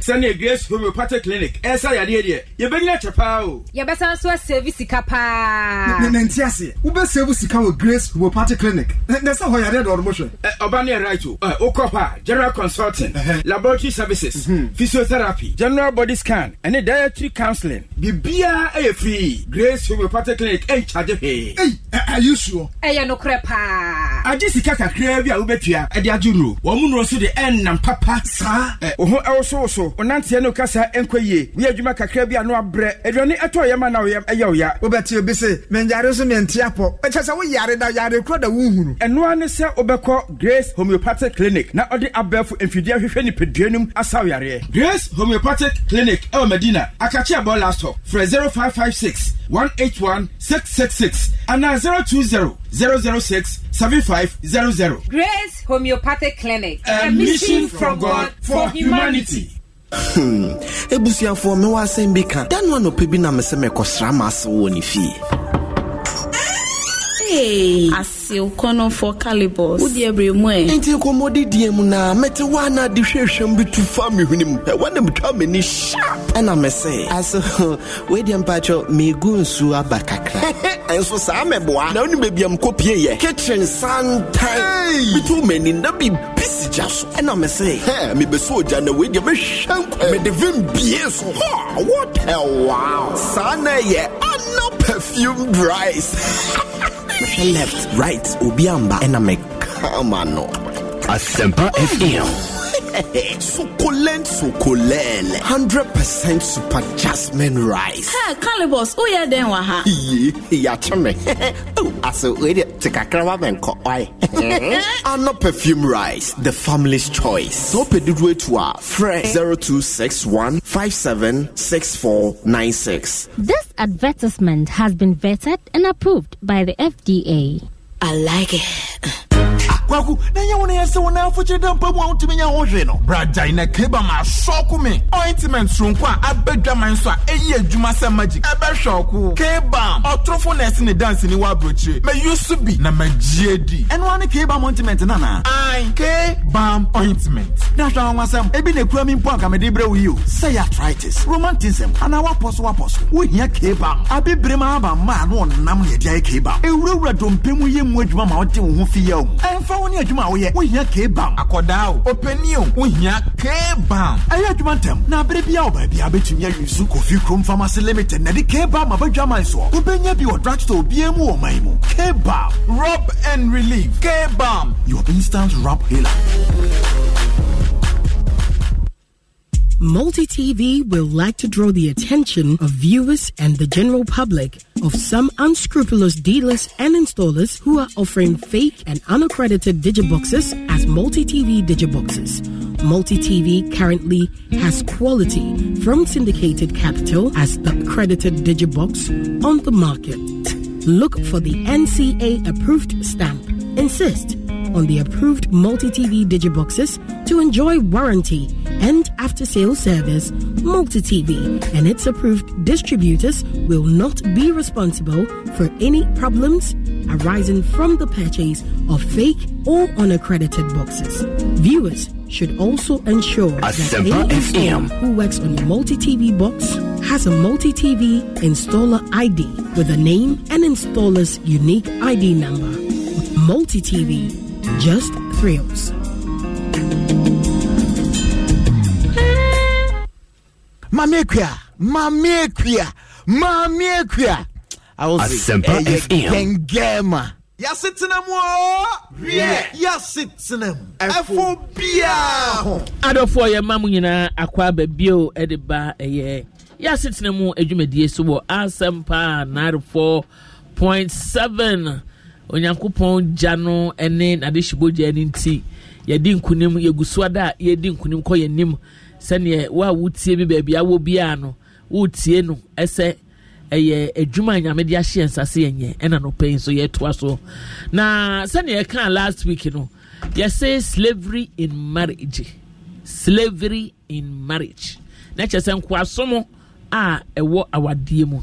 sɛnea grace homeopathic clinic ɛsa eh, yadeɛ deɛ yɛbɛnyina kyɛ paa o yɛbɛsan so asɛvi sika paa ne nti aseɛ wobɛsɛvu sika wɔ grace homeopathic clinic nɛ sɛ hɔ yadeɛ de ɔde ɔba ne ɛright o eh, wokɔ hɔ a general consulting laboratory services mhm. physiotherapy general body scan ɛne dietary counseling biribiaa ɛyɛ free grace homeopathic clinic ɛnkyagye hwee ɛyɛ suɔ ɛyɛ nokorɛ paa agye sika kakraa bi a wobɛtua ɛde agye nuro wɔn mu nuro nso de ɛnnam papa saa eh, wo ho ɛwo so so so ɔnanteɛ no kasa nkɔ yie woyɛ adwuma kakra bi ano abrɛ aduane ɛtɔ yɛ ma na ɛyɛ ɔya wobɛte obi se menyare so mente apɔ ɛkyɛ sɛ woyare da yare korɔ da wohunu ɛnoa ne sɛ wobɛkɔ grace homeopathic clinic na ɔde abɛɛfo mfidie ahwehwɛ nipadua nom asaw yareɛ grace homeopathic clinic ɛwɔ madina akakye abɔ last hɔ frɛ 0556 181 666 anaa 020 Zero zero six seven five zero zero. Grace Homeopathic Clinic. A, mission, from God for humanity. Hmm. ebusuafoɔ mewɔ asɛm bi ka da no anɔpɛ bi na mesɛ mekɔsra ma ase wɔ fie Hey. Asew kɔnɔ fɔ calibus. O deɛ bere mu ɛ. Nti ko mɔdi diɛ mu na mɛti wa na di hwehwɛ bi tu fa mi huni mu ɛwɔ ne mu twa mi ni sharp. Ɛna mɛ sɛ. Aso wei deɛ mpatsɔ mɛ gu nsu aba kakra. Ɛnso saa mɛ bɔ a. Na oni bɛ biam ko pie yɛ. Kitchen santan. Bitu mɛ ni na bi bisi gya so. Ɛna mɛ sɛ. Hɛ mi bɛ so gya na wei deɛ mɛ hwɛ nkɔ. Mɛ de vim bie so. Hɔ wɔtɛ waaw. Saa na yɛ ana perfume rice. left right obi amba ɛna kama no asɛmpa fm succulent, succulent. 100% super jasmine rice. Ha, Calibos, who ya den wa ha? Ye, ya chame. Oh, aso, wait, take a crab and cook. Why? Anna perfume rice, the family's choice. So, pedidwe to fresh 0261 This advertisement has been vetted and approved by the FDA. I like it. kwaku na ɛnyɛ wo no yɛ sɛ wo no afokyere da mpa mu a wotumi nya wo no bragyae na kaba ma asɔko me ointment soronko a abɛdwaman so a ɛyi adwuma sɛ magic ɛbɛhwɛ ɔko kabam ɔtorofo nɛse ne danseni wɔ aburokyire mayu bi na magyie di ɛnoa ne kabam ointment no anaa ae ointment na hwɛ awawasɛm ebi na ekura mi mpo anka brɛ wo yi o sɛ yɛ romantism anaa woapɔ so wohia kabam abibire ma aba mmaa no ɔnam ne yɛde ayɛ kabam ewurawura dompe mu yɛ mu adwuma ma wode wo ho fi yɛ wo mu ɛmfa Multitv akɔdaa o ɛyɛ adwuma ntɛm na kofi limited na de soɔ bi wɔ mu wɔ man mu and relief your instant rub healer Multi TV will like to draw the attention of viewers and the general public of some unscrupulous dealers and installers who are offering fake and unaccredited digiboxes as multi TV digiboxes. Multi TV currently has quality from syndicated capital as the accredited digibox on the market. Look for the NCA approved stamp. Insist on the approved multi TV digiboxes to enjoy warranty and after sales service. Multi TV and its approved distributors will not be responsible for any problems arising from the purchase of fake or unaccredited boxes. Viewers should also ensure that any FM who works on a multi-TV box has a multi-TV installer ID with a name and installer's unique ID number. Multi-TV just Thrills. Mamekua, Mamekua, Mamekua. I was Asempa eh, FM. Gengema. yɛasetenam wɔ yɛasetenam ɛfo biaa ho adɔfoɔ yɛma mo nyinaa akɔ aba bio de ba ɛyɛ yɛasetena mu adwumadie so wɔ asempa 94.7 onyankopɔn gya no ne n'adehyibogya no nti yɛdi nkunim yɛgu so ada a yɛdi nkunim kɔ yɛnim sɛneɛ wo a wotie bi baabi awɔ biara no wotie no ɛsɛ ɛyɛ adwuma a nyame de ahye yɛn nsase yɛnyɛ ɛna no pɛi so yɛtoa so na sɛneɛ yɛkaa last week no yɛse slavery in marriage slavery in marriage na kyerɛ sɛ nkoasom a ɛwɔ awadeɛ mu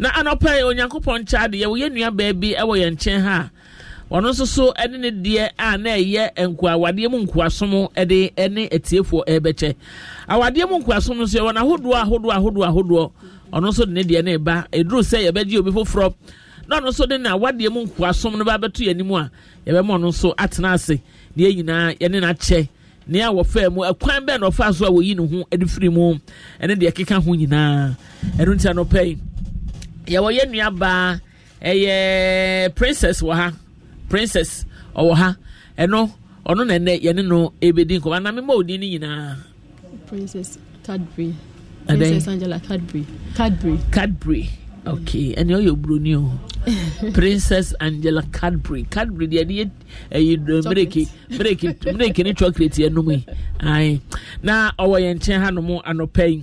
na anɔpɛ onyankopɔn nkyɛ ade yɛwɔ ya nua baabi ɛwɔ yɛn nkyɛn ha a ɔno nso so ne deɛ a na ɛyɛ nkoawadeɛ mu nkoasom ɛde ɛne atiefoɔ ɛrebɛkyɛ awadeɛ mu nkoasom no nso yɛwɔ n'ahodoɔ ahodoɔ ahodoɔ ahodoɔ ɔno nso de ne deɛ ne ba sɛ yɛbɛgye obi foforɔ na ɔno nso de na awadeɛ mu nkoasom no ba yɛn anim a yɛbɛma ɔno nso atena ase nyinaa yɛne n'akyɛ mu bɛn na yɛwɔ yɛ nuabaa ɛyɛ princess wɔ ha princess ɔwɔ ha ɛno ɔno na ɛnɛ yɛne no ebedi nkɔmɔ anam mma odi no nyinaa. princess cadbury princess angela cadbury cadbury cadbury okay ɛnna ɔyɛ oburoni o princess angela cadbury cadbury deɛ ɛde yɛ ɛyi mireki mireki mireki ne chocolate yɛ nom yi ayi na ɔwɔ yɛn nkyɛn hanom anɔpɛ yi.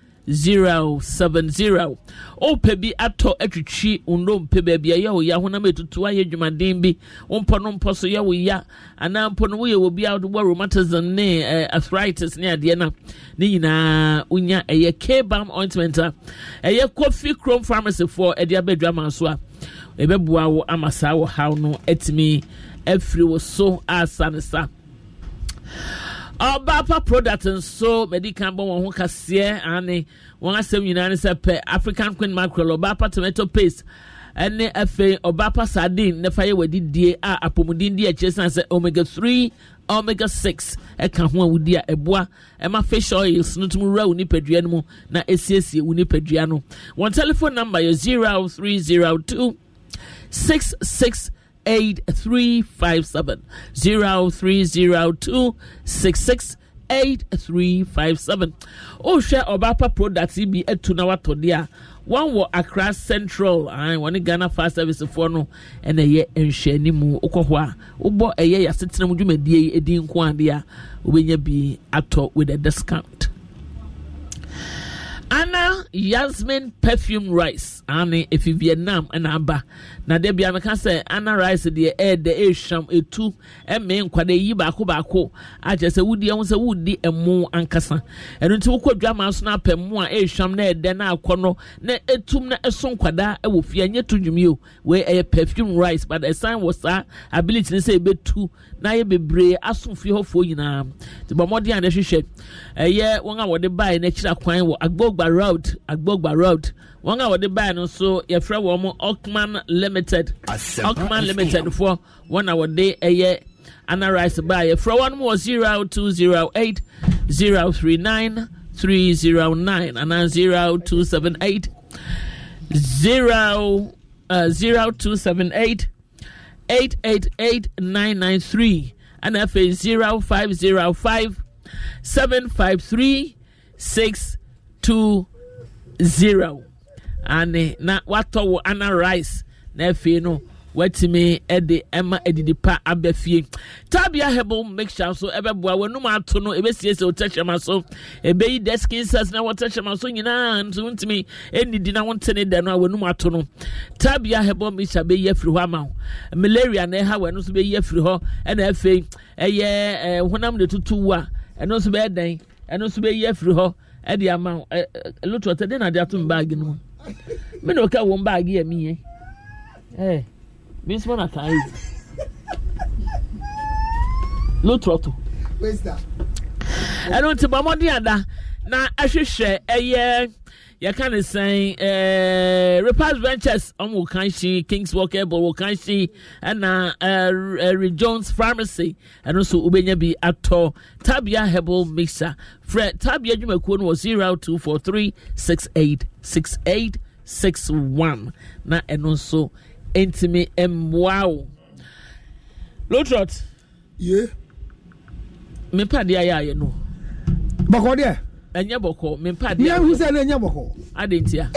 zero seven zero wopɛ bi atɔ atwitwi nnompe baabi a yɛ wo ya honam ɛtutu ayɛ adwumaden bi wo no mpɔ so yɛ wo ya anaa mpo no woyɛ wɔ bi a wode rheumatism ne uh, arthritis ne adeɛ no ne nyinaa wonya ɛyɛ kbam ointment a ɛyɛ kofi crom pharmacyfoɔ ɛde abɛdwama so a ɛbɛboa wo ama saa wɔ haw no atumi afiri wo so asanesa ɔbaapa product nso mɛdi kan bɔ wɔn ho kaseɛ ane wɔn asɛm nyinaa ne sɛ pɛ african queen mackerel ɔbaapa tomato paste ɛne afei ɔbaapa sardine nafa yɛ wɔadidie a apɔmuden di akyire san sɛ omega three omega six ɛka ho a wodi a ɛboa ɛma fish oils no tum wura wo nipadua no mu na esiesie wo nipadua no wɔn telephone number yɛ zero three zero two six six. Eight eight three three three five seven zero zero two six six five seven. 8357 share Obapa product yi bi atu na watɔde a One wɔ accra central an wɔne ghana fire servicefoɔ no And ɛna ɛyɛ nhwɛanimu wokɔ hɔ a wobɔ ɛyɛ yɛasetena mu dwumadie yi ɛdi nko adeɛ a wobɛnya bi atɔ with a discount Anna Yasmin perfume rice ane efi Vietnam ɛna aba na debi ameka sɛ Anna rice deɛ ɛɛdɛ ɛɛhwam etu ɛmɛ nkwada yi baako baako akyɛ sɛ wudi ɛho sɛ wudi ɛmo ankasa ɛno nti wokɔ dwama so na apɛ mo a ɛɛhwam na ɛɛdɛ na akɔ no na etum na ɛso nkwada ɛwɔ fie ɛnyɛ tu dwumi o wei ɛyɛ perfume rice but ɛsan wɔ saa ability eh, ne sɛ ebetu na ayɛ bebree aso fie hɔfoɔ nyinaa te bɔn mɔden a ne hwehwɛ ɛyɛ wɔn a wɔde baa n'akyiri akwan wɔ agbogbo agbọgba route agbọgba route wọn a wɔde baa no so yɛfrɛ wɔn mo okman limited okman limited foɔ wɔn a wɔde ɛyɛ Anarise baa yɛfrɛ wɔn mo zero two zero eight zero three nine three zero nine ana zero two seven eight zero uh, zero two seven eight eight eight eight nine nine three ɛna afei zero five zero five seven five three six two zero ane na watɔ wɔ ana rice na afei no watumi de ɛma adidi pa aba fie tabia herbal mixture nso ɛbɛboa w'anum ato no ɛbɛsiesie wo tɛkyɛma so ɛbɛyi dead skin na wɔ tɛkyɛma so nyinaa nso wontumi ɛnidi na wontene da no a w'anum ato no tabia herbal mixture bɛyi afiri hɔ ama wo malaria na ɛha w'ano nso bɛyi afiri hɔ ɛna afei ɛyɛ ɛɛ eh, honam de tutu wo ɛno nso bɛyɛ dɛn ɛno nso bɛyi afiri hɔ ɛde ama lotɔ tɛ de na de ato mi baagi no mu mi na o ka wɔn baagi yɛ mi yɛ ɛɛ mi nso na kan yi lotɔ to ɛnu ti bɔ ɔmo de ada na ɛhwehwɛ ɛyɛ. Eh, yɛka ne sɛn eh, repas ventures ɔmo kan hyi kings walk airborne wɔ kan hyi ɛna eh, eh re jones pharmacy ɛno nso wobɛnya bi atɔ tabia herbal mixer frɛ tabia dwumakuo no wɔ eight six one. na ɛno nso ntumi mmoa wo lotrot ye mepadeɛ ayɛ ayɛ no bɔkɔdeɛ ɛnyɛ bɔkɔ mpa de. yɛn husa ne ɛnyɛ bɔkɔ. adi nti a.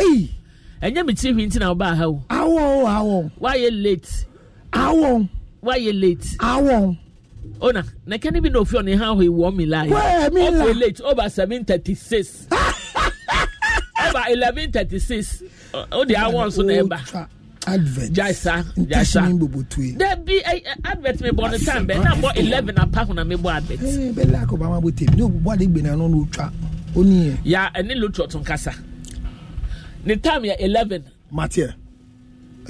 ɛnyɛ mi tiri hwi nti na ɔba ha o. awɔ awɔ. wayɛ late. awɔ. wayɛ late. awɔ. ona na kẹ́ni bi na ofi ọ̀nà ìhàn ọ̀hìn wọ́n mi láàyè. wẹ́ẹ̀ la ọ̀pọ̀ late over seven thirty six. over eleven thirty six. o de nso na ɛba. advert jaisa jaisa dẹbi advert mi bọ ní time bẹẹ náà bọ eleven apá kun na mi bọ advert. Eh, bẹẹ lakọ bàmà bó tèmi ní òbí bọ́ adé gbẹ̀nà náà twa oni yɛ. ya ɛne lotro tun kasa ne time yɛ eleven. matiɛ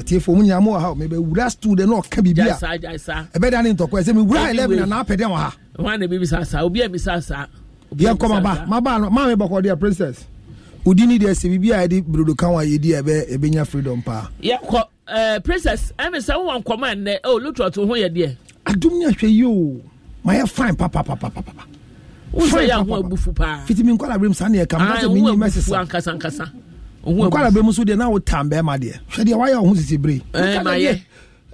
ɛti efo mu nyinaa mu wɔ ha o mɛ bɛ wura stool de na ɔka bibi a ɛbɛ da ne ntɔkwa ɛsɛ mi wura eleven na n'apɛ dɛ wɔ ha. wọn na ebi bi sa sa obi a bi sa sa. yɛ kɔ ma ba ma ba no maa mi bɔ kɔ deɛ princess odi ni deɛ sɛ bibi a yɛde brodo kan wa yɛ di ɛbɛ e ɛbɛ e nya freedom paa. yɛ kɔ ɛɛ e, princess ɛmi sɛ wọn kɔma ɛnɛ ɛ olotro oh, to ho yɛ deɛ. adum ni ahwɛ yi o ma yɛ fine papapapapa. Pa, pa, pa, pa, pa wosɛ yɛ ahoa abufu paa fitimi nkwala berɛ mu saa ne yɛka mnasɛ ah, menyi mɛsesa ankasankasa nkwala berɛ mu so deɛ na wotam bɛɛma deɛ hwɛ deɛ woayɛ wo ho sisi bere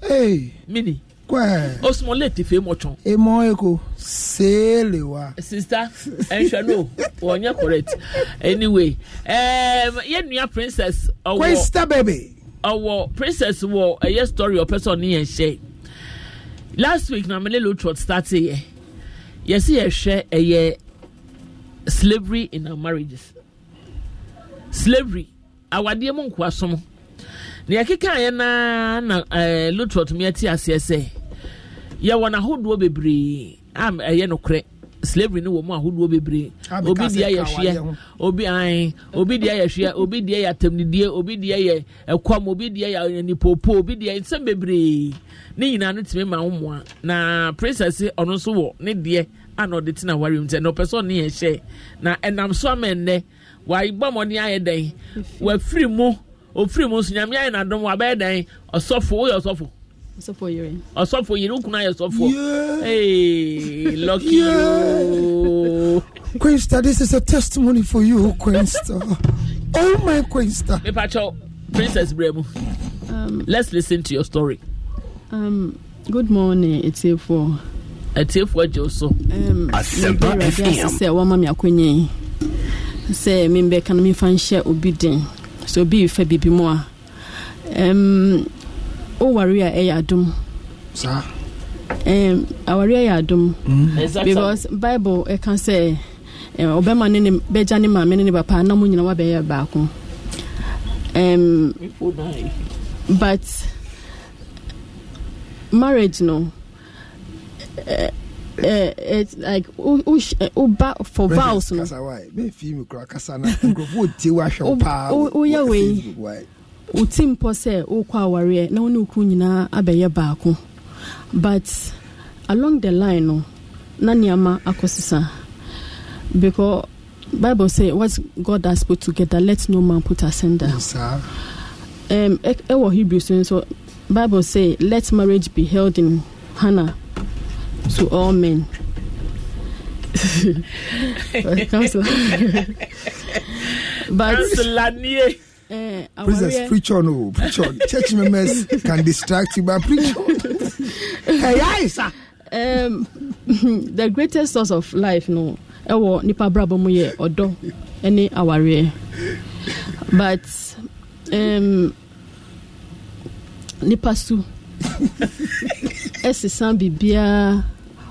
eh, mini kwɛ osmole te fei mɔtwɔn ɛmɔ ɛko seele wa eh, sister ɛnhwɛ no wɔnyɛ correct anyway um, yɛnnua princess ɔwɔ kwesta baby ɔwɔ princess wɔ ɛyɛ story ɔpɛ sɛ ɔne yɛn hyɛ last week na mele lotrot start yɛ yɛsi yɛhwɛ ɛyɛ slavery in our marriages slavery awadeɛ mu nkoasom na yɛkeka yɛ naa na ɛɛ eh, lotrot mi ɛte aseɛ sɛ yɛwɔ n'ahodoɔ bebree a ɛyɛ nokorɛ slavery ni wɔ mu ahodoɔ bebree ah, obi deɛ yɛ hwea obi an obi deɛ yɛ hwea obi deɛ yɛ atamnidie obi deɛ yɛ ɛkɔm obi deɛ yɛ nipopo obi deɛ nsɛm bebree ne nyinaa no tumi ma ho mua na princess ɔno nso wɔ ne deɛ ana ɔde tena wari mu sɛ na ɔpɛ sɛ ɔne yɛ hyɛ na ɛnam so ama nnɛ wayibɔ mɔni ayɛ dɛn wafiri mu ofiri mu nso nyame ayɛ n'adɔm wabɛyɛ dɛn ɔsɔfo oyɛ ɔsɔfo ọsọfọ yìí ọsọfọ yìí okùn ayẹ sọfọ lucky you. Queenster, this is a testimony for you, Queenster. oh my Queenster. Mepacho, Princess Bremu, um, let's listen to your story. Um, good morning, it's here for. atiefoɔ gye so sɛ wɔma me akonya yi sɛ membɛka no memfa nhyɛ obi den sɛ obi refa biribi mu a um, owari a ɛyɛ adum. saa. Um, awari ɛyɛ adum. Hmm. because bible ɛka e sɛ ɔbɛma ne ne bɛgya ne maame ne ne papa anam nyinaa wabɛyɛ baako. Um, but marriage no. Uh, uh, it's like uba for vows no. kasa wa ye me fi mi kura kasa na nkurɔfoɔ tie wa hwɛ o paa o yɛ wei. woti mpɔ sɛ wokɔ awareɛ na wo ne wokuru nyinaa abɛyɛ baako but along the line no na nneɛma akɔ sesa because bible say what god has put together let no man put asunder yes, um ɛwɔ e, e hebrew so nso bible say let marriage be held in Hannah to all men but Eh, Princess, preach on, oh, preach on. Church members can distract you, but preach on. hey, sir. Um, the greatest source of life, no, ɛwɔ nipa brabɔ mu yɛ ɔdɔ ɛne awareɛ but um, nipa su ɛsesa biribiaa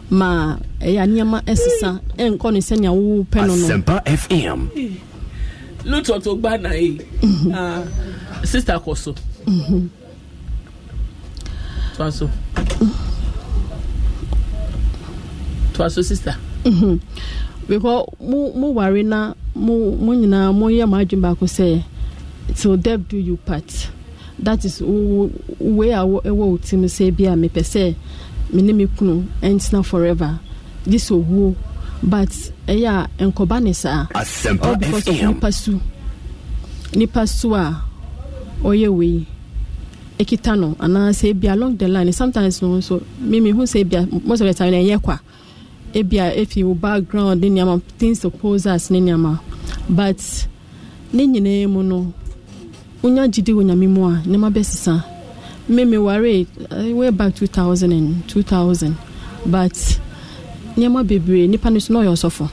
ma ɛyɛ nneɛma ɛsesa ɛnkɔ no Asempa FM. no no lóòótọ́ tó mm náà yìí sísá mm so. tó a so tó mm so sísá. because mo mo ware na mo mo nyinaa mo yɛ mo adwene baako sɛ till death do you part that is way a wọ o ti mu sɛ bi a mepɛ sɛ me ne me kunu ɛntena forever this owuo. but ɛyɛ eh, a nkɔba ne saa nipa su nipa su a ekita no anaasɛ ebi along the line sometimes no nso mimi hu sɛ ebi most of the time ɛyɛ kwa a efi wo background ne nneɛma things ne nneɛma but ne nyinaa mu no gidi wɔ nyame mu a nneɛma eh, back two thousand two thousand but. nneɛma bebree nipa no so na ɔyɛ ɔsɔfo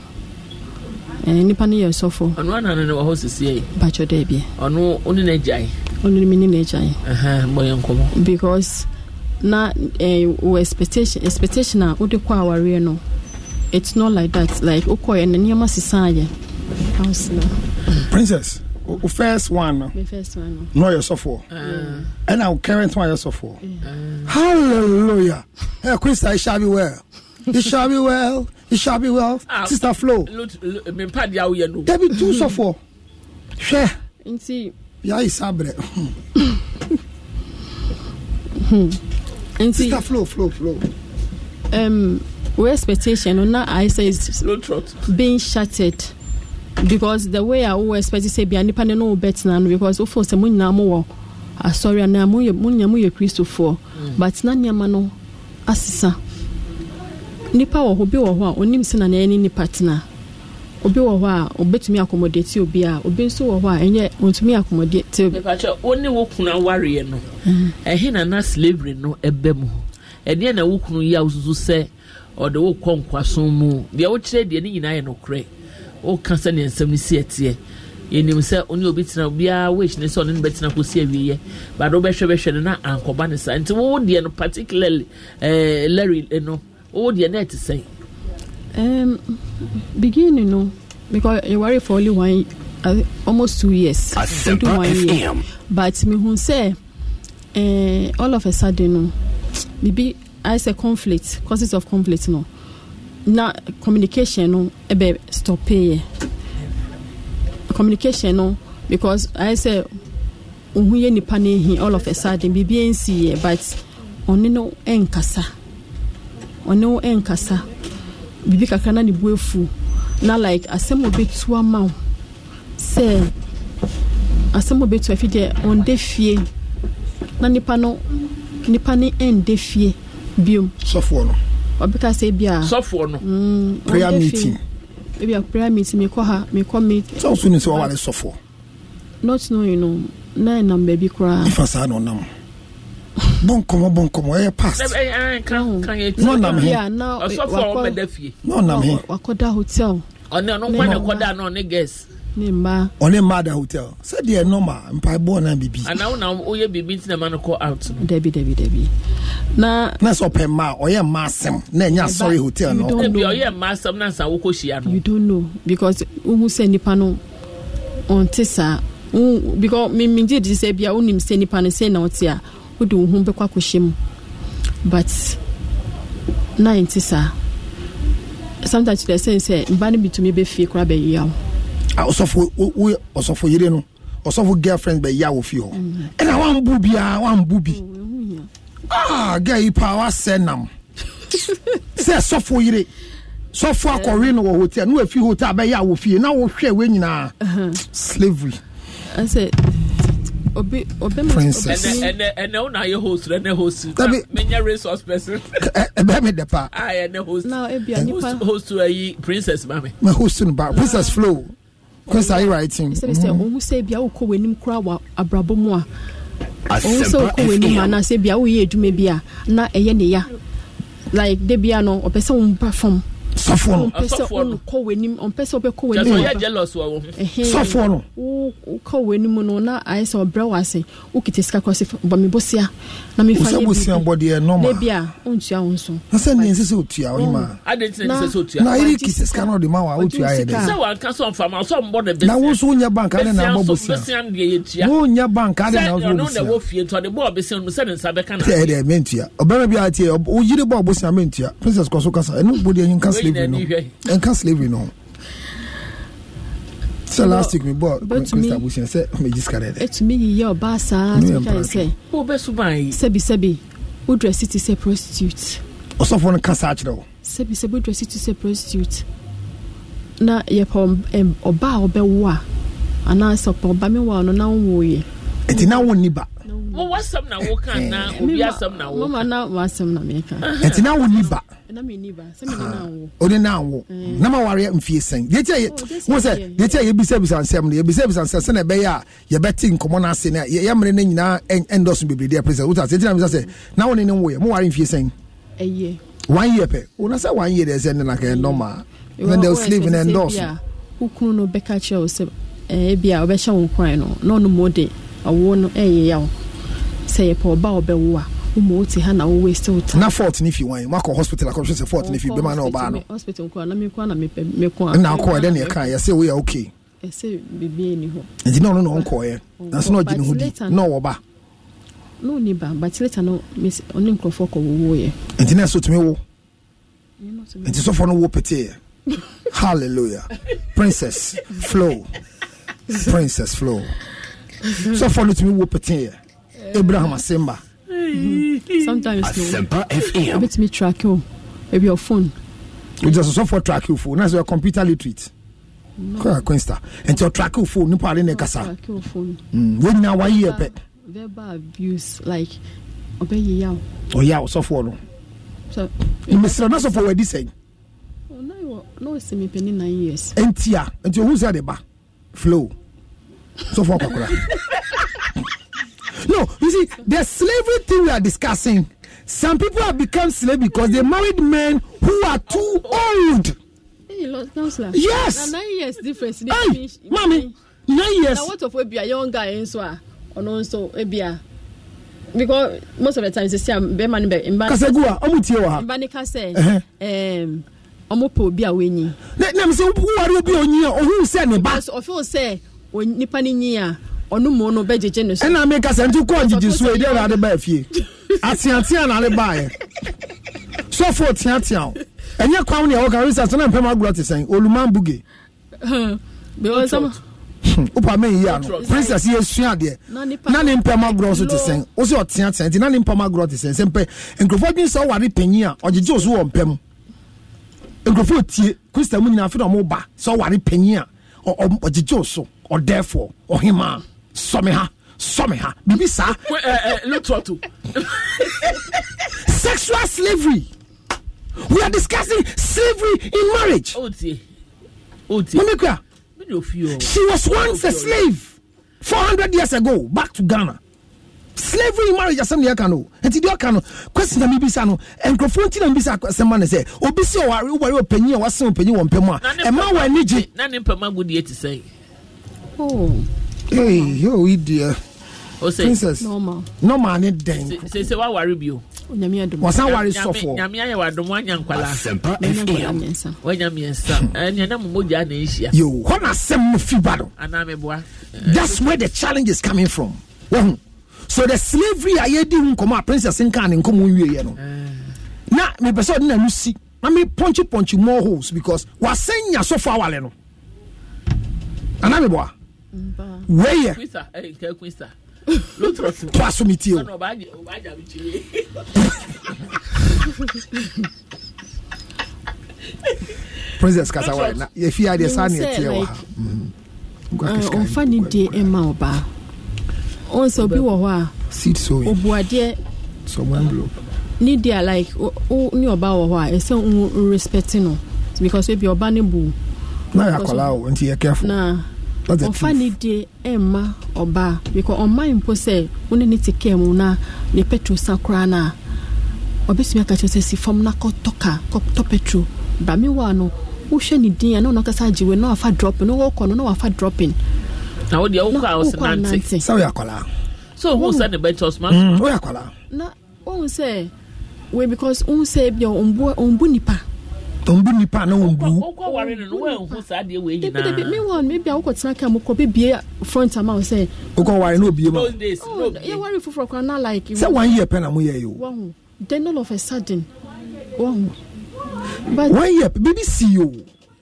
nipa no yɛ ɔsɔfo. ɔno ana no wɔ hɔ sisi yɛ. bàtjọ dɛ bi. ɔno ɔne na gya yi. ɔno mi ne na gya yi. bɔ yɛn nkɔmɔ. because na ɛɛ wɔ expectation expectation a wode kɔ awareɛ no it's not like that like wokɔ yɛ na nneɛma sisan yɛ. princess o, first one no. first one no. no yɛ sɔfo. ɛna o current one yɛ sɔfo. hallelujah ɛ hey, i shall be well. it shall be well, it shall be well. Ah, Sister Flo. Debbie two so for. Share. Nti. Ya isabre. Nti. Sister Flo, Flo, Flo. Um, we expectation na I say is being shattered. Because the way I always expect say, be a nipa ne no bet na no because of course mo nyina mo asɔre ah, anaa mo nyina mo yɛ kristofoɔ mm. but na nneɛma no asesa nipa wɔ hɔ bi wɔ hɔ a onim sɛ na ne nipa tena obi wɔ hɔ a obetumi akɔmɔde ti obi a obi nso wɔ hɔ a ɛnyɛ ontumi akɔmɔde obi. nipakyɛ wo ne wo kunu awareɛ no mhm. ɛhe na na slavery no ɛbɛ mu ɛdeɛ na wo kunu yi a wososo sɛ ɔde wo kɔ nkwaso mu deɛ wokyerɛ deɛ ne nyinaa yɛ nokorɛ woka sɛ ne nsɛm no si ɛteɛ yɛnim sɛ ɔne obi tena biara woakyine sɛ ɔne no bɛtena kɔsi awieɛ bade wobɛhwɛ bɛhwɛ no na ankɔba ne saa nti wo deɛ no particularly eh, larry eh, no all the na to say? um, beginning no because you worry for only one uh, almost two years only one year but me who say uh, all of a sudden no maybe i say conflict causes of conflict no na communication no ebe stop here communication no because i say ohun yɛ nipa all of a sudden bibi nsi but oni no enkasa. ɔne wo nkasa biribi kakra na ne bu afuo na like asɛm a ɔbɛtu ama wo sɛ asɛm a ɔbɛtu afi deɛ ɔnde fie na nipa no nipa ne ɛnde fie biom sɔfoɔ no ɔbɛka sɛ bia sɔfoɔ no mm, prayer meeting ebi a prayer meeting mekɔ ha mekɔ meet sɛ woso ne sɛ wɔware sɔfoɔ not knowing no na ɛnam baabi koraa ɛfa saa na ɔnam bɔnkɔmɔ bɔnkɔmɔ ɛyɛ eh, past eh, eh, n'ɔnam he he na kɔda na ɔne mma da hotel sɛdeɛ nɔma mpaebɔ na bibi sɛ ɔpɛ mma ɔyɛ mma asɛm na ɛnyɛ asɔre hotel no no ɔnte saa because mi gye di sɛ bia wonim sɛ nipa no sɛ na ɔte a wode wo ho bɛkɔ akɔhyɛ mu but na ɛnte saa sometimes kyerɛ sɛn sɛ mba no bitumi bɛfie kora bɛyea wo ah, ɔsɔfo woyɛ ɔsɔfo yere no ɔsɔfo girlfriend bɛyea wo fie hɔ mm-hmm. ɛna wambu biaa wambu bi mm-hmm, ah girl yi paa wasɛ nam sɛ sɔfo yere sɔfo akɔwe no wɔ hotel na wafi hotel bɛyɛ a wofie na wohwɛ we nyinaa uh-huh. slavery obi obi ma princess ɛnɛ ɛnɛ ɛnɛ ɔna ayɛ host ɛnɛ host na menya resource person ɛbɛ eh, eh, mi dɛ pa a ah, ɛnɛ host na ebi a nipa host host ayi princess mami ma host no ba princess flow kwesa ayi writing sɛ ohun sɛ ebi awo kɔ wɔ kura wɔ abrabɔ mu a ohun sɛ okɔ wɔ anim ana sɛ ebi awo yɛ edwuma a na ɛyɛ ne ya like de bi a no ɔpɛ sɛ wɔn ba sɔfoɔ no sɔfoɔ no kɔ w'anim ɔmpɛ sɛ ɔbɛkɔ w'anim jɛsɛ ɔyɛ jealous wɔ wo sɔfoɔ no wokɔ w'anim no na ayɛ sɛ ɔbrɛ wɔ ase wokita sika kɔ sɛ bɔ me bosia na mefa yɛ bibi bosia bɔ deɛ nɔma na bia ɔntua wo nso na sɛ nneɛ nsɛ sɛ ɔtua ɔyi ma adeɛ nsɛ na ayɛ kisa sika na ɔde ma wa ɔtua yɛ dɛ sɛ wanka sɛ ɔmfa ma sɛ ɔmbɔ na wo nso wonya bank ade na abɔ bosia wonya bank ade na abɔ bosia ɔno na wɔ fie nti ɔde bɔɔ bosia no sɛ ne nsa bɛka na sɛ ɛdeɛ mentua ɔbɛrɛ bi a tie woyere bɔɔ bosia mentua princess kɔ so kasa ɛno bɔdeɛ nyi nkasa slavery no ɛnka slavery no sɛ last week mebɔ mr busian sɛ mɛgyi sika dɛdɛ ɛtumi yiyɛ ɔbaa saa sɛ sɛbisɛbi wodrɛse te sɛ prostitute ɔsɔfoɔ no ka saa kyerɛ wo sɛbisɛbi wodrɛse te sɛ prostitute na yɛpɛ ɔbaa um, a wobɛwo a anaasɛ ɔpɛ ɔba mewaa no na wowoyɛ ɛnti na wonni ba wo wasɛm na woka eh, na obi asɛm na woka na wasɛm na meka ɛti na wo ni ba eh, na me ni ba sɛ me na wo o ni na wo eh. na ma ware mfie sɛn de tie wo sɛ de tie ye bisa bisa nsɛm ne ye bisa bisa nsɛm sɛ na ɛbɛyɛ a ye bɛte nkɔmɔ na ase na ye mre ne nyinaa endorse bebree de present wo ta sɛ ti na bisa sɛ na wo ne ne wo ye mo ware mfie sɛn ɛyɛ one year pɛ wo na sɛ one year de sɛ ne na kɛ normal when they sleep in endorse wo kunu no bɛka kyerɛ wo sɛ ebi a ɔbɛhyɛ wo kwan no na ɔno mu de awo no ɛyɛ yaw sɛ yɛpɛ ɔba ɔbɛwo a woma wote ha na wowɛ sɛ wota na fort ne fi wan wakɔ hospital akɔhwɛ sɛ fort ne fi bɛma na ɔbaa no hospital kora na mekɔ na mekɔ na akɔ ɛdɛ ne ɛka yɛsɛ woyɛ okay ɛsɛ biribiaa ni hɔ nti na ɔno na ɔnkɔɔyɛ nanso na ɔgye ne ho di na ɔwɔ ba na ɔni ba but later no miss. ɔne nkurɔfoɔ kɔ wowooyɛ nti na ɛsɛ ɔtumi wo nti sɔfoɔ no wo peteɛ hallelujah princess flow princess flow sɔfoɔ no tumi wo peteɛ abraham asemba asempa fm obetumi track o ebi your phone wogya sɛ sɔfoɔ track wo fo na sɛ computer literate kɔa quinsta ɛnti ɔtrack wo fo nipa are ne kasa wonyina wayeyɛ pɛ verbal abuse like ɔbɛyeyaw ɔyɛ oh, a ɔsɔfoɔ no mesrɛ na sɔfoɔ wadi sɛn ɛntia ɛnti ɔhu sɛ de ba flow sɔfoɔ No, you see, the slavery thing we are discussing, some people have become slaves because they married men who are too old. Yes. Nine years difference. Hey, mommy, nine years. Now, what of a young guy in so on? Also, a because most of the times they say bɛrima no bɛ mba kasegu a ɔmu tie wɔ ha mba ne kase. Um, amu po bi a wɔnyi. ne ne mi sɛ wari obi a onyi a ohun ne ba. ɔfin sɛ nipa ni nyi a ɔno mu no bɛgyegye ne so ɛna meka sɛ nti kɔɔ gyegye so ɛdeɛ na ade na ade o ɛnyɛ kwan ne ɛwɔka resa na mpɛm agorɔ te sɛn oluman buge hmm, hmm, wopa ma ihe ano princess yɛ sua adeɛ na ne mpɛm te sɛn wo sɛ ɔteatea nti na ne a ɔgyegye wo so wɔ nkurɔfoɔ na a ɔgyegye wo so ɔhemaa sɔmi ha sɔmi ha bibi saa. ɛ ɛ lótọ́tù. sexual slavery we are discussing slavery in marriage. o tie o tie. mumikura she was once a oh, slave four hundred years ago back to ghana slavery in marriage asɛm deɛ ɛka no nti deɛ ɔka no question na mebisa no nkurɔfoɔ nti na mebisa asɛm ma no sɛ obi sɛ ɔware woware ɔpanyin a wasen ɔpanyin wɔ mpɛ mu a ɛma wɔ ani gye na ne mpɛma gu deɛ te sɛn Hey, yo, dear. Ose. Princess. Normal. Normal ni den. Se se wa wari bi o. Onyame adum. Wa san wari sofo. Nyame aye wa dum anya nkwala. Asempa FM. Onya miensa. Anya na mo moja na ehia. Yo, ho na sem fi ba do. Ana me boa. That's where the challenge is coming from. Wo So the slavery aye di nkomo a princess nka ne nkomo wiye no. Eh. Na me pese odi na nu si. Na me punchy punchy more holes because wa senya sofo awale no. Ana me boa weyɛ eh, to aso me tie o princess kasa wa na yɛfi adeɛ saa ne ɛteɛ wɔ ha ɔmfa ne die ɛma ɔbaa ɔn sɛ obi wɔ hɔ a ɔbuadeɛ ne deɛ like mm-hmm. ah, wo ne ɔba wɔ hɔ a ɛsɛ wo respect no because ebi ɔba ne bu na yɛ akɔla o nti yɛ careful na ɔfa ne de ɛma ɔbaa because ɔman mpo sɛ wone ne te kaa mu na ne petro sa koraa no a ɔbɛtumi aka kyerɛ sɛ si fam na kɔtɔ ka kɔtɔ petro ba me wɔ no wohwɛ ne din a na ɔnakasa agye we na wafa drop na wɔkɔ no na wafa dropping na wodeɛ wokɔ a wosnante sɛ woyɛ akwalaa so wohu sɛ ne bɛkyɛ ɔsoma woyɛ na wohu sɛ we because wohu sɛ bia ɔmbu nipa ɔmbu nipa na ɔmbu. ɔkɔ wari ni no wɔn ehun saa deɛ wɔn nyinaa. ebi mi wɔn mi bi a wɔkɔ tena kan mu kɔ bi bie front ama o sɛ. ɔkɔ wari n'obi ye ma. Oh, yɛ wari foforɔ kora na like. sɛ wɔn yɛ pɛ na mo yɛ yi o. wɔn then all of a sudden wɔn. wɔn yɛ bibi si yi o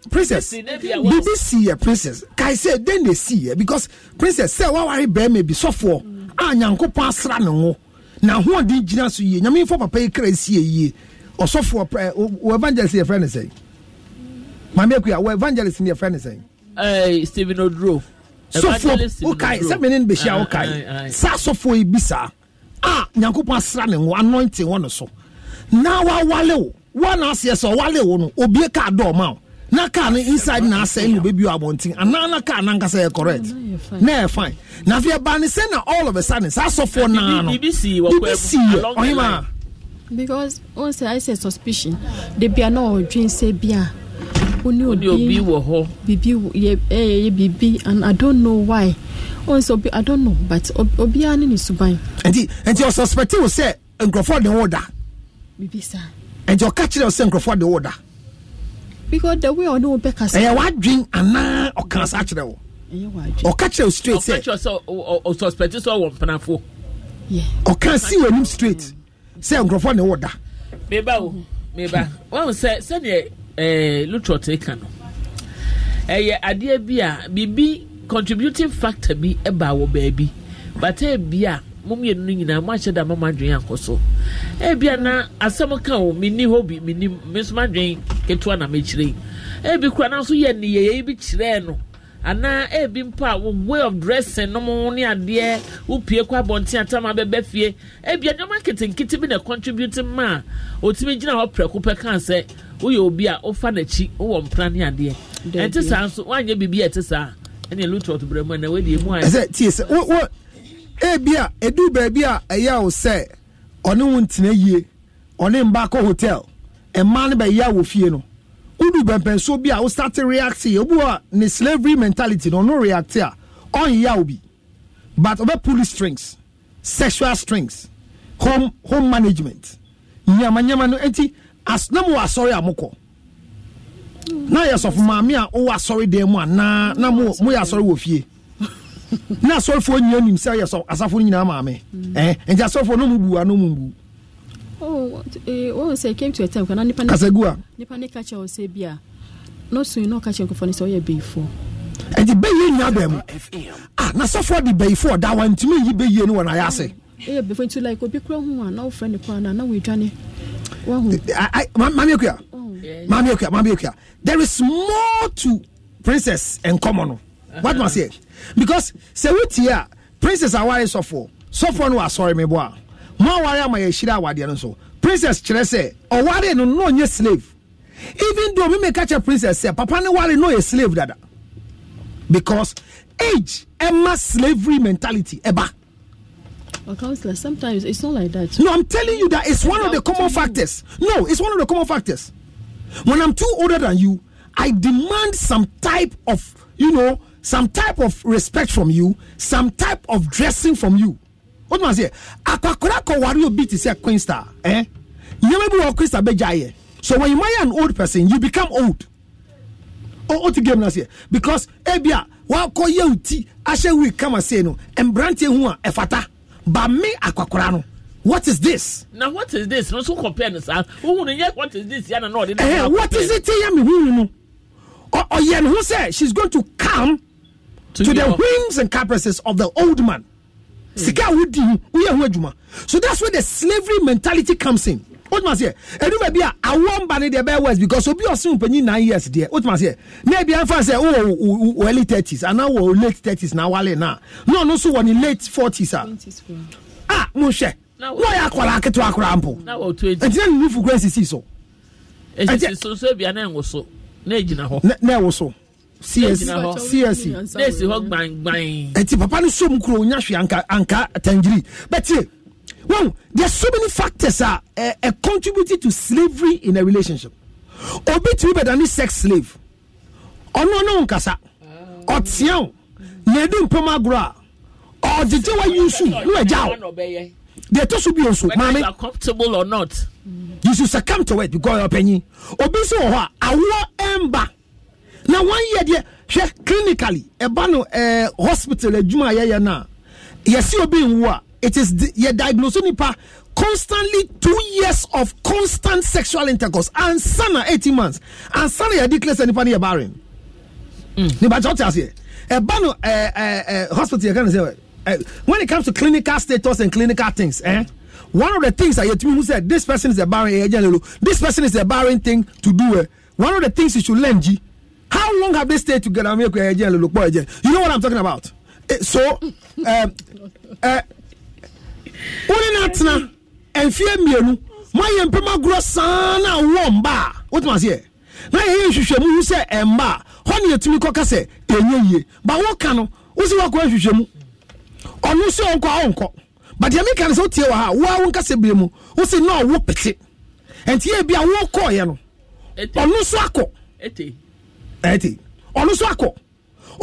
princess bibi si yɛ princess kai say den de si yɛ because princess sɛ wawari bɛrɛ mi bi sɔfoɔ a nyanko pɔn asra ne ho na ahoɔden gyina so yie nyame ifɔ papa yi kra esi yie. ɔsɔfoɔ pɛ eh, evangelist yɛ fɛn ne sɛn maame ekuya evangelist yɛ fɛn eh, ne sɛn. ɛɛ steven oduro. sɔfoɔ wokae sɛ mene no bɛhyia wokae saa sɔfoɔ yi bi saa a nyankopɔn asra ne ho anointing wɔ so na wawale wo woana aseɛ sɛ ɔwale wo no obie kaa dɔɔ ma na kaa no inside na asɛe no bɛbi abɔnten na kaa nankasa correct na fine na afei na all of a sudden saa sɔfoɔ naa because wọn sẹ ayé sẹ suspicion debi a náà ọdún sẹ bi a ó ní obi wọ hɔ bibi yɛ ɛyɛ bibi and i don't know why wọn sɛ obi i don't know but obiara ne ne suban. nti nti o suspect o sɛ nkurɔfoɔ de wɔn da. bibi sa. nti ɔka kyerɛ o sɛ nkurɔfoɔ de wɔn da. because the way ɔne wo bɛ kasa. ɛyɛ wadwin anaa ɔkan sa kyerɛ wo. ɛyɛ wadwin ɔka kyerɛ o straight sɛ. ɔka kyerɛ sɛ o suspect sɛ ɔwɔ mpanafo. ɔka si wɔ anim straight. Mm. sɛ nkurɔfoɔ ne wo da meba wo meba wahu sɛ sɛdeɛ eh, lutrot ka no ɛyɛ adeɛ bi a biribi contributing factor bi ba wɔ baabi bata ebi a mo no nyinaa da na asɛm ka o hɔ bi nso ma ketewa na bi kyerɛ anaa ebi mpo a wo way of dressing no mo ne adeɛ wopie kɔ abɔnten atam abɛbɛ fie ebi nneɛma nketenkete bi na contribute ma a otumi gyina hɔ prɛko pɛ kan sɛ woyɛ obi a wofa n'akyi wowɔ mpra ne adeɛ ɛnte saa nso woanyɛ biribi a ɛte saa ɛne lutrot brɛ mu ɛna wadi mu ayɛ tie sɛ wo ebi a edu baabi a ɛyɛ wo sɛ ɔne wo ntena yie ɔne mba akɔ hotel mmaa no bɛyɛ a wɔ fie no wodu pɛmpɛnsoɔ bi a wostate react yɛ obi a ne slavery mentality no ɔno react a ɔnyɛ wo bi but ɔbɛpull strings sexual strings home home management nyama nyama no nti as na mo wɔ asɔre a mokɔ na yɛ sɔfo maame a wowɔ asɔre dan mu anaa na mo moyɛ asɔre wɔ fie na asɔrefoɔ nyina nim sɛ yɛ asafo no nyinaa maame ɛnti asɔrefoɔ no mu bu a no mu bu oh eh, oh sɛ came to a time kana nipa ne kasagua nipa ne kakyɛ o sɛ bia no so no kakyɛ nkɔfɔ ne sɛ ɔyɛ bɛyifo ɛdi bɛyie nyina bɛn mu ah na sɔfo de bɛyifo ɔda wa ntumi yi bɛyie ni wɔn ayɛ ase ɛyɛ bɛyifo nti like obi kura ho a na ofura ne kora na na wɔadwane wahu eh, maame ekuya maame oh. ekuya maame ekuya there is more to princess nkɔmɔ uh-huh. no what ma se because sɛ wotie a princess awari sɔfo sɔfo no wa sɔre mi bɔ a. mo aware ama yɛhyira awadeɛ no nso princess kyerɛ sɛ ɔware no no ɔnyɛ slave even though mi catch a princess sɛ papa ne ware no yɛ slave dada because age ɛma slavery mentality ɛba. Well, counselor, sometimes it's not like that. No, I'm telling you that it's one of the common factors. No, it's one of the common factors. When I'm too older than you, I demand some type of, you know, some type of respect from you, some type of dressing from you. wọ́n tún wá sí ẹ̀ akwakora kọ wari obi ti sẹ́ queen star ẹ̀ yẹ́n bí wọ́n queen star bẹ́ gya yẹ so when you marry an old person you become old o o ti game na se because ebi a wakɔ yɛ o ti ahyɛ wii kama se no mberanteɛ hu a ɛfata ba me akwakora no what is this. na what is this no so compare no saa ohun ni yɛ what is this yɛ na na ɔde na. ɛhɛn what is it yɛ mi hun no ɔyɛ ne ho sɛ she is going to come to, to the whims and caprices of the old man sika wodi woyɛ ho adwuma so that's where the slavery mentality comes in wotuma seɛ ɛduma bi a awoɔ mba no deɛ ɛbɛyɛ worse because obi ɔsen mpanyin nine years deɛ wotuma seɛ na ebi anfa sɛ wowɔ wɔ early thirties anaa wɔ late thirties na awale ah. ah, na na ɔno nso wɔ ne late forties a a mo hwɛ na wɔyɛ akwaraa ketewa akwaraa mpo nti na ne nufu kura sisi so. esisi so so ebia na ɛnwoso na egyina hɔ. na ɛwoso csc ɛnti papa no som kuro onya hwe anka, anka tangiri bɛtie wow there are so many factors a uh, uh, contributed to slavery in a relationship obi tumi bɛdane sex slave ɔno ne nkasa ah. ɔteɛ wo na ɛdu mpam agorɔ a ɔgyegye wa yusu ne wagya wo deɛ ɛtɔ so bio so maame you should succumb to it because ɔpanyin obi nso wɔ hɔ a awoɔ ɛmba na one year deɛ hwɛ clinically ɛba no ɛɛ eh, hospital adwuma a yɛyɛ na, a yɛsi obi nwu a it is yɛ diagnose nipa constantly two years of constant sexual intercourse ansa na eighteen months ansa na yɛ declare sɛ nipa no yɛ barren mm. nipa kyɛ ɔte aseɛ ɛba no ɛɛ eh, ɛɛ eh, hospital yɛ kan sɛ when it comes to clinical status and clinical things Eh? one of the things that you said this person is a barren this person is a barren thing to do eh? one of the things you should learn G, How long have they stayed together? You know what I'm talking about? Eh, so, um, uh, eh, uh, eh, ɛmfie mmienu moayɛ mpɛm agorɔ saa sana wɔ mba a wotumi aseɛ na yɛyɛ nhwehwɛmu hu sɛ ɛmba a hɔ ne yɛtumi kɔka sɛ ɛnyɛ yie ba woka no wo sɛ woakɔ nhwehwɛmu ɔno sɛ ɔnkɔ a wonkɔ but deɛ meka no sɛ wotie wɔ ha woa wo nkasɛ bie mu wo sɛ na ɔwo pete ɛnti yɛ bi a wokɔɔyɛ no ɔno so akɔ ɛti ɔno nso akɔ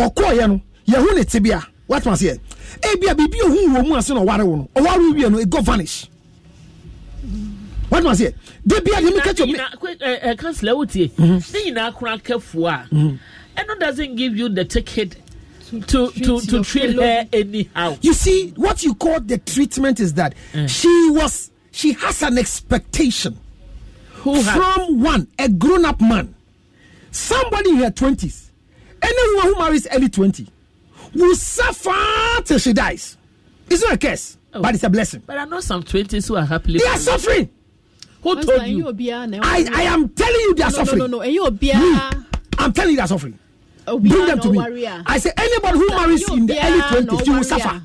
ɔkɔɔyɛ no yɛho ne tibia watuma seɛ ebia biribi ohun wɔ mu ase na ɔware wo no ɔware wie no ego vanish watuma seɛ de bia deɛ meka kyɛ ɛɛ kansila o tie ne nyinaa kora kɛfoɔ a ɛno mhm. doesn't give you the ticket to to to treat her anyhow. You see, what you call the treatment is that mm. she was she has an expectation Who from has? one a grown up man somebody in her 20s, anyone who marries early 20 will suffer till she dies. It's not a curse, oh. but it's a blessing. But I know some 20s who are happily. They are suffering. Who told you? I, I am telling you they are no, suffering. No, no, no. Me, I'm telling you they are suffering. Bring them to me. I say anybody who marries in the early 20s, you will suffer.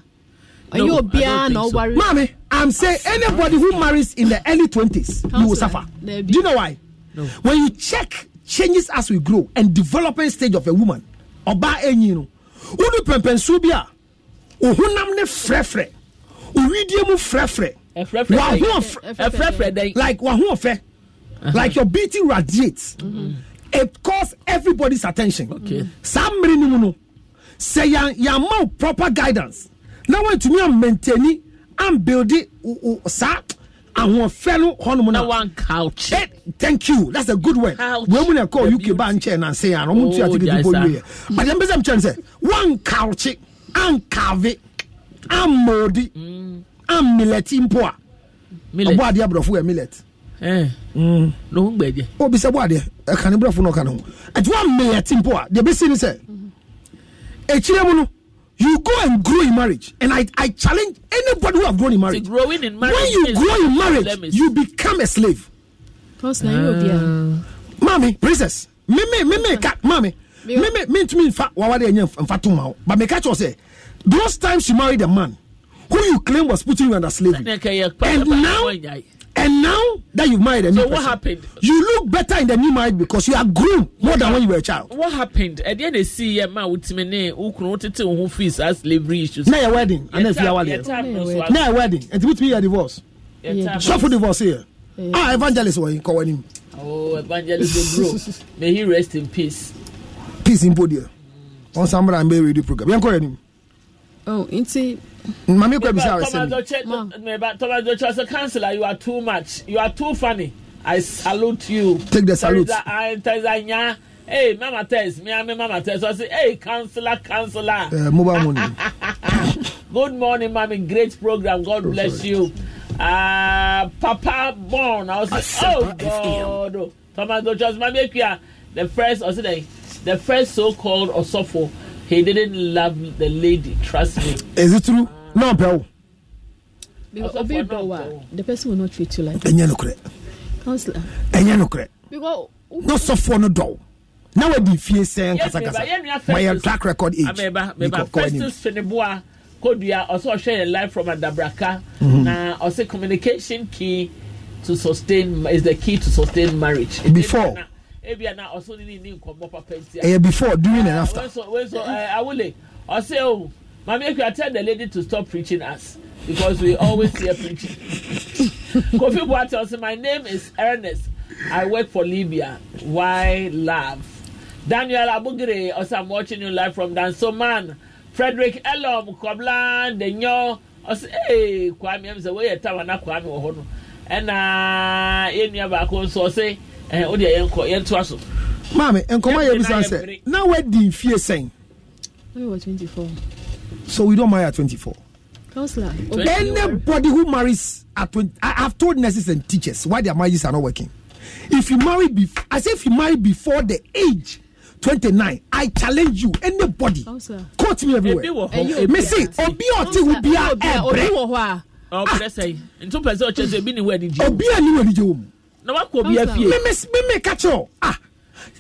No, I don't think Mommy, I'm saying anybody who marries in the early 20s, you will suffer. Do you know why? No. When you check changes as we grow and developing stage of a woman ɔbaa enyi no wodi pɛmpɛnsuo bi a ohunam ne frɛfrɛ owidie mu frɛfrɛ wahoɔfɛ like wahoɔfɛ uh-huh. like your beauty radiates mm-hmm. it calls everybody's attention saa mmiri ni mu no sɛ yan yan ma proper guidance na wɔn ntumi a maintain and build saa ahoɔfɛ no hɔnom no thank you that's a good word wei mu na ɛkɔɔ uk ba nkyɛn nanse a na ɔmo ntua ti de bɔ wieɛ but yɛn bɛsɛ nkyɛn sɛ wankawkye ankave ammɔɔdi ammilɛti mpo a ɔbɔ adeɛ aborɔfo yɛ millet eh. mm. obi sɛ bɔ adeɛ ɛka eh, ne borɔfo na ɔka ne ho ɛti wammilɛti mpo a deɛ bɛsi ni sɛ ekyire mu no. you go and grow in marriage. And I, I challenge anybody who have grown in marriage. So growing in marriage when you grow in marriage, you become a slave. Because uh. Mommy, princess. Me me cat mommy. Me me to me in wawadi wawade nyam fa But me catch say those times you married a man. who you claim was putting you under slavery. and now and now that you've married a new so person. what happened. you look better in the new marriage because you are grown more than when you were a child. what happened ẹdi ẹ de si yẹ maa wotumi ne okunu otete ohun fees as slavery issues. na yẹ wedding ana efi awale yẹ na yẹ wedding and nti wotumi yẹ divorce sọfún divorce here. ah evangelist wọnyi kọ wọnyi. oh evangelist bro may he rest in peace. peace in bo deɛ ɔn samara n bɛ radio program yɛn kɔ yɛ nimu. Oh, nti. Mami kò bisa Mama. Thomas Oche as a councillor, you are too much. You are too funny. I salute you. Take the salute. I Tezanya, hey Mama Tess, me and Mama Tess. So I say, hey councillor, councillor. Uh, mobile money. Good morning, mommy. Great program. God oh, bless sorry. you. Uh, Papa Born. Oh, I was like, oh God. Thomas Oche as Mami Kia, the first, I said, the first so-called Osofo. he didn't love the lady trust me. is it true náà pẹ́ o. because of dọ̀ wa ah, the person will not treat you like that. ẹ̀yẹ́ nukurẹ̀. counselor. ẹ̀yẹ́ no because. n'osɔfoɔ no dɔw na wadi fie sɛn kasakasa ma yɛ track record age bikɔ kɔ anim. kodua ɔsɛ ɔhwɛ yɛ live from adabraka mm-hmm. na ɔsɛ communication key to sustain is the key to sustain marriage. before ebi ana ọsọ ni ni nkọmọ papa nti. ẹ yẹ before during and ah, after. wẹ́n sọ wẹ́n sọ ẹ eh, awole ọsẹ o maami ekura tell the lady to stop preaching us because we always hear preaching. kofi buwate ọsẹ my name is ernest i work for libya why laugh. daniel abugire ọsẹ i'm watching you live from dansoman frederick elom koblan denyo ọsẹ ee kwami ẹ mi sẹ wọ́n yẹ táwọn aná kwami wọ̀ họ́ no ẹ̀na uh, yẹn nua baako nso ọsẹ ɛɛ eh, o de yɛ nkɔ yɛn to aso. maame nkɔmɔ yɛ bisa sɛ na wadi fie sɛn. twenty four. so we don't marry at twenty four. Okay. anybody who marries at twenty i have told nurses and teachers why their marriages are not working if you marry before i say if you marry before the age. 29 i challenge you anybody quote me everywhere me say obi ọtí wo bia ẹbrẹ ah, obi a ni wo anigye wo mu na wakɔ obi afie. mímí ka kyerɛ ah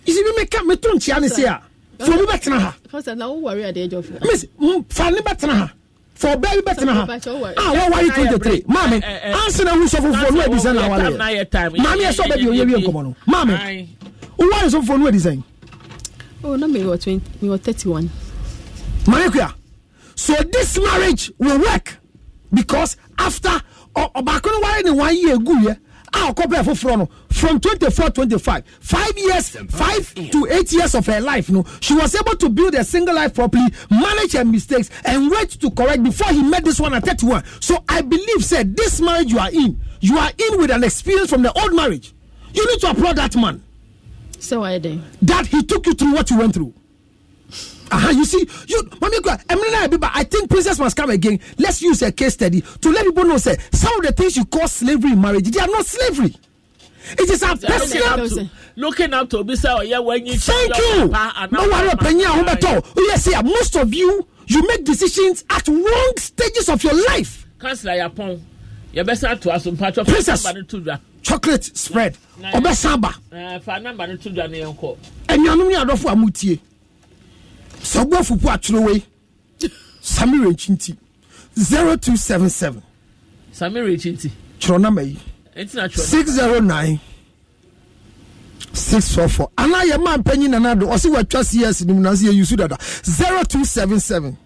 isi mímí ka mi to nkyia ne se a fa obi bɛ tena ha. fasa na o wari adeɛ jɔ fún. miss fa ne bɛ tena ha fa ɔbɛ bi bɛ tena ha a wɔwari twenty three maame eh, eh, eh. ansan ehu sɔfo fo nu ebisa na awale maame yɛ sɛ ɔbɛ bi oye wie nkɔmɔ no maame wɔwari sɔfo fo nu ebisa yi. Oh, na mi wɔ twenty mi wɔ thirty one. maame kuya so this marriage will work because after ɔbaako ni wari ni wa yi egu yeah. a ɔkɔpɛ foforɔ no from 24 25 5 years 5 to 8 years of her life no she was able to build a single life properly manage her mistakes and wait to correct before he met this one at 31 so i believe said this marriage you are in you are in with an experience from the old marriage you need to applaud that man so i did that he took you through what you went through Aha, you see, you mommy cry. I think princess must come again. Let's use a case study to let people know say some of the things you call slavery in marriage, they are not slavery. It is our personal looking up to Obisa or yeah, when you thank you. No worry, Penya Humberto. Yes, yeah, most of you you make decisions at wrong stages of your life. Councillor Yapon, you better to us some patch of chocolate spread. Obesaba. Uh, eh, for number two, Daniel. And you're not a sɛ ɔbɔ fufu atwere wei samira zero two seven seven. samira nkyinti. twerɛ nama yi. six zero nine six four four ana yɛ maa mpanyin nana do ɔsi wa twa cs nimu na se yɛ yusu dada zero two seven seven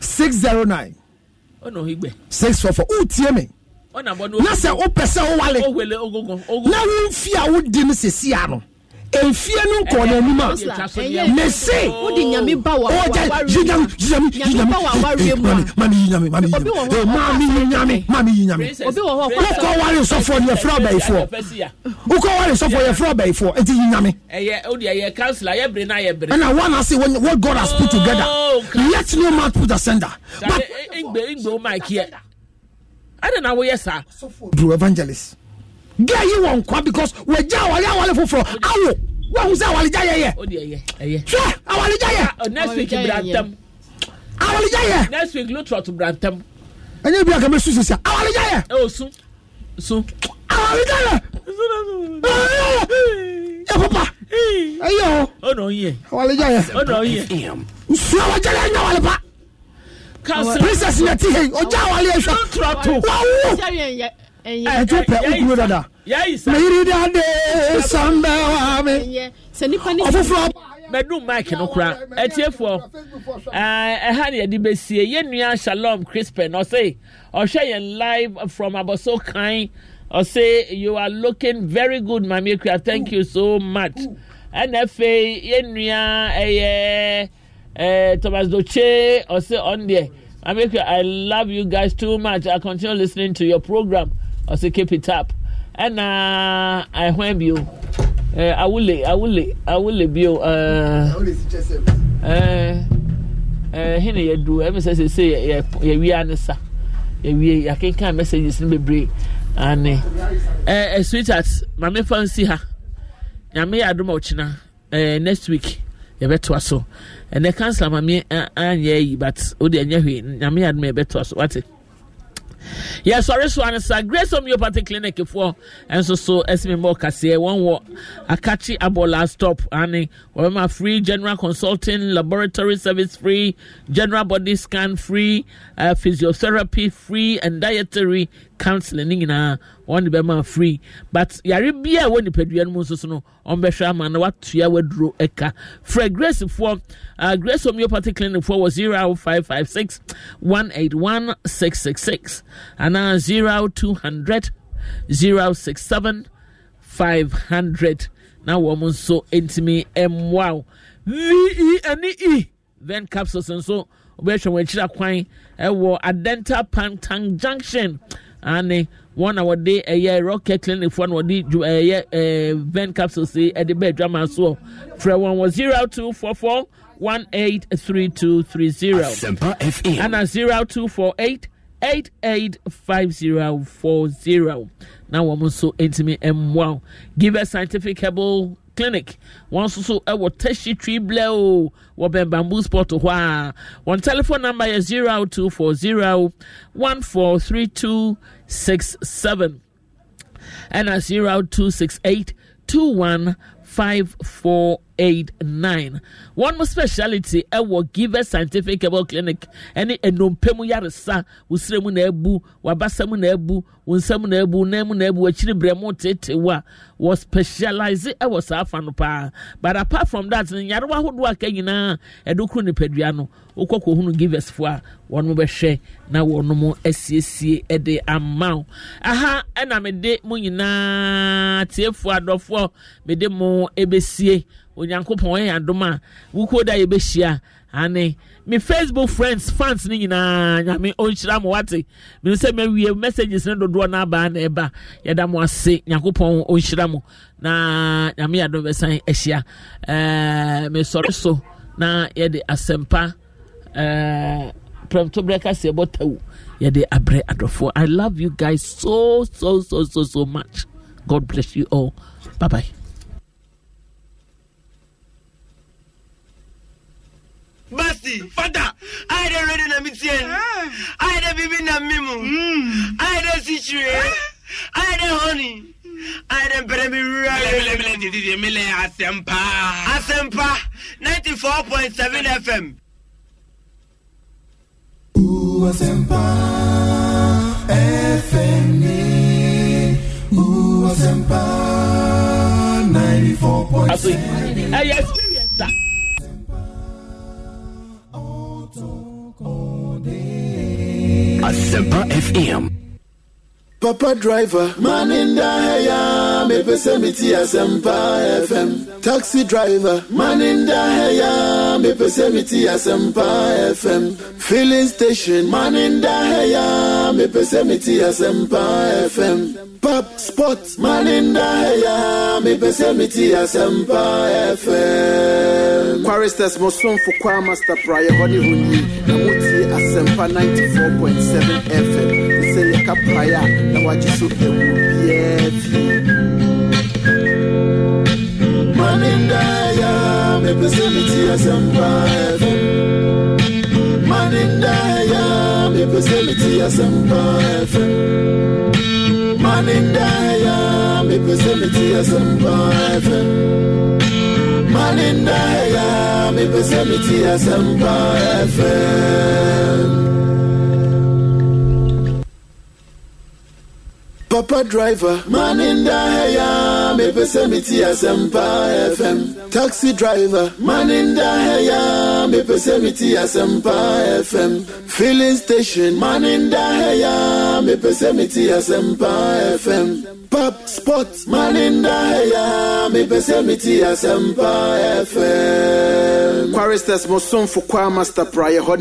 six zero nine. ɔnà ohi gbɛ. six four four o tie mi. na sɛ o pɛ sɛ o wale. na wo n fi a o di ni sisi ano efie no nkɔ n'anim a ne se ɔgya yinyame yinyame yinyame mami yinyame mami yinyame mami yinyame mami yinyame wokɔ wari nsɔfo yɛ fura bɛyifoɔ wokɔ wari nsɔfo yɛ fura bɛyifoɔ eti yinyame ɛna one ase what God has put together yet no man put asunder but. ɛna na woyɛ saa. through evangelist gẹ́ yìí wọ̀ nkwa because wọ́n gya àwàlẹ́ àwàlẹ́ foforọ awo wọ́n ahun sẹ́ àwàlẹ́gya yẹ yẹ sọ àwàlẹ́gya yẹ. next week brantam. àwàlẹ́gya yẹ. next week lutrot brantam. ẹ̀yin bí akamẹ́ sùn sísè àwàlẹ́gya yẹ. ẹ o sun sun. àwàlẹ́gya yẹ. ẹ papa ẹ yẹ o. ó nà ó yẹ. àwàlẹ́gya yẹ. ó nà ó yẹ. nsúwà wàjà yẹ ẹ nyà wàlẹ́ pa princess yẹ ti hẹ ọjà àwàlẹ́ yẹ sọ. lutrot. wà wú. ɛgye pɛ wokuro dada meyere dade sambɛwa me ɔfoforɔ madum mike no kora atiefoɔ ɛha ne yɛde bɛsie yɛnnua shalom crispin ɔse ɔhwɛ yɛn live from abɔso kan ɔse you are looking very good mame kura thank you so much ɛna afei yɛnnua ɛyɛ ɛɛ thomas doche ɔse ɔn deɛ mame kura i love you guys too much i continue listening to your program ɔsɛ keep it up ɛna ɛhwan uh, bio ɛɛ awule awule awule bio ɛɛ ɛɛ ɛɛ hene yɛ du ɛmi sɛ sese yɛ yɛ wia ne sa yɛ wie yɛakenkan messages ne bebree ane ɛɛ uh, ɛ uh, sweetheart maame fa nsi ha nyame yɛ adum a ɔkyina ɛɛ next week yɛbɛtoa so ɛnɛ kansila maame anyɛ yi but o oh, de ɛnyɛ hwee nyame yɛ adum a yɛbɛtoa so wate. Yes, sorry, so ano sa grace homeopathy clinic foɔ and so ɛsi mi mɔ kaseɛ wɔn wɔ akakye abɔla stop ane we have free general consulting laboratory service free general body scan free uh, physiotherapy free and dietary counseling ne nyinaa wɔne bɛma free but yare bia a wɔ nipadua no mu nso so no ɔmbɛhwɛ ama na watoa waduro ɛka frɛ gracefoɔ uh, grace homeopathy clinicfoɔ wɔ 0556 181666 anaa 0200 067 500 na wɔn nso ntumi mmoa ve ne e then capsules nso wɔbɛhwɛ wɔn akyiri akwan ɛwɔ adental pantan junction ane wɔn a wɔde ɛyɛ rocket clinic fo na wɔde ɛyɛ ɛɛ ven capsules yi ɛde bɛɛ dwama soɔ frɛ wɔn wɔ zero two four four one eight three two three zero ana zero two four eight. eight eight five zero four 885040 na wɔn nso ntumi mmoa give us scientific herbal clinic wɔn nso so test you tree blɛw wɔ bɛn bamboo sport hɔ a wɔn telephone number yɛ zero two four zero one four three two six seven ɛna zero two six eight two one five four. 89. One more speciality, I will give a scientific about clinic. Any enompemu yaresa, usremu nebu, wabasamu nebu, unsamu nebu, nemu nebu, achiri bremu tete wa, was specialize. I was half and pa. But apart from that, nyaruwa hodua kenyina, edukru ni pediano, ukoko hunu give us for, wɔn bɛhwɛ na wɔn mo asiesie de ama wo aha ɛna mede mo nyinaa tiefoɔ adɔfoɔ mede mo ebesie. onyankopɔn ɔyɛ adom a wokuo da yɛbɛhyia ane me facebook friends fans no nyinaa nyame ɔnhyira mo wate mene sɛ mawie messages no dodoɔ no abaa na ɛba yɛda mo ase nyankopɔn ɔnhyira mo na nyame yɛadom bɛsan ahyia mesɔre so na yɛde asɛmpa yɛde abrɛ adɔfoɔ i love you guys so so so so so much god bless you all bye bye basi fada ayɛ dɛ redi na mi tie no ayɛ ah. dɛ bibi na mi mu ayɛ dɛ sikyire ayɛ dɛ hɔni ayɛ dɛ mpɛrɛ mi wura yɛ mele mele didi mele asɛmpa asɛmpa ninety four point seven fm. Uwasempa FM ni Uwasempa 94.7 Así, ella es Asempa FM. Papa Driver, man in the hair mepese meti asempa fm taxi driver Man in maninda heya mepese meti asempa fm filling station Man in maninda heya mepese meti asempa fm pop spot. pap sport maninda heya mepese meti asempa fm kwaristers mosomfo kwa master prayer hɔne ho nyi na motie asɛmpa 94.7 fm ne sɛ yɛka prae a na wagye so ɛwu biaa fie manindaya mepɛ sɛ meti asɛmpa fm manindaya mepɛ sɛ meti asɛmpa fm manindaya mepɛ sɛ meti asɛmpa fm Papa driver, man in the asɛmpa fm papa driver mepese meti asempa fm taxi driver man in maninda heya mepese meti asempa fm filling station man in maninda heya mepese meti asempa fm pop pap sport maninda heya mepese meti asempa fm quaristers fu kwa master prayer